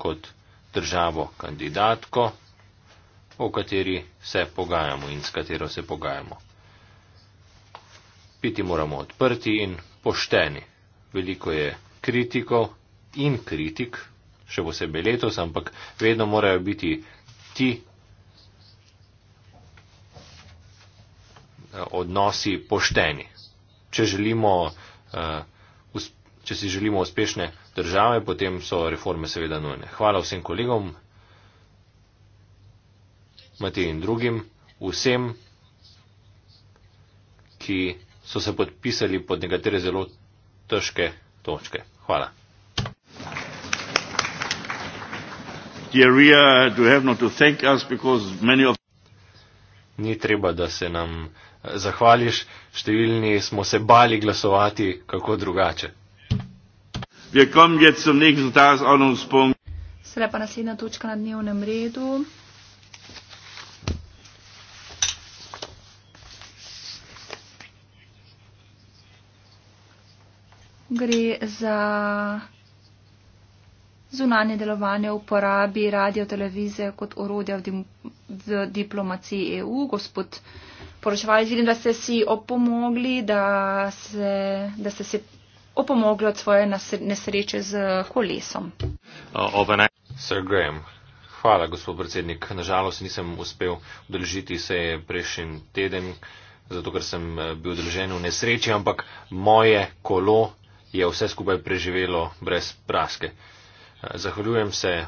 kot državo kandidatko, o kateri se pogajamo in s katero se pogajamo. Biti moramo odprti in pošteni. Veliko je kritikov in kritik še posebej letos, ampak vedno morajo biti ti eh, odnosi pošteni. Če, želimo, eh, če si želimo uspešne države, potem so reforme seveda nujne. Hvala vsem kolegom, Matej in drugim, vsem, ki so se podpisali pod nekatere zelo težke točke. Hvala. diarrhea to have not to thank us because many of Ni treba, da se nam eh, zahvališ, številni smo se bali glasovati kako drugače. Sedaj pa naslednja točka na dnevnem redu. Gre za zunanje delovanje v uporabi radiotelevizije kot orodja v, dim, v diplomaciji EU. Gospod poročevalec, vidim, da ste si opomogli, da, se, da ste si opomogli od svoje nesreče z kolesom. Uh, Sir Graham. Hvala, gospod predsednik. Nažalost nisem uspel udeležiti se prejšnji teden, zato ker sem eh, bil udeležen v nesreči, ampak moje kolo je vse skupaj preživelo brez praske. Zahvaljujem se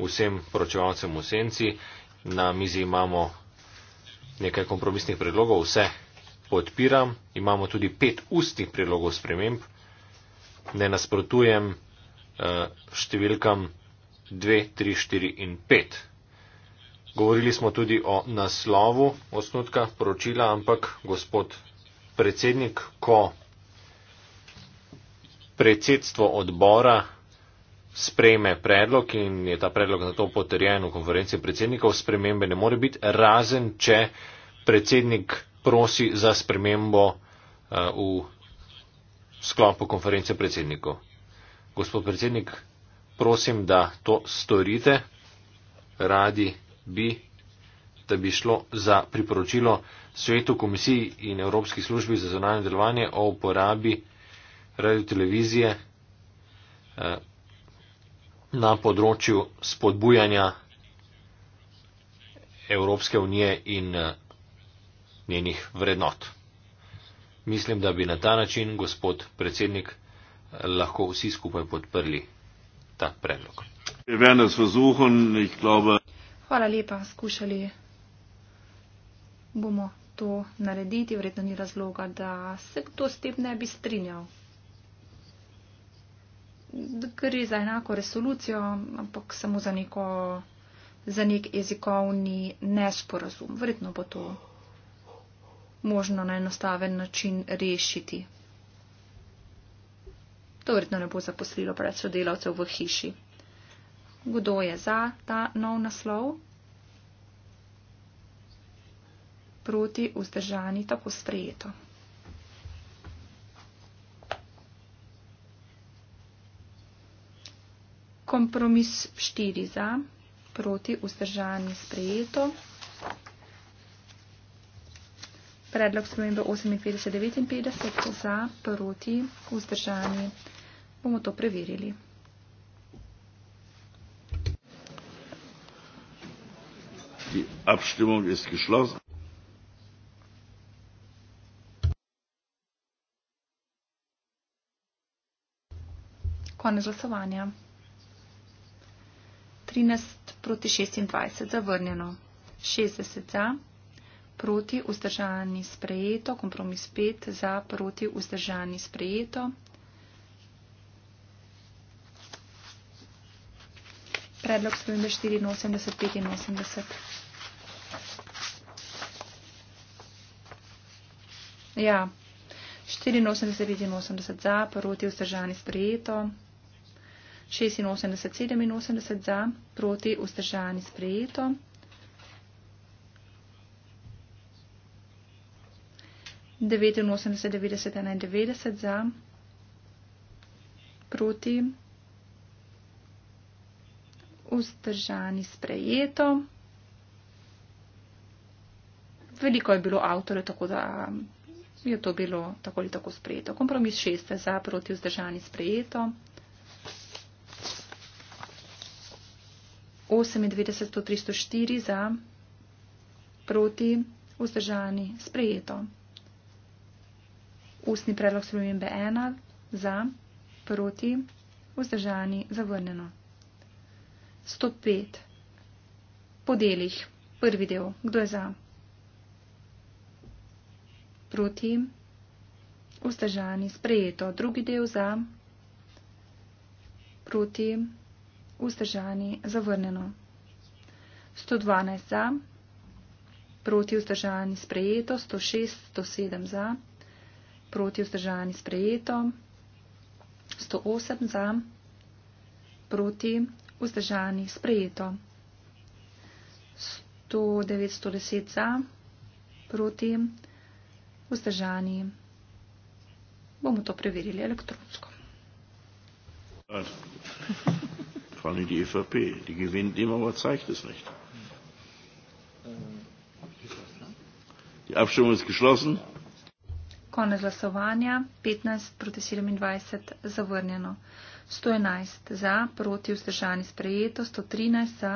vsem poročevalcem v senci. Na mizi imamo nekaj kompromisnih predlogov, vse podpiram. Imamo tudi pet ustnih predlogov sprememb. Ne nasprotujem eh, številkam 2, 3, 4 in 5. Govorili smo tudi o naslovu osnutka poročila, ampak gospod predsednik, ko predsedstvo odbora sprejme predlog in je ta predlog na to potrjen v konferenci predsednikov, spremembe ne more biti, razen če predsednik prosi za spremembo eh, v sklopu konference predsednikov. Gospod predsednik, prosim, da to storite. Radi bi, da bi šlo za priporočilo svetu komisiji in Evropski službi za zonalne delovanje o uporabi radio televizije. Eh, na področju spodbujanja Evropske unije in eh, njenih vrednot. Mislim, da bi na ta način, gospod predsednik, lahko vsi skupaj podprli ta predlog. Hvala lepa, skušali bomo to narediti, verjetno ni razloga, da se kdo s tem ne bi strinjal gre za enako resolucijo, ampak samo za, neko, za nek jezikovni nesporazum. Verjetno bo to možno na enostaven način rešiti. To verjetno ne bo zaposlilo preveč sodelavcev v hiši. Kdo je za ta nov naslov? Proti vzdržani tako sprejeto. Kompromis 4 za, proti vzdržanje sprejeto. Predlog spremembe 58-59 za, proti vzdržanje. Bomo to preverili. Die Abstimmung ist geschlossen. Konec glasovanja. 13 proti 26 zavrnjeno, 60 za, proti vzdržani sprejeto, kompromis 5 za, proti vzdržani sprejeto. Predlog spremembe 84, 85. Ja, 84, 85 za, proti vzdržani sprejeto. 86, 87 za, proti, vzdržani, sprejeto. Devetinosemdeset, devetdeset, enaindevetdeset za, proti, vzdržani, sprejeto. Veliko je bilo avtorjev, tako da je to bilo tako ali tako sprejeto. Kompromis šeste za, proti, vzdržani, sprejeto. 98-304 za, proti, vzdržani, sprejeto. Ustni predlog spremembe 1 za, proti, vzdržani, zavrnjeno. 105. Po delih. Prvi del. Kdo je za? Proti. Vzdržani. Sprejeto. Drugi del za. Proti vzdržani, zavrnjeno. 112 za, proti vzdržani, sprejeto, 106, 107 za, proti vzdržani, sprejeto, 108 za, proti vzdržani, sprejeto, 109, 110 za, proti vzdržani. Bomo to preverili elektronsko. Hvala vor allem die EVP. Die gewinnt immer, aber zeigt es nicht. Die Abstimmung ist geschlossen. Konec glasovanja 15 proti 27 zavrnjeno, 111 za, proti vzdržani sprejeto, 113 za,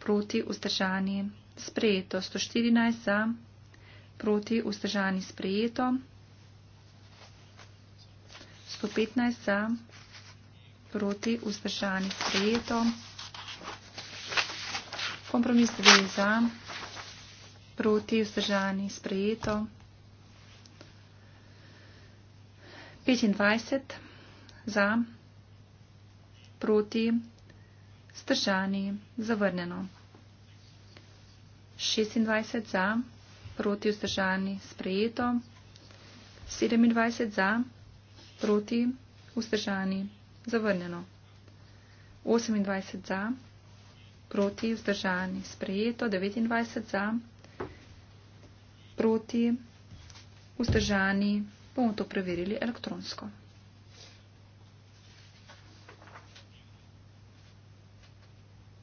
proti vzdržani sprejeto, 114 za, proti vzdržani sprejeto, 115 za proti vzdržani sprejeto. Kompromis 2 za, proti vzdržani sprejeto. 25 za, proti vzdržani zavrnjeno. 26 za, proti vzdržani sprejeto. 27 za, proti vzdržani zavrnjeno. Zavrnjeno. 28 za, proti, vzdržani, sprejeto, 29 za, proti, vzdržani, bomo to preverili elektronsko.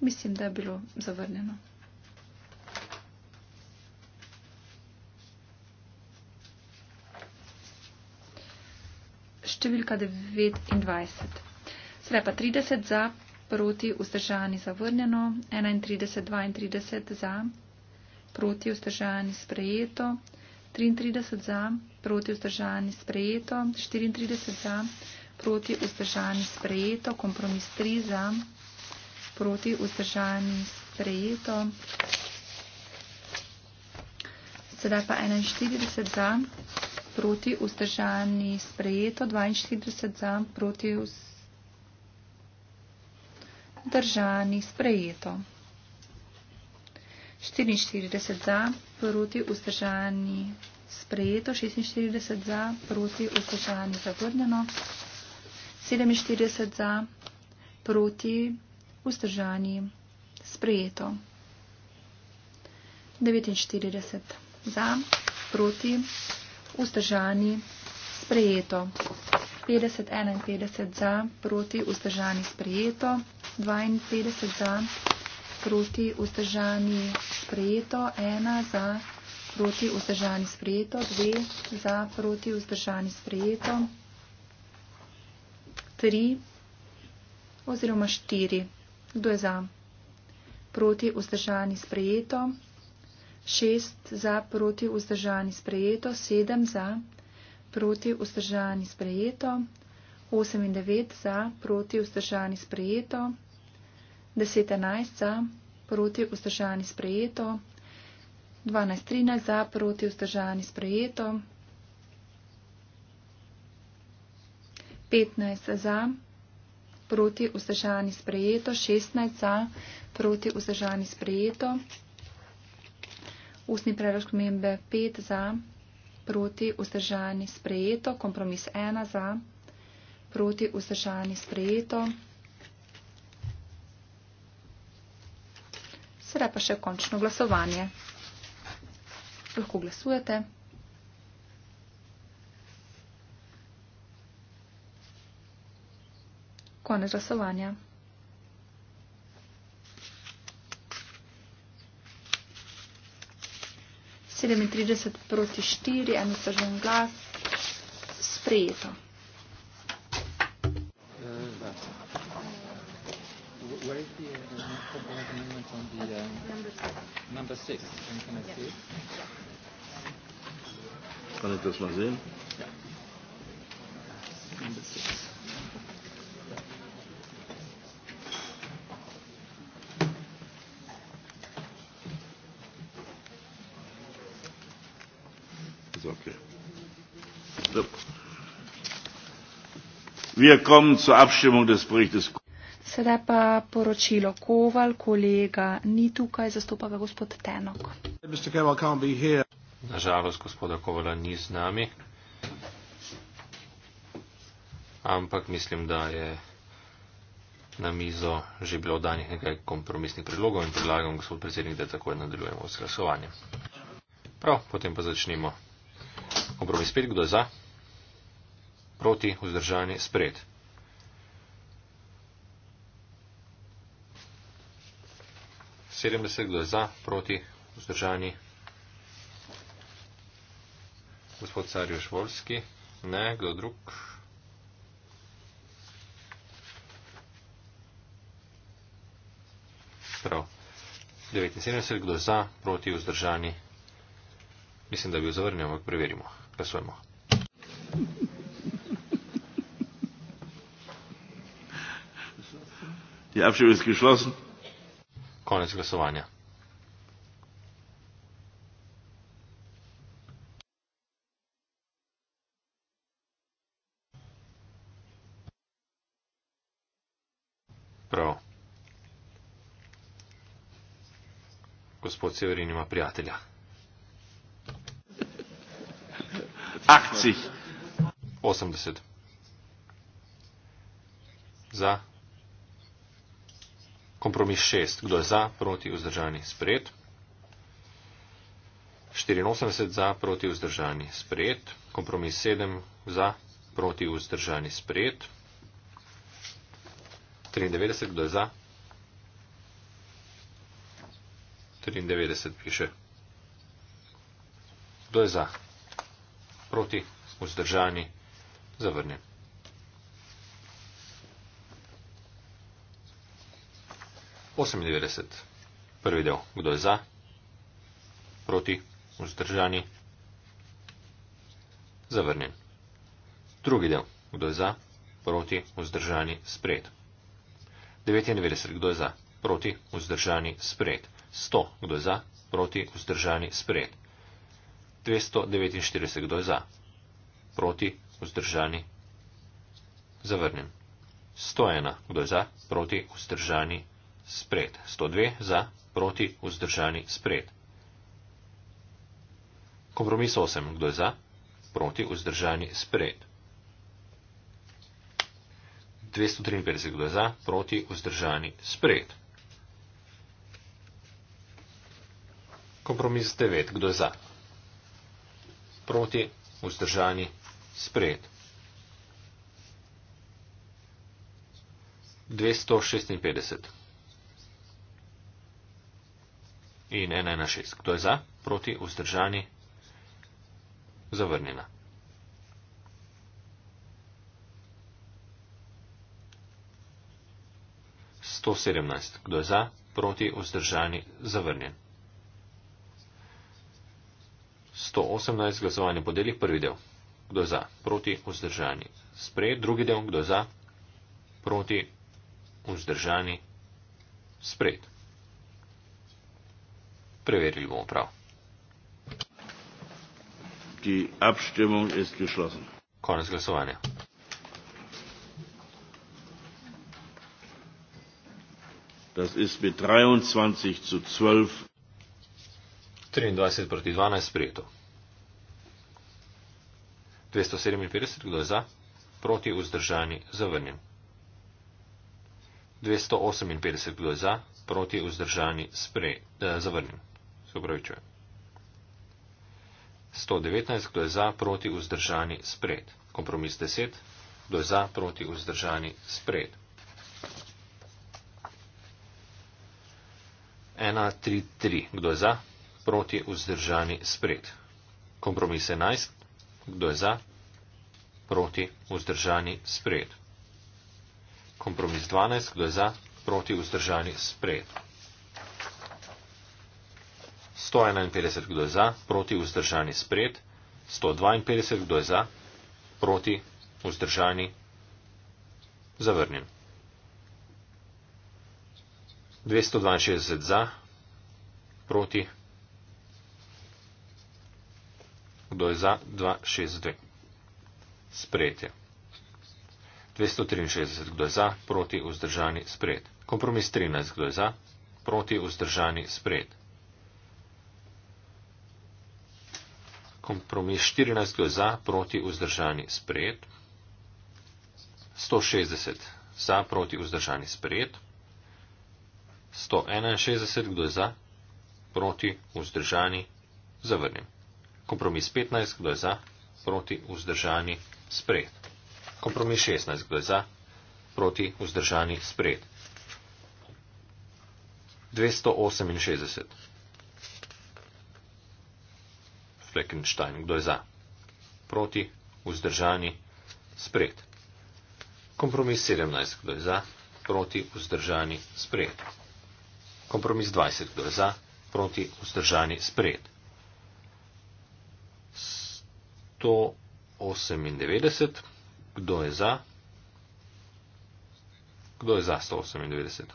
Mislim, da je bilo zavrnjeno. Številka 29. Sedaj pa 30 za, proti, vzdržani, zavrnjeno, 31, 32 za, proti, vzdržani, sprejeto, 33 za, proti, vzdržani, sprejeto, 34 za, proti, vzdržani, sprejeto, kompromis 3 za, proti, vzdržani, sprejeto. Sedaj pa 41 za, proti, vzdržani, sprejeto, 42 za, proti, vzdržani, vzdržani, sprejeto. 44 za, proti vzdržani, sprejeto. 46 za, proti vzdržani, zavrnjeno. 47 za, proti vzdržani, sprejeto. 49 za, proti vzdržani, sprejeto. 50, 51 za, proti vzdržani, sprejeto. 52 za, proti vzdržani sprejeto, 1 za, proti vzdržani sprejeto, 2 za, proti vzdržani sprejeto, 3 oziroma 4, kdo je za, proti vzdržani sprejeto, 6 za, proti vzdržani sprejeto, 7 za, proti vzdržani sprejeto, 8 in 9 za, proti vzdržani sprejeto, 10.11 za, proti vzdržani sprejeto, 12.13 za, proti vzdržani sprejeto, 15 za, proti vzdržani sprejeto, 16 za, proti vzdržani sprejeto, ustni predlog membe 5 za, proti vzdržani sprejeto, kompromis 1 za, proti vzdržani sprejeto, sedaj pa še končno glasovanje. Lahko glasujete. Konec glasovanja. Sedemintrideset proti štiri, eno sežen glas, sprejeto. where's the uh, board amendment on the uh, number six? Can, can I yes. see it? Yeah. Kann ich das mal sehen? Yeah. Number six. Okay. So. Wir kommen zur Abstimmung des Berichts. Sedaj pa poročilo Koval, kolega ni tukaj, zastopa ga gospod Tenok. Nažalost, gospoda Kovala ni z nami, ampak mislim, da je na mizo že bilo danih nekaj kompromisnih predlogov in predlagam, gospod predsednik, da takoj nadaljujemo s glasovanjem. Prav, potem pa začnimo. Kompromis pet, kdo je za? Proti, vzdržani, spred. 70, kdo je za, proti, vzdržani. Gospod Carjoš Volski. Ne, kdo drug? Prav. 79, kdo je za, proti, vzdržani. Mislim, da bi jo zavrnil, ampak preverimo. Glasujemo. Ja, všem izkušal sem. Konec glasovanja. Prav. Gospod Severin ima prijatelja. Akcij. 80. Za. Kompromis 6. Kdo je za, proti, vzdržani, sprejet? 84 za, proti, vzdržani, sprejet. Kompromis 7. Za, proti, vzdržani, sprejet. 93. Kdo je za? 93 piše. Kdo je za? Proti, vzdržani, zavrnjen. 98. Prvi del. Kdo je za? Proti? Vzdržani? Zavrnjen. Drugi del. Kdo je za? Proti? Vzdržani? Spred. 99. Kdo je za? Proti? Vzdržani? Spred. 100. Kdo je za? Proti? Vzdržani? Spred. 249. Kdo je za? Proti? Vzdržani? Zavrnjen. 101. Kdo je za? Proti? Vzdržani? Spred spred, 102 za, proti, vzdržani, spred. Kompromis 8, kdo je za, proti, vzdržani, spred. 253, kdo je za, proti, vzdržani, spred. Kompromis 9, kdo je za, proti, vzdržani, spred. 256 in 116. Kdo je za? Proti, vzdržani, zavrnjena. Sto sedemnajst. Kdo je za? Proti, vzdržani, zavrnjen. Sto osemnajst. Glasovanje po delih. Prvi del. Kdo je za? Proti, vzdržani, sprejet. Drugi del. Kdo je za? Proti, vzdržani, sprejet. Preverili bomo prav. Konec glasovanja. Das ist mit 23 zu 12. 23 proti 12 sprejeto. 257, kdo je za? Proti vzdržani, zavrnjen. 258, kdo je za? Proti vzdržani, spre, eh, zavrnjen se upravičujem. 119. Kdo je za, proti, vzdržani, spred. Kompromis 10. Kdo je za, proti, vzdržani, spred. 1.3.3. Kdo je za, proti, vzdržani, spred. Kompromis 11. Kdo je za, proti, vzdržani, spred. Kompromis 12. Kdo je za, proti, vzdržani, spred. 151 kdo je za, proti vzdržani spred, 152 kdo je za, proti vzdržani zavrnjen. 262 za, proti kdo je za, 262 sprejetje. 263 kdo je za, proti vzdržani spred. Kompromis 13 kdo je za, proti vzdržani spred. kompromis 14 za, proti vzdržani sprejet. 160 za, proti vzdržani sprejet. 161 kdo je za, proti vzdržani zavrnjen. Kompromis 15 kdo je za, proti vzdržani sprejet. Kompromis 16 kdo je za, proti vzdržani sprejet. 268. Fleckenstein. Kdo je za? Proti, vzdržani, sprejet. Kompromis 17. Kdo je za? Proti, vzdržani, sprejet. Kompromis 20. Kdo je za? Proti, vzdržani, sprejet. 198. Kdo je za? Kdo je za 198?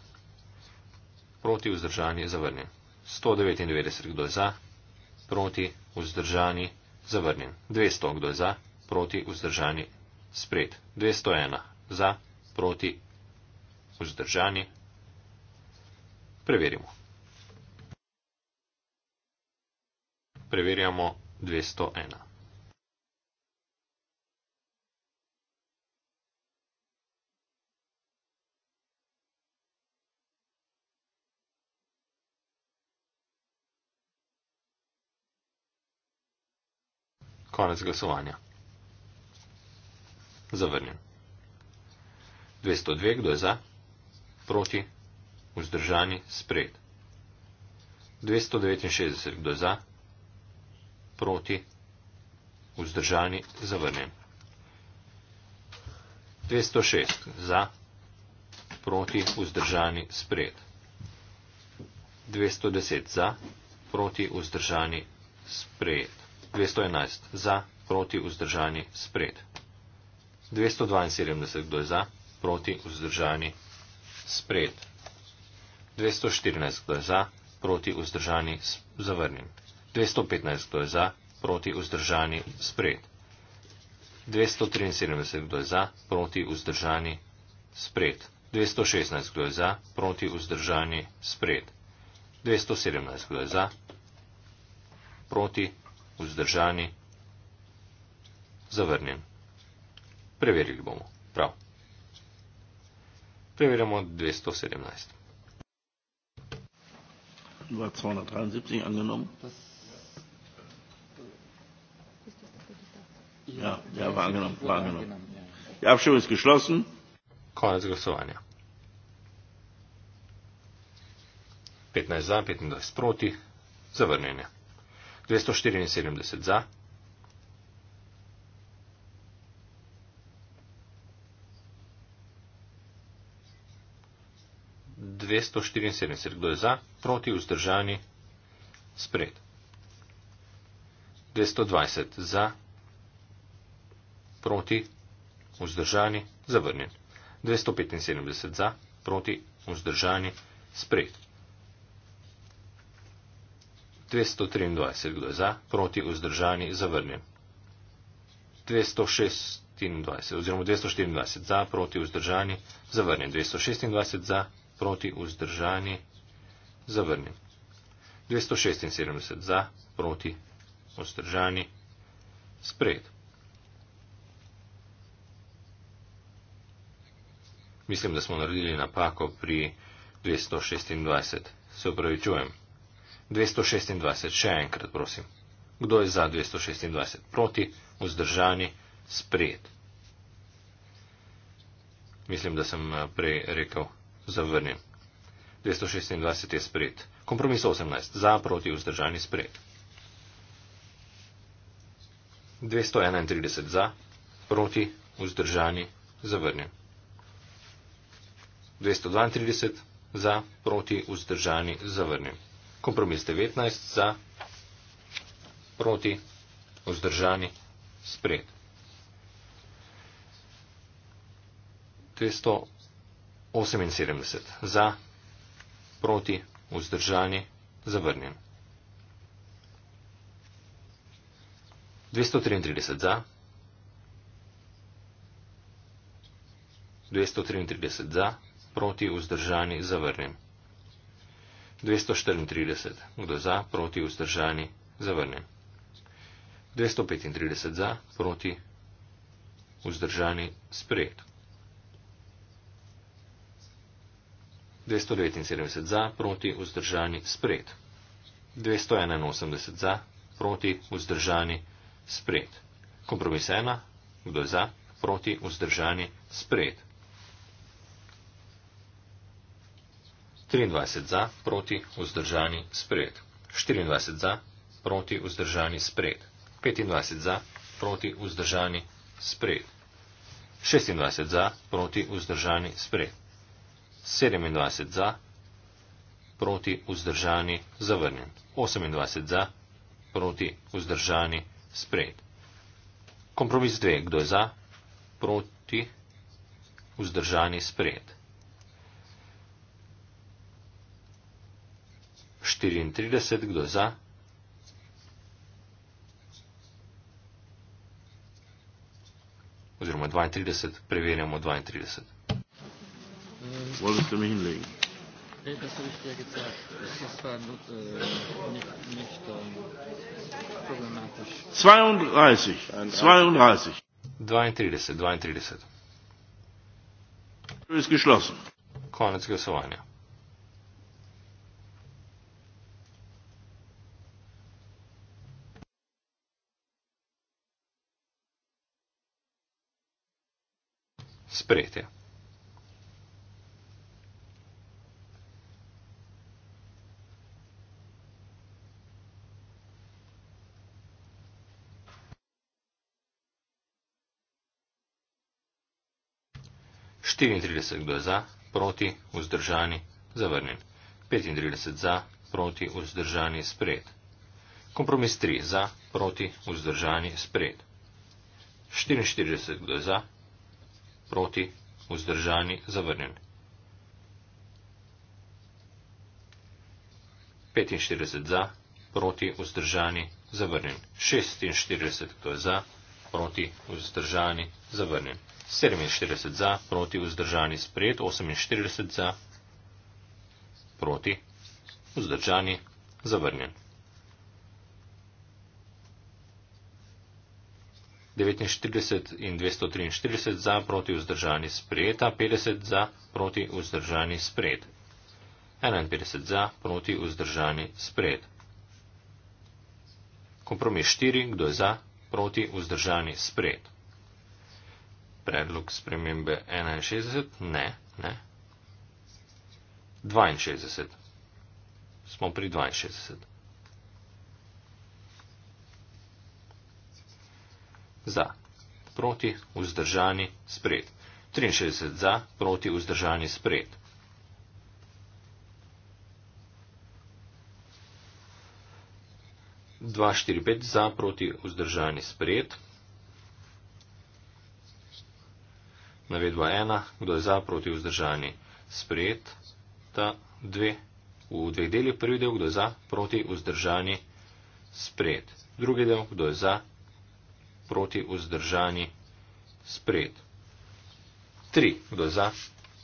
Proti, vzdržani, zavrnjen. 199. Kdo je za? Proti, vzdržani, zavrnjen. 200, kdo je za, proti, vzdržani, spred. 201, za, proti, vzdržani. Preverimo. Preverjamo 201. Konec glasovanja. Zavrnjen. 202, kdo je za? Proti. Vzdržani. Spred. 269, kdo je za? Proti. Vzdržani. Zavrnjen. 206, za. Proti. Vzdržani. Spred. 210, za. Proti. Vzdržani. Spred. 211 za, proti vzdržani spred. 272 kdo je za, proti vzdržani spred. 214 kdo je za, proti vzdržani zavrnjen. 215 kdo je za, proti vzdržani spred. 273 kdo je za, proti vzdržani spred. 216 kdo je za, proti vzdržani spred. 217 kdo je za, proti vzdržani, zavrnjen. Preverili bomo. Prav. Preverjamo 217. 273 angenommen. Ja, ja, war angenommen. War angenommen. Die ja, Abstimmung ist geschlossen. Konec glasovanja. 15 za, 25 proti, zavrnjenje. 274 za. Kdo je za, proti, vzdržani, spred. 220 za, proti, vzdržani, zavrnjen. 275 za, proti, vzdržani, spred. 223 glasa, proti vzdržani zavrnjen. 226 oziroma 224 za, proti vzdržani zavrnjen. 226 za, proti vzdržani zavrnjen. 276 za, proti vzdržani spred. Mislim, da smo naredili napako pri 226. Se upravičujem. 226. Še enkrat, prosim. Kdo je za 226? Proti, vzdržani, sprejet. Mislim, da sem eh, prej rekel zavrnjen. 226 je sprejet. Kompromis 18. Za, proti, vzdržani, sprejet. 231 za, proti, vzdržani, zavrnjen. 232 za, proti, vzdržani, zavrnjen kompromis 19 za, proti, vzdržani, spred. 278 za, proti, vzdržani, zavrnjen. 233 za, 233 za, proti, vzdržani, zavrnjen. 234. Kdo za, proti, vzdržani, zavrnjen. 235 za, proti, vzdržani, sprejet. 279 za, proti, vzdržani, sprejet. 281 za, proti, vzdržani, sprejet. Kompromis 1. Kdo za, proti, vzdržani, sprejet. 23 za, proti, vzdržani, spred. 24 za, proti, vzdržani, spred. 25 za, proti, vzdržani, spred. 26 za, proti, vzdržani, spred. 27 za, proti, vzdržani, zavrnjen. 28 za, proti, vzdržani, spred. Kompromis 2. Kdo je za? Proti, vzdržani, spred. 34, kdo za? Oziroma 32, preverjamo 32. Volite mi in legi. Zdaj, da se višče, da se stvar problematično. 32, 32. Konec glasovanja. sprejetja. Kdo je za, proti, vzdržani, zavrnjen. 35 za, proti, vzdržani, spred. Kompromis 3 za, proti, vzdržani, spred. 44 kdo je za, proti, vzdržani, zavrnjen. 45 za, proti, vzdržani, zavrnjen. 46, kdo je za, proti, vzdržani, zavrnjen. 47 za, proti, vzdržani, sprejet. 48 za, proti, vzdržani, zavrnjen. 49 in 243 za proti vzdržani sprejeta, 50 za proti vzdržani sprejet. 51 za proti vzdržani sprejet. Kompromis 4, kdo je za proti vzdržani sprejet. Predlog spremembe 61, ne, ne. 62. Smo pri 62. za, proti, vzdržani, spred. 63 za, proti, vzdržani, spred. Dva, štiri, pet za, proti, vzdržani, spred. Navedba ena, kdo je za, proti, vzdržani, spred. Ta dve, v dveh delih prvi del, kdo je za, proti, vzdržani, spred. Drugi del, kdo je za, proti vzdržani, spred. 3. Kdo je za,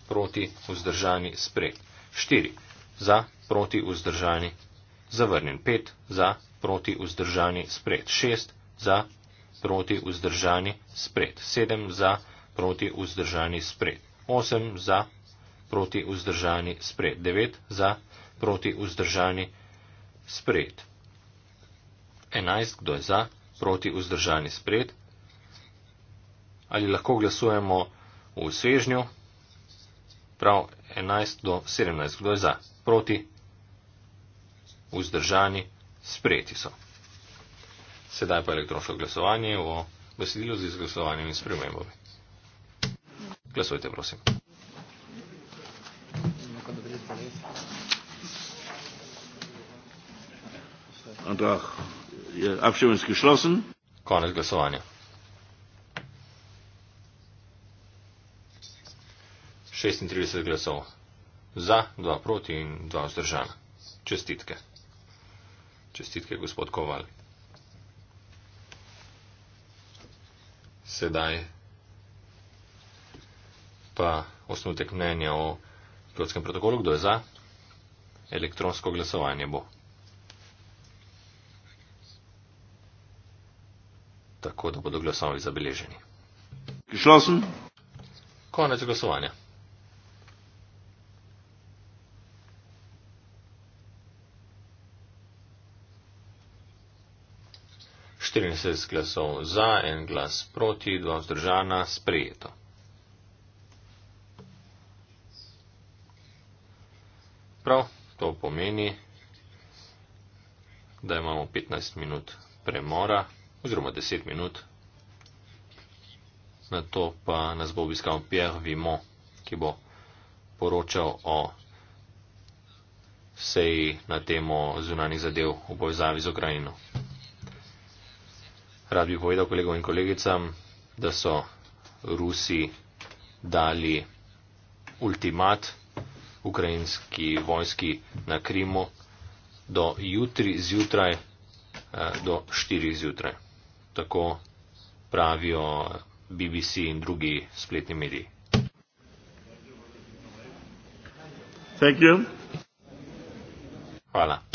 proti vzdržani, spred. 4. Za, proti vzdržani, zavrnjen. 5. Za, proti vzdržani, spred. 6. Za, proti vzdržani, spred. 7. Za, proti vzdržani, spred. 8. Za, proti vzdržani, spred. 9. Za, proti vzdržani, spred. 11. Kdo je za, proti vzdržani spred, ali lahko glasujemo v svežnju, prav 11 do 17, kdo je za, proti, vzdržani, spreti so. Sedaj pa elektronsko glasovanje o besedilu z izglasovanjem in spremembami. Glasujte, prosim. Andrach. Äh, abstimmungsgeschlossen. Konec glasovanja. Šestintrideset glasov za, dva proti in dva vzdržana. Čestitke. Čestitke, gospod Koval. Sedaj pa osnutek mnenja o kljotskem protokolu. Kdo je za? Elektronsko glasovanje bo. tako, da bodo glasovi zabeleženi. Išla sem. Konec glasovanja. Štirinajst glasov za, en glas proti, dva vzdržana, sprejeto. Prav, to pomeni, da imamo 15 minut premora oziroma deset minut. Na to pa nas bo obiskal Pierre Vimo, ki bo poročal o seji na temo zunanih zadev v povezavi z Ukrajino. Rad bi povedal kolegom in kolegicam, da so Rusi dali ultimat ukrajinski vojski na Krimu do jutri zjutraj, eh, do štiri zjutraj tako pravijo BBC in drugi spletni mediji. Hvala.